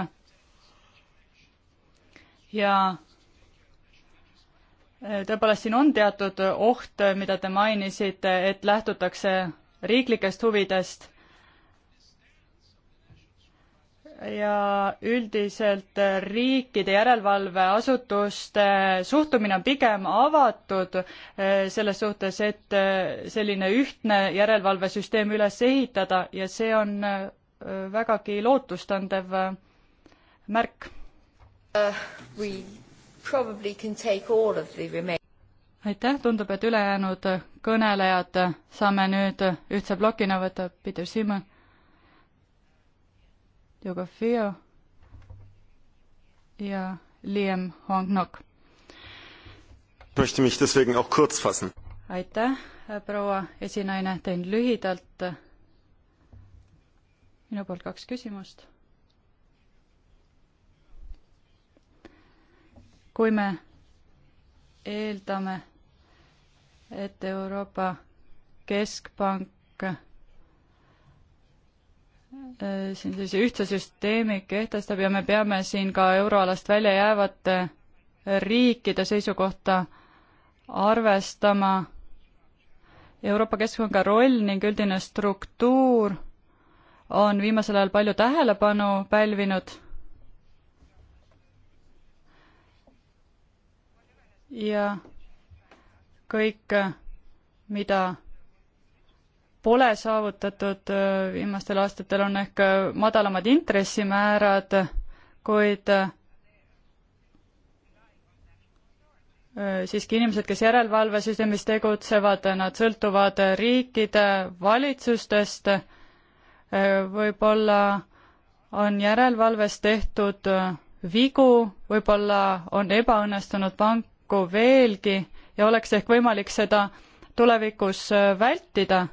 ja tõepoolest, siin on teatud oht, mida te mainisite, et lähtutakse riiklikest huvidest ja üldiselt riikide järelevalveasutuste suhtumine on pigem avatud eh, selles suhtes, et eh, selline ühtne järelevalvesüsteem üles ehitada ja see on eh, vägagi lootustandev märk uh, aitäh, tundub, et ülejäänud kõnelejad saame nüüd ühtse plokina võtta, Peter Simon. Diogafeo ja Liam Hong-Nok. aitäh, proua esinaine, teen lühidalt. minu poolt kaks küsimust. kui me eeldame, et Euroopa Keskpank Äh, siin sellise ühtse süsteemi kehtestab ja me peame siin ka euroalast välja jäävate riikide seisukohta arvestama. Euroopa Keskpanga roll ning üldine struktuur on viimasel ajal palju tähelepanu pälvinud. ja kõik, mida pole saavutatud äh, viimastel aastatel, on ehk äh, madalamad intressimäärad, kuid äh, siiski inimesed, kes järelevalvesüsteemis tegutsevad, nad sõltuvad riikide valitsustest, võib-olla on järelevalves tehtud vigu, võib-olla on ebaõnnestunud panku veelgi ja oleks ehk võimalik seda tulevikus vältida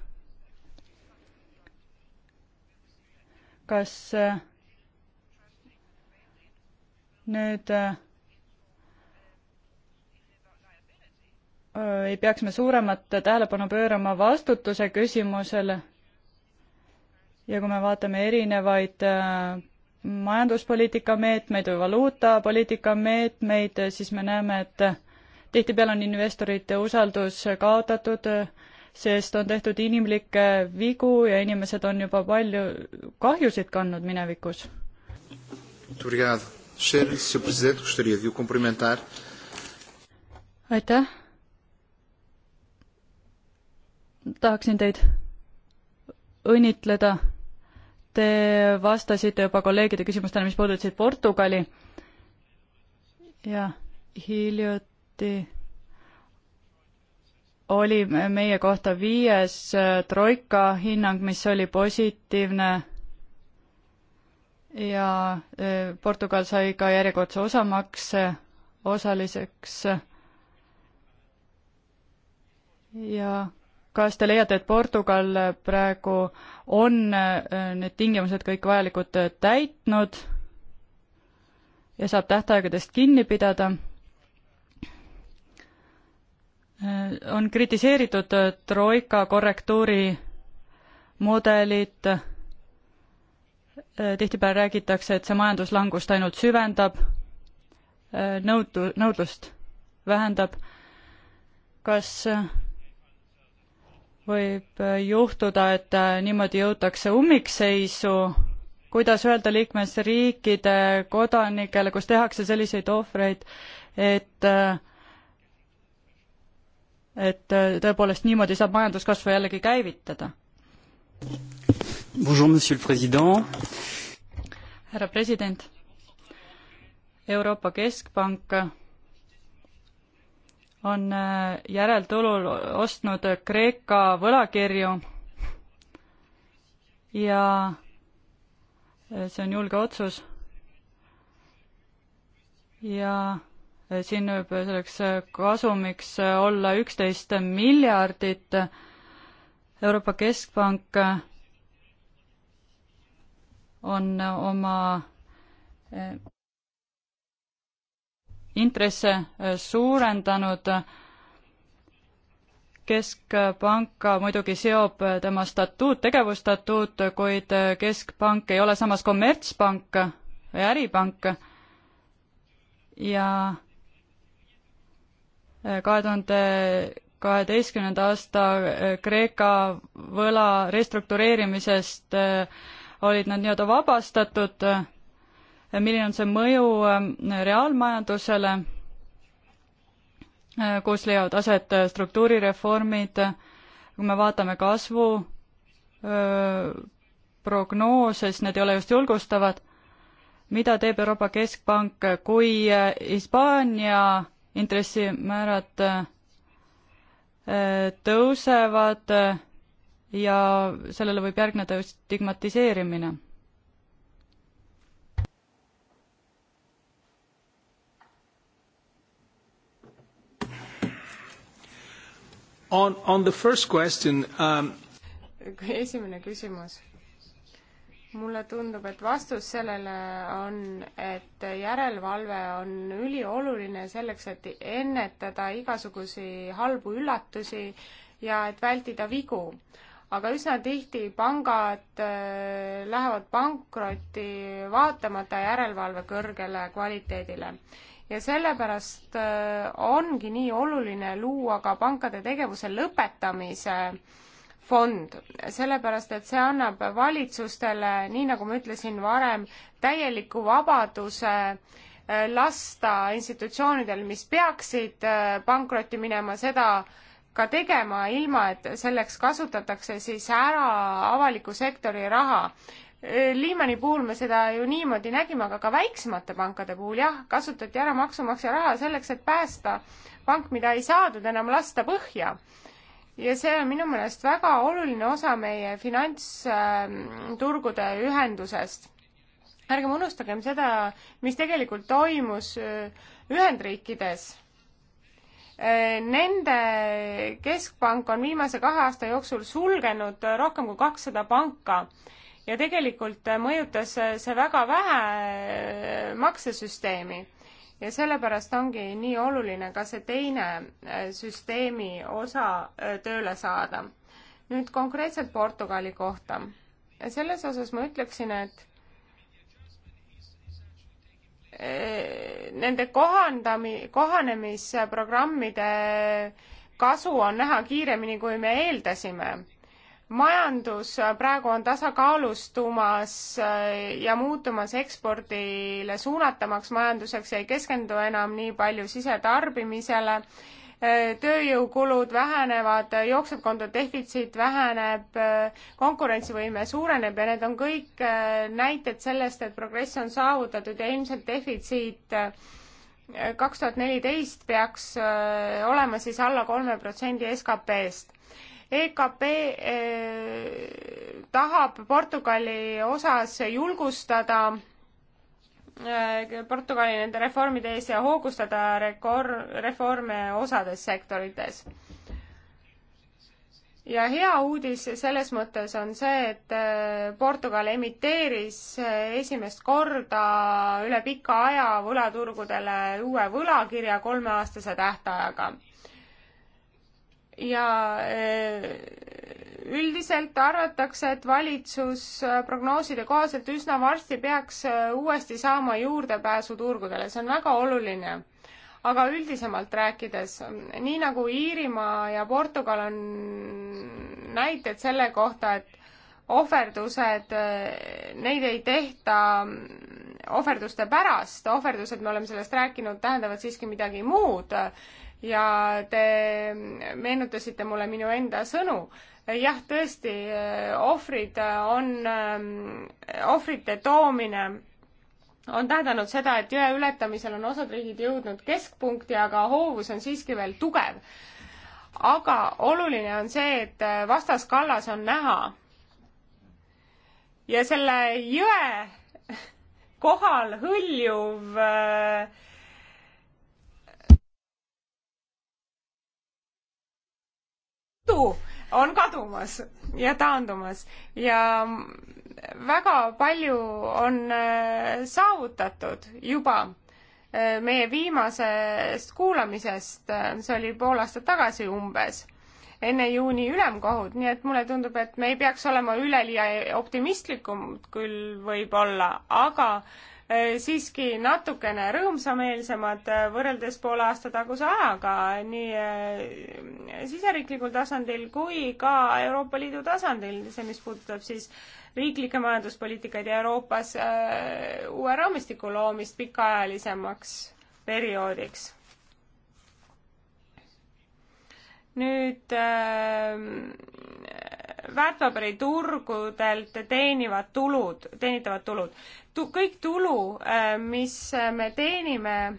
kas äh, nüüd äh, äh, ei peaks me suuremat tähelepanu pöörama vastutuse küsimusele ja kui me vaatame erinevaid majanduspoliitika meetmeid või valuutapoliitika meetmeid, siis me näeme, et tihtipeale on investorite usaldus kaotatud, sest on tehtud inimlikke vigu ja inimesed on juba palju kahjusid kandnud minevikus. aitäh. tahaksin teid õnnitleda. Te vastasite juba kolleegide küsimustele, mis puudutasid Portugali ja hiljuti oli meie kohta viies äh, troika hinnang, mis oli positiivne ja äh, Portugal sai ka järjekordse osamakse osaliseks. ja kas te leiate, et Portugal praegu on äh, need tingimused kõik vajalikud täitnud ja saab tähtaegadest kinni pidada? on kritiseeritud äh, troika korrektuuri mudelit, äh, tihtipeale räägitakse, et see majanduslangust ainult süvendab, äh, nõutu-, nõudlust vähendab. kas võib juhtuda, et niimoodi jõutakse ummikseisu, kuidas öelda liikmesriikide kodanikele, kus tehakse selliseid ohvreid, et äh, et äh, tõepoolest niimoodi saab majanduskasvu jällegi käivitada. härra president, Euroopa Keskpank on äh, järeltulul ostnud Kreeka võlakirju ja äh, see on julge otsus ja siin võib selleks kasumiks olla üksteist miljardit. Euroopa Keskpank on oma eh, intresse suurendanud. keskpanka muidugi seob tema statuut, tegevusstatuut, kuid keskpank ei ole samas kommertspank või äripank ja kahe tuhande kaheteistkümnenda aasta eh, Kreeka võla restruktureerimisest eh, olid nad nii-öelda vabastatud. Eh, milline on see mõju reaalmajandusele, kus leiavad aset struktuurireformid, kui me vaatame kasvu prognoose, siis need ei ole just julgustavad. mida teeb Euroopa Keskpank, kui Hispaania intressimäärad äh, tõusevad äh, ja sellele võib järgneda just stigmatiseerimine. On, on the first question um.... esimene küsimus mulle tundub, et vastus sellele on, et järelevalve on ülioluline selleks, et ennetada igasugusi halbu üllatusi ja et vältida vigu. aga üsna tihti pangad äh, lähevad pankrotti vaatamata järelevalve kõrgele kvaliteedile. ja sellepärast äh, ongi nii oluline luua ka pankade tegevuse lõpetamise äh, fond, sellepärast et see annab valitsustele, nii nagu ma ütlesin varem, täieliku vabaduse äh, lasta institutsioonidel, mis peaksid äh, pankrotti minema, seda ka tegema, ilma et selleks kasutatakse siis ära avaliku sektori raha. Äh, Liimani puhul me seda ju niimoodi nägime, aga ka väiksemate pankade puhul jah, kasutati ära maksumaksja raha selleks, et päästa pank, mida ei saadud enam lasta põhja ja see on minu meelest väga oluline osa meie finantsturgude ühendusest. ärgem unustagem seda, mis tegelikult toimus äh, Ühendriikides. Äh, nende keskpank on viimase kahe aasta jooksul sulgenud äh, rohkem kui kakssada panka ja tegelikult mõjutas see väga vähe maksesüsteemi ja sellepärast ongi nii oluline ka see teine äh, süsteemi osa äh, tööle saada. nüüd konkreetselt Portugali kohta. selles osas ma ütleksin, et äh, nende kohandami-, kohanemisprogrammide kasu on näha kiiremini, kui me eeldasime majandus äh, praegu on tasakaalustumas äh, ja muutumas ekspordile suunatamaks majanduseks, ei keskendu enam nii palju sisetarbimisele, äh, tööjõukulud vähenevad, jooksevkonto defitsiit väheneb, konkurentsivõime suureneb ja need on kõik näited sellest, et progress on saavutatud ja ilmselt defitsiit kaks tuhat neliteist peaks olema siis alla kolme protsendi SKP-st EKP eh, tahab Portugali osas julgustada eh, Portugali nende reformide ees ja hoogustada rekor-, reforme osades sektorites. ja hea uudis selles mõttes on see, et eh, Portugal emiteeris esimest korda üle pika aja võlaturgudele uue võlakirja kolmeaastase tähtajaga ja eh, üldiselt arvatakse, et valitsus eh, prognooside kohaselt üsna varsti peaks eh, uuesti saama juurdepääsu turgudele, see on väga oluline. aga üldisemalt rääkides, nii nagu Iirimaa ja Portugal on näited selle kohta, et ohverdused, neid ei tehta mm, ohverduste pärast, ohverdused, me oleme sellest rääkinud, tähendavad siiski midagi muud ja te meenutasite mulle minu enda sõnu. jah, tõesti, ohvrid on, ohvrite toomine on tähendanud seda, et jõe ületamisel on osad riigid jõudnud keskpunkti, aga hoovus on siiski veel tugev. aga oluline on see, et vastaskallas on näha. ja selle jõe kohal hõljuv äh, edu on kadumas ja taandumas ja väga palju on äh, saavutatud juba äh, meie viimasest kuulamisest, äh, see oli pool aastat tagasi umbes, enne juuni ülemkohut, nii et mulle tundub, et me ei peaks olema üleliia optimistlikum küll võib-olla, aga Eh, siiski natukene rõõmsameelsemad eh, võrreldes poole aasta taguse ajaga nii eh, siseriiklikul tasandil kui ka Euroopa Liidu tasandil, see, mis puudutab siis riiklikke majanduspoliitikaid ja Euroopas uue raamistiku loomist pikaajalisemaks perioodiks. nüüd väärtpaberiturgudelt teenivad tulud, teenitavad tulud tu,. kõik tulu, äh, mis me teenime,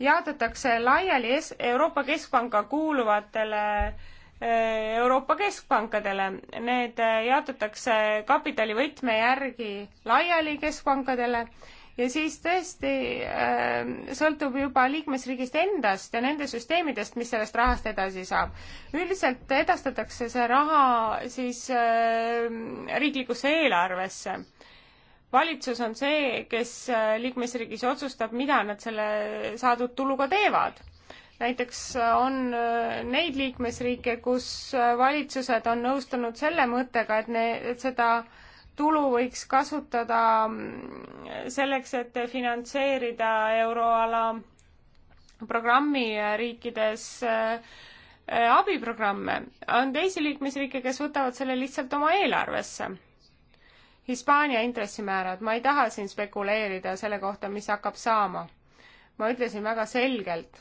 jaotatakse laiali es-, Euroopa Keskpanga kuuluvatele äh, Euroopa keskpankadele. Need äh, jaotatakse kapitalivõtme järgi laiali keskpankadele ja siis tõesti äh, sõltub juba liikmesriigist endast ja nende süsteemidest, mis sellest rahast edasi saab. üldiselt edastatakse see raha siis äh, riiklikusse eelarvesse. valitsus on see, kes äh, liikmesriigis otsustab, mida nad selle saadud tuluga teevad näiteks äh, on äh, neid liikmesriike, kus valitsused on nõustunud selle mõttega, et ne-, et seda äh, tulu võiks kasutada mm, selleks, et finantseerida euroala programmi riikides äh, abiprogramme. on teisi liikmesriike, kes võtavad selle lihtsalt oma eelarvesse. Hispaania intressimäärad, ma ei taha siin spekuleerida selle kohta, mis hakkab saama. ma ütlesin väga selgelt,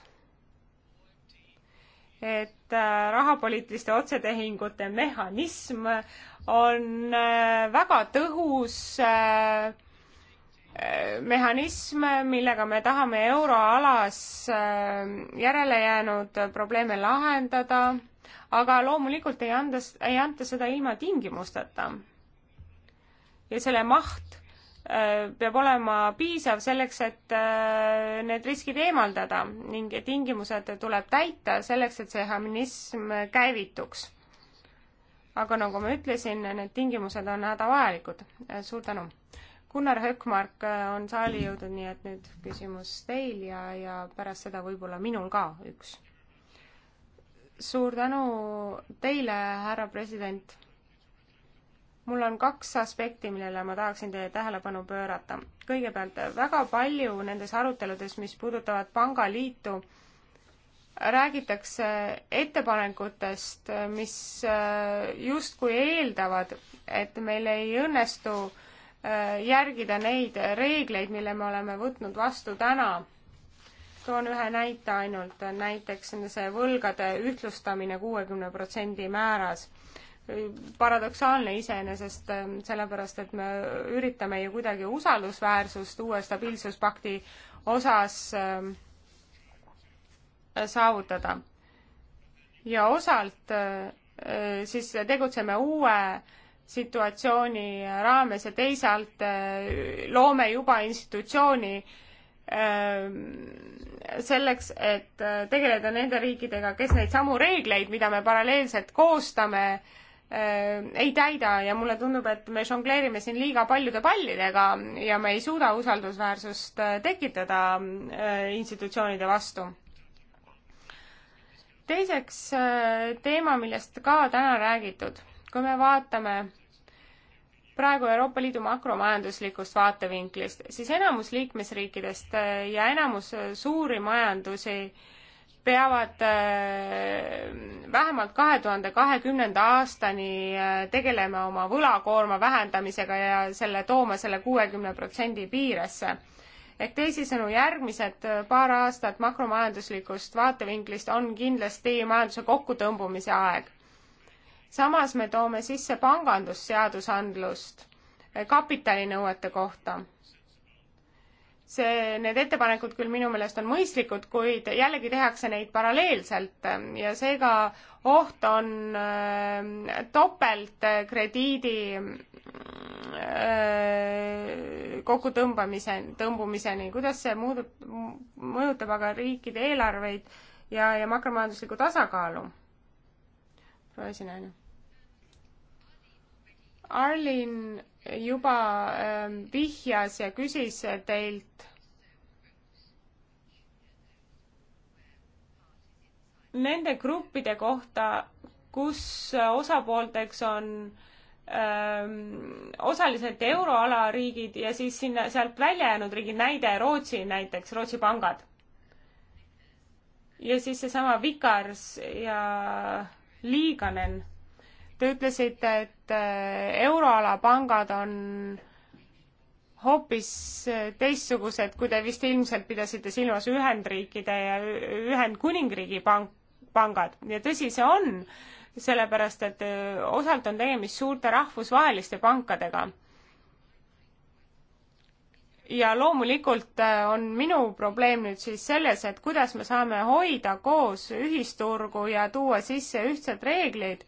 et äh, rahapoliitiliste otsetehingute mehhanism on äh, väga tõhus äh, äh, mehhanism, millega me tahame euroalas järele jäänud probleeme lahendada, aga loomulikult ei anda, ei anta seda ilma tingimusteta. ja selle maht peab olema piisav selleks, et need riskid eemaldada ning tingimused tuleb täita selleks, et see mehhanism käivituks aga nagu ma ütlesin, need tingimused on hädavajalikud. suur tänu! Gunnar Hökmark äh, on saali jõudnud, nii et nüüd küsimus teil ja, ja pärast seda võib-olla minul ka üks. suur tänu teile, härra president! mul on kaks aspekti, millele ma tahaksin teie tähelepanu pöörata. kõigepealt, väga palju nendes aruteludes, mis puudutavad pangaliitu, räägitakse ettepanekutest, mis äh, justkui eeldavad, et meil ei õnnestu äh, järgida neid reegleid, mille me oleme võtnud vastu täna. toon ühe näite ainult, näiteks see võlgade ühtlustamine kuuekümne protsendi määras. paradoksaalne iseenesest, äh, sellepärast et me üritame ju kuidagi usaldusväärsust uue stabiilsuspakti osas äh, saavutada. ja osalt äh, siis tegutseme uue situatsiooni raames ja teisalt äh, loome juba institutsiooni äh, selleks, et tegeleda nende riikidega, kes neid samu reegleid, mida me paralleelselt koostame, ei täida ja mulle tundub, et me žongleerime siin liiga paljude pallidega ja me ei suuda usaldusväärsust tekitada institutsioonide vastu teiseks äh, teema, millest ka täna räägitud, kui me vaatame praegu Euroopa Liidu makromajanduslikust vaatevinklist, siis enamus liikmesriikidest äh, ja enamus äh, suuri majandusi peavad vähemalt kahe tuhande kahekümnenda aastani tegelema oma võlakoorma vähendamisega ja selle tooma selle kuuekümne protsendi piiresse ehk teisisõnu, järgmised äh, paar aastat makromajanduslikust vaatevinklist on kindlasti majanduse kokkutõmbumise aeg. samas me toome sisse pangandusseadusandlust äh, kapitalinõuete kohta. see, need ettepanekud küll minu meelest on mõistlikud, kuid jällegi tehakse neid paralleelselt äh, ja seega oht on topeltkrediidi kokkutõmbamise, tõmbumiseni, kuidas see muudab, mõjutab aga riikide eelarveid ja, ja makromajanduslikku tasakaalu? proua esinaine. Arlin juba äh, vihjas ja küsis teilt nende gruppide kohta, kus osapoolteks on äh, Ähm, osaliselt euroala riigid ja siis sinna, sealt välja jäänud riigid, näide Rootsi näiteks, Rootsi pangad. ja siis seesama Vikars ja Liiganen. Te ütlesite, et äh, euroala pangad on hoopis äh, teistsugused, kui te vist ilmselt pidasite silmas Ühendriikide ja Ühendkuningriigi pank, pangad ja tõsi see on sellepärast et osalt on tegemist suurte rahvusvaheliste pankadega. ja loomulikult on minu probleem nüüd siis selles, et kuidas me saame hoida koos ühisturgu ja tuua sisse ühtsed reeglid,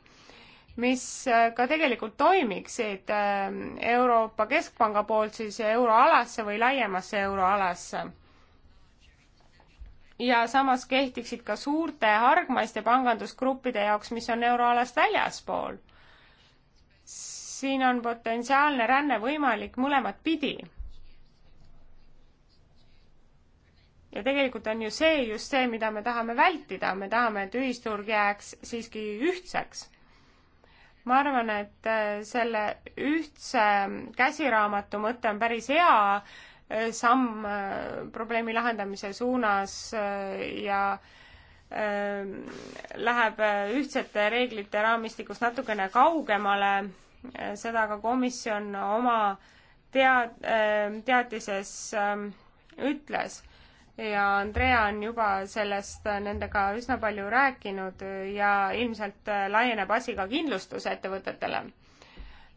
mis ka tegelikult toimiksid Euroopa Keskpanga poolt siis euroalasse või laiemasse euroalasse ja samas kehtiksid ka suurte hargmaiste pangandusgruppide jaoks, mis on euroalast väljaspool. siin on potentsiaalne ränne võimalik mõlemat pidi. ja tegelikult on ju see just see, mida me tahame vältida, me tahame, et ühisturg jääks siiski ühtseks ma arvan, et äh, selle ühtse käsiraamatu mõte on päris hea, samm äh, probleemi lahendamise suunas äh, ja ähm, läheb äh, ühtsete reeglite raamistikust natukene kaugemale, seda ka komisjon oma tead-, ähm, teatises ähm, ütles ja Andrea on juba sellest nendega üsna palju rääkinud ja ilmselt laieneb asi ka kindlustusettevõtetele.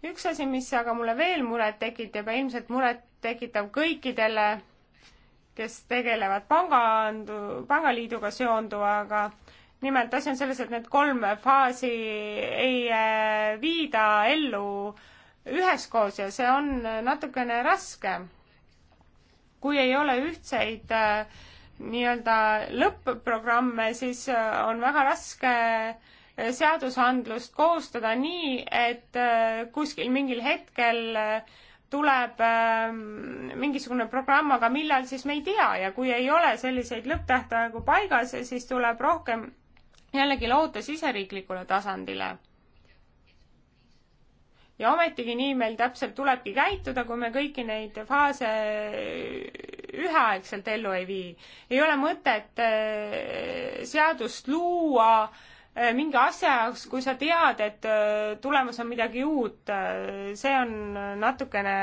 üks asi, mis aga mulle veel muret tekitab ja ilmselt muret tekitav kõikidele, kes tegelevad pangandu, pangaliiduga seonduvaga. nimelt asi on selles, et need kolm faasi ei äh, viida ellu üheskoos ja see on natukene raske. kui ei ole ühtseid äh, nii-öelda lõpp-programme, siis äh, on väga raske seadusandlust koostada nii, et kuskil mingil hetkel äh, tuleb ähm, mingisugune programm, aga millal, siis me ei tea ja kui ei ole selliseid lõpptähtaegu paigas, siis tuleb rohkem jällegi loota siseriiklikule tasandile. ja ometigi nii meil täpselt tulebki käituda, kui me kõiki neid faase üheaegselt ellu ei vii. ei ole mõtet äh, seadust luua äh, Äh, mingi asja jaoks, kui sa tead, et äh, tulemas on midagi uut, äh, see on natukene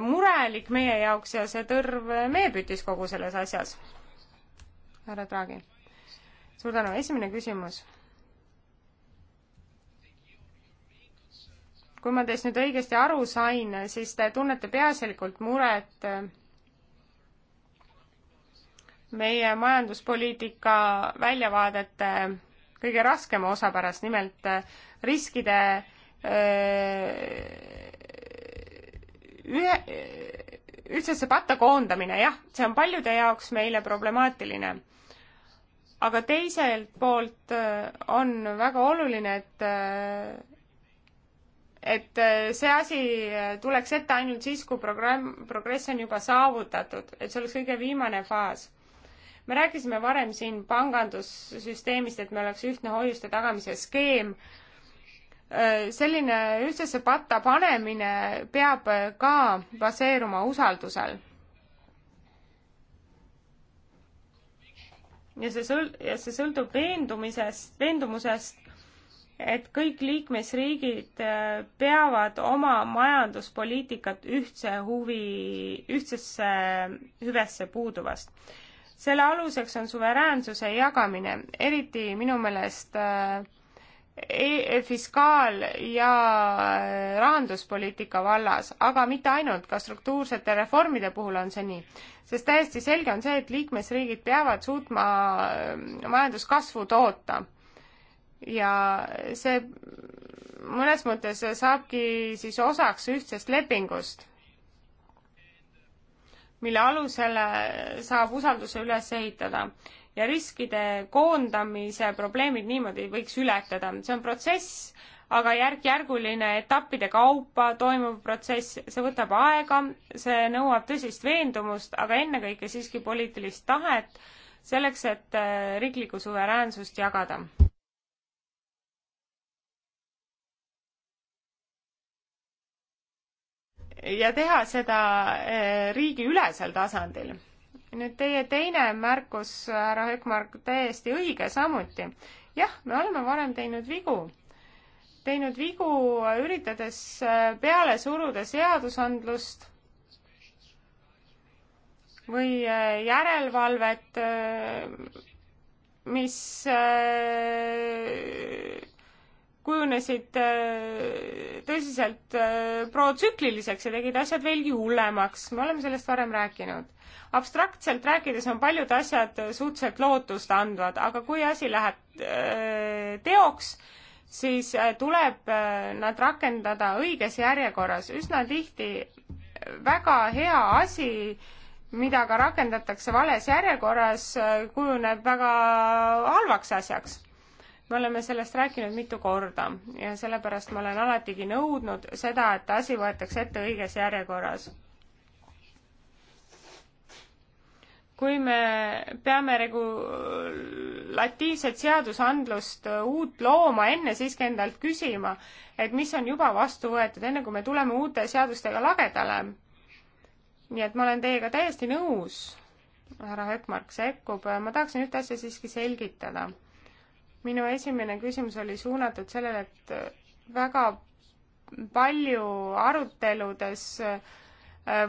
murelik meie jaoks ja see tõrv meepütis kogu selles asjas. härra Draghi, suur tänu, esimene küsimus. kui ma teist nüüd õigesti aru sain, siis te tunnete peaasjalikult muret meie majanduspoliitika väljavaadete kõige raskema osa pärast, nimelt äh, riskide äh, ühe, ühtsesse patta koondamine, jah, see on paljude jaoks meile problemaatiline. aga teiselt poolt äh, on väga oluline, et et see asi tuleks ette ainult siis, kui programm, progress on juba saavutatud, et see oleks kõige viimane faas me rääkisime varem siin pangandussüsteemist, et meil oleks ühtne hoiuste tagamise skeem. Äh, selline ühtsesse patta panemine peab ka baseeruma usaldusel. ja see sõl-, ja see sõltub veendumisest, veendumusest, et kõik liikmesriigid äh, peavad oma majanduspoliitikat ühtse huvi, ühtsesse hüvesse puuduvast selle aluseks on suveräänsuse jagamine, eriti minu meelest äh, e fiskaal- ja äh, rahanduspoliitika vallas, aga mitte ainult, ka struktuursete reformide puhul on see nii. sest täiesti selge on see, et liikmesriigid peavad suutma äh, majanduskasvu toota. ja see mõnes mõttes saabki siis osaks ühtsest lepingust mille alusele äh, saab usalduse üles ehitada. ja riskide koondamise probleemid niimoodi võiks ületada. see on protsess, aga järk-järguline etappide kaupa toimuv protsess, see võtab aega, see nõuab tõsist veendumust, aga ennekõike siiski poliitilist tahet selleks, et äh, riiklikku suveräänsust jagada ja teha seda eh, riigiülesel tasandil. nüüd teie teine märkus, härra Hökmark, täiesti õige samuti. jah, me oleme varem teinud vigu, teinud vigu üritades eh, peale suruda seadusandlust või eh, järelevalvet, mis kujunesid äh, tõsiselt äh, protsükliliseks ja tegid asjad veelgi hullemaks, me oleme sellest varem rääkinud. abstraktselt rääkides on paljud asjad suhteliselt lootustandvad, aga kui asi läheb äh, teoks, siis tuleb nad rakendada õiges järjekorras. üsna tihti väga hea asi, mida ka rakendatakse vales järjekorras, kujuneb väga halvaks asjaks me oleme sellest rääkinud mitu korda ja sellepärast ma olen alatigi nõudnud seda, et asi võetakse ette õiges järjekorras. kui me peame regulatiivset seadusandlust äh, uut looma, enne siiski endalt küsima, et mis on juba vastu võetud, enne kui me tuleme uute seadustega lagedale. nii et ma olen teiega täiesti nõus, härra Hökmark sekkub, ma tahaksin ühte asja siiski selgitada minu esimene küsimus oli suunatud sellele, et väga palju aruteludes äh,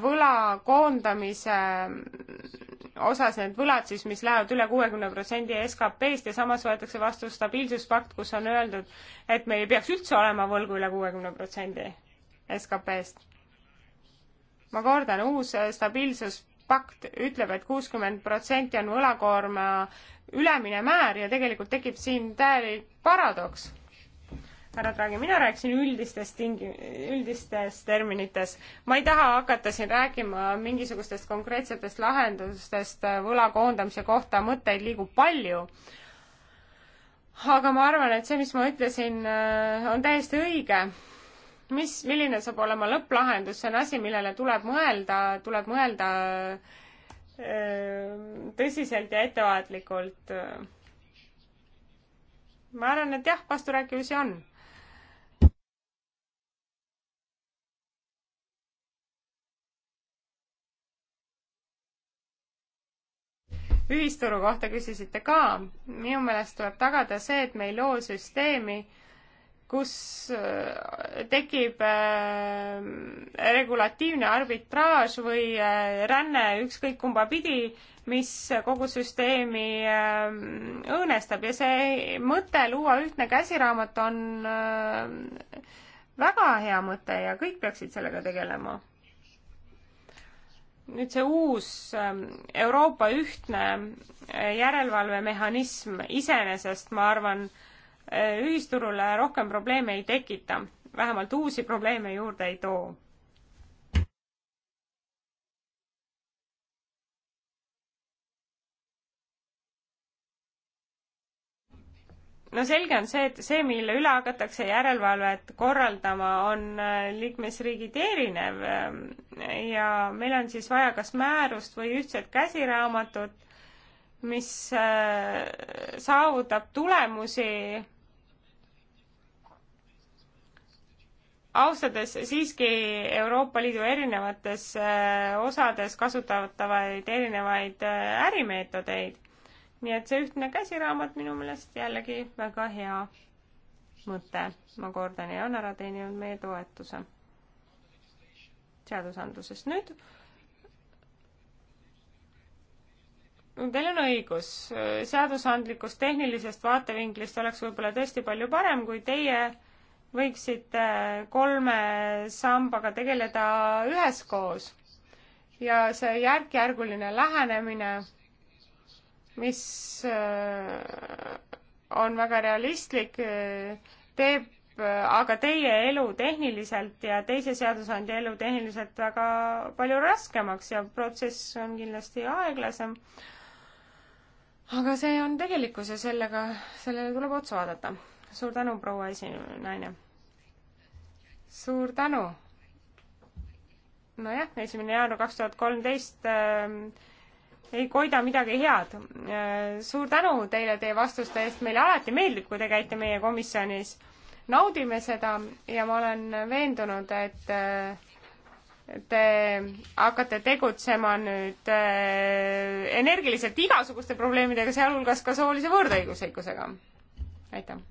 võla koondamise mm, osas need võlad siis, mis lähevad üle kuuekümne protsendi SKP-st ja samas võetakse vastu stabiilsuspakt, kus on öeldud, et meil ei peaks üldse olema võlgu üle kuuekümne protsendi SKP-st. ma kordan, uus äh, stabiilsus pakt ütleb et, et kuuskümmend protsenti on võlakoorma ülemine määr ja tegelikult tekib siin täielik paradoks. härra Draghi, mina rääkisin üldistes tingi-, üldistes terminites. ma ei taha hakata siin rääkima mingisugustest konkreetsetest lahendustest võla koondamise kohta, mõtteid liigub palju, aga ma arvan, et see, mis ma ütlesin, on täiesti õige mis, milline saab olema lõpplahendus, see on asi, millele tuleb mõelda, tuleb mõelda tõsiselt ja ettevaatlikult. ma arvan, et jah, vasturääkivusi on ühisturu kohta küsisite ka. minu meelest tuleb tagada see, et me ei loo süsteemi, kus äh, tekib äh, regulatiivne arbitraaž või äh, ränne ükskõik kumba pidi, mis kogu süsteemi õõnestab ja see mõte luua ühtne käsiraamat on väga hea mõte ja kõik peaksid sellega tegelema. nüüd see uus Euroopa ühtne järelevalvemehhanism iseenesest, ma arvan, ühisturule rohkem probleeme ei tekita, vähemalt uusi probleeme juurde ei too. no selge on see, et see, mille üle hakatakse järelevalvet korraldama, on äh, liikmesriigiti erinev ähm, ja meil on siis vaja kas määrust või ühtset käsiraamatut, mis äh, saavutab tulemusi austades siiski Euroopa Liidu erinevates äh, osades kasutatavaid erinevaid äh, ärimeetodeid. nii et see ühtne käsiraamat minu meelest jällegi väga hea mõte, ma kordan, ja on ära teeninud meie toetuse seadusandlusest. nüüd Teil on õigus, äh, seadusandlikust tehnilisest vaatevinklist oleks võib-olla tõesti palju parem, kui teie võiksite kolme sambaga tegeleda üheskoos ja see järk-järguline lähenemine, mis äh, on väga realistlik, äh, teeb äh, aga teie elu tehniliselt ja teise seadusandja elu tehniliselt väga palju raskemaks ja protsess on kindlasti aeglasem. aga see on tegelikkus ja sellega, sellele tuleb otsa vaadata. suur tänu, proua esinaine suur tänu! nojah, esimene jaanuar kaks tuhat kolmteist ähm, ei koida midagi head äh,. suur tänu teile teie vastuste eest, meile alati meeldib, kui te käite meie komisjonis. naudime seda ja ma olen veendunud, et äh, te hakkate tegutsema nüüd äh, energiliselt igasuguste probleemidega, sealhulgas ka soolise võrdõiguslikkusega. aitäh!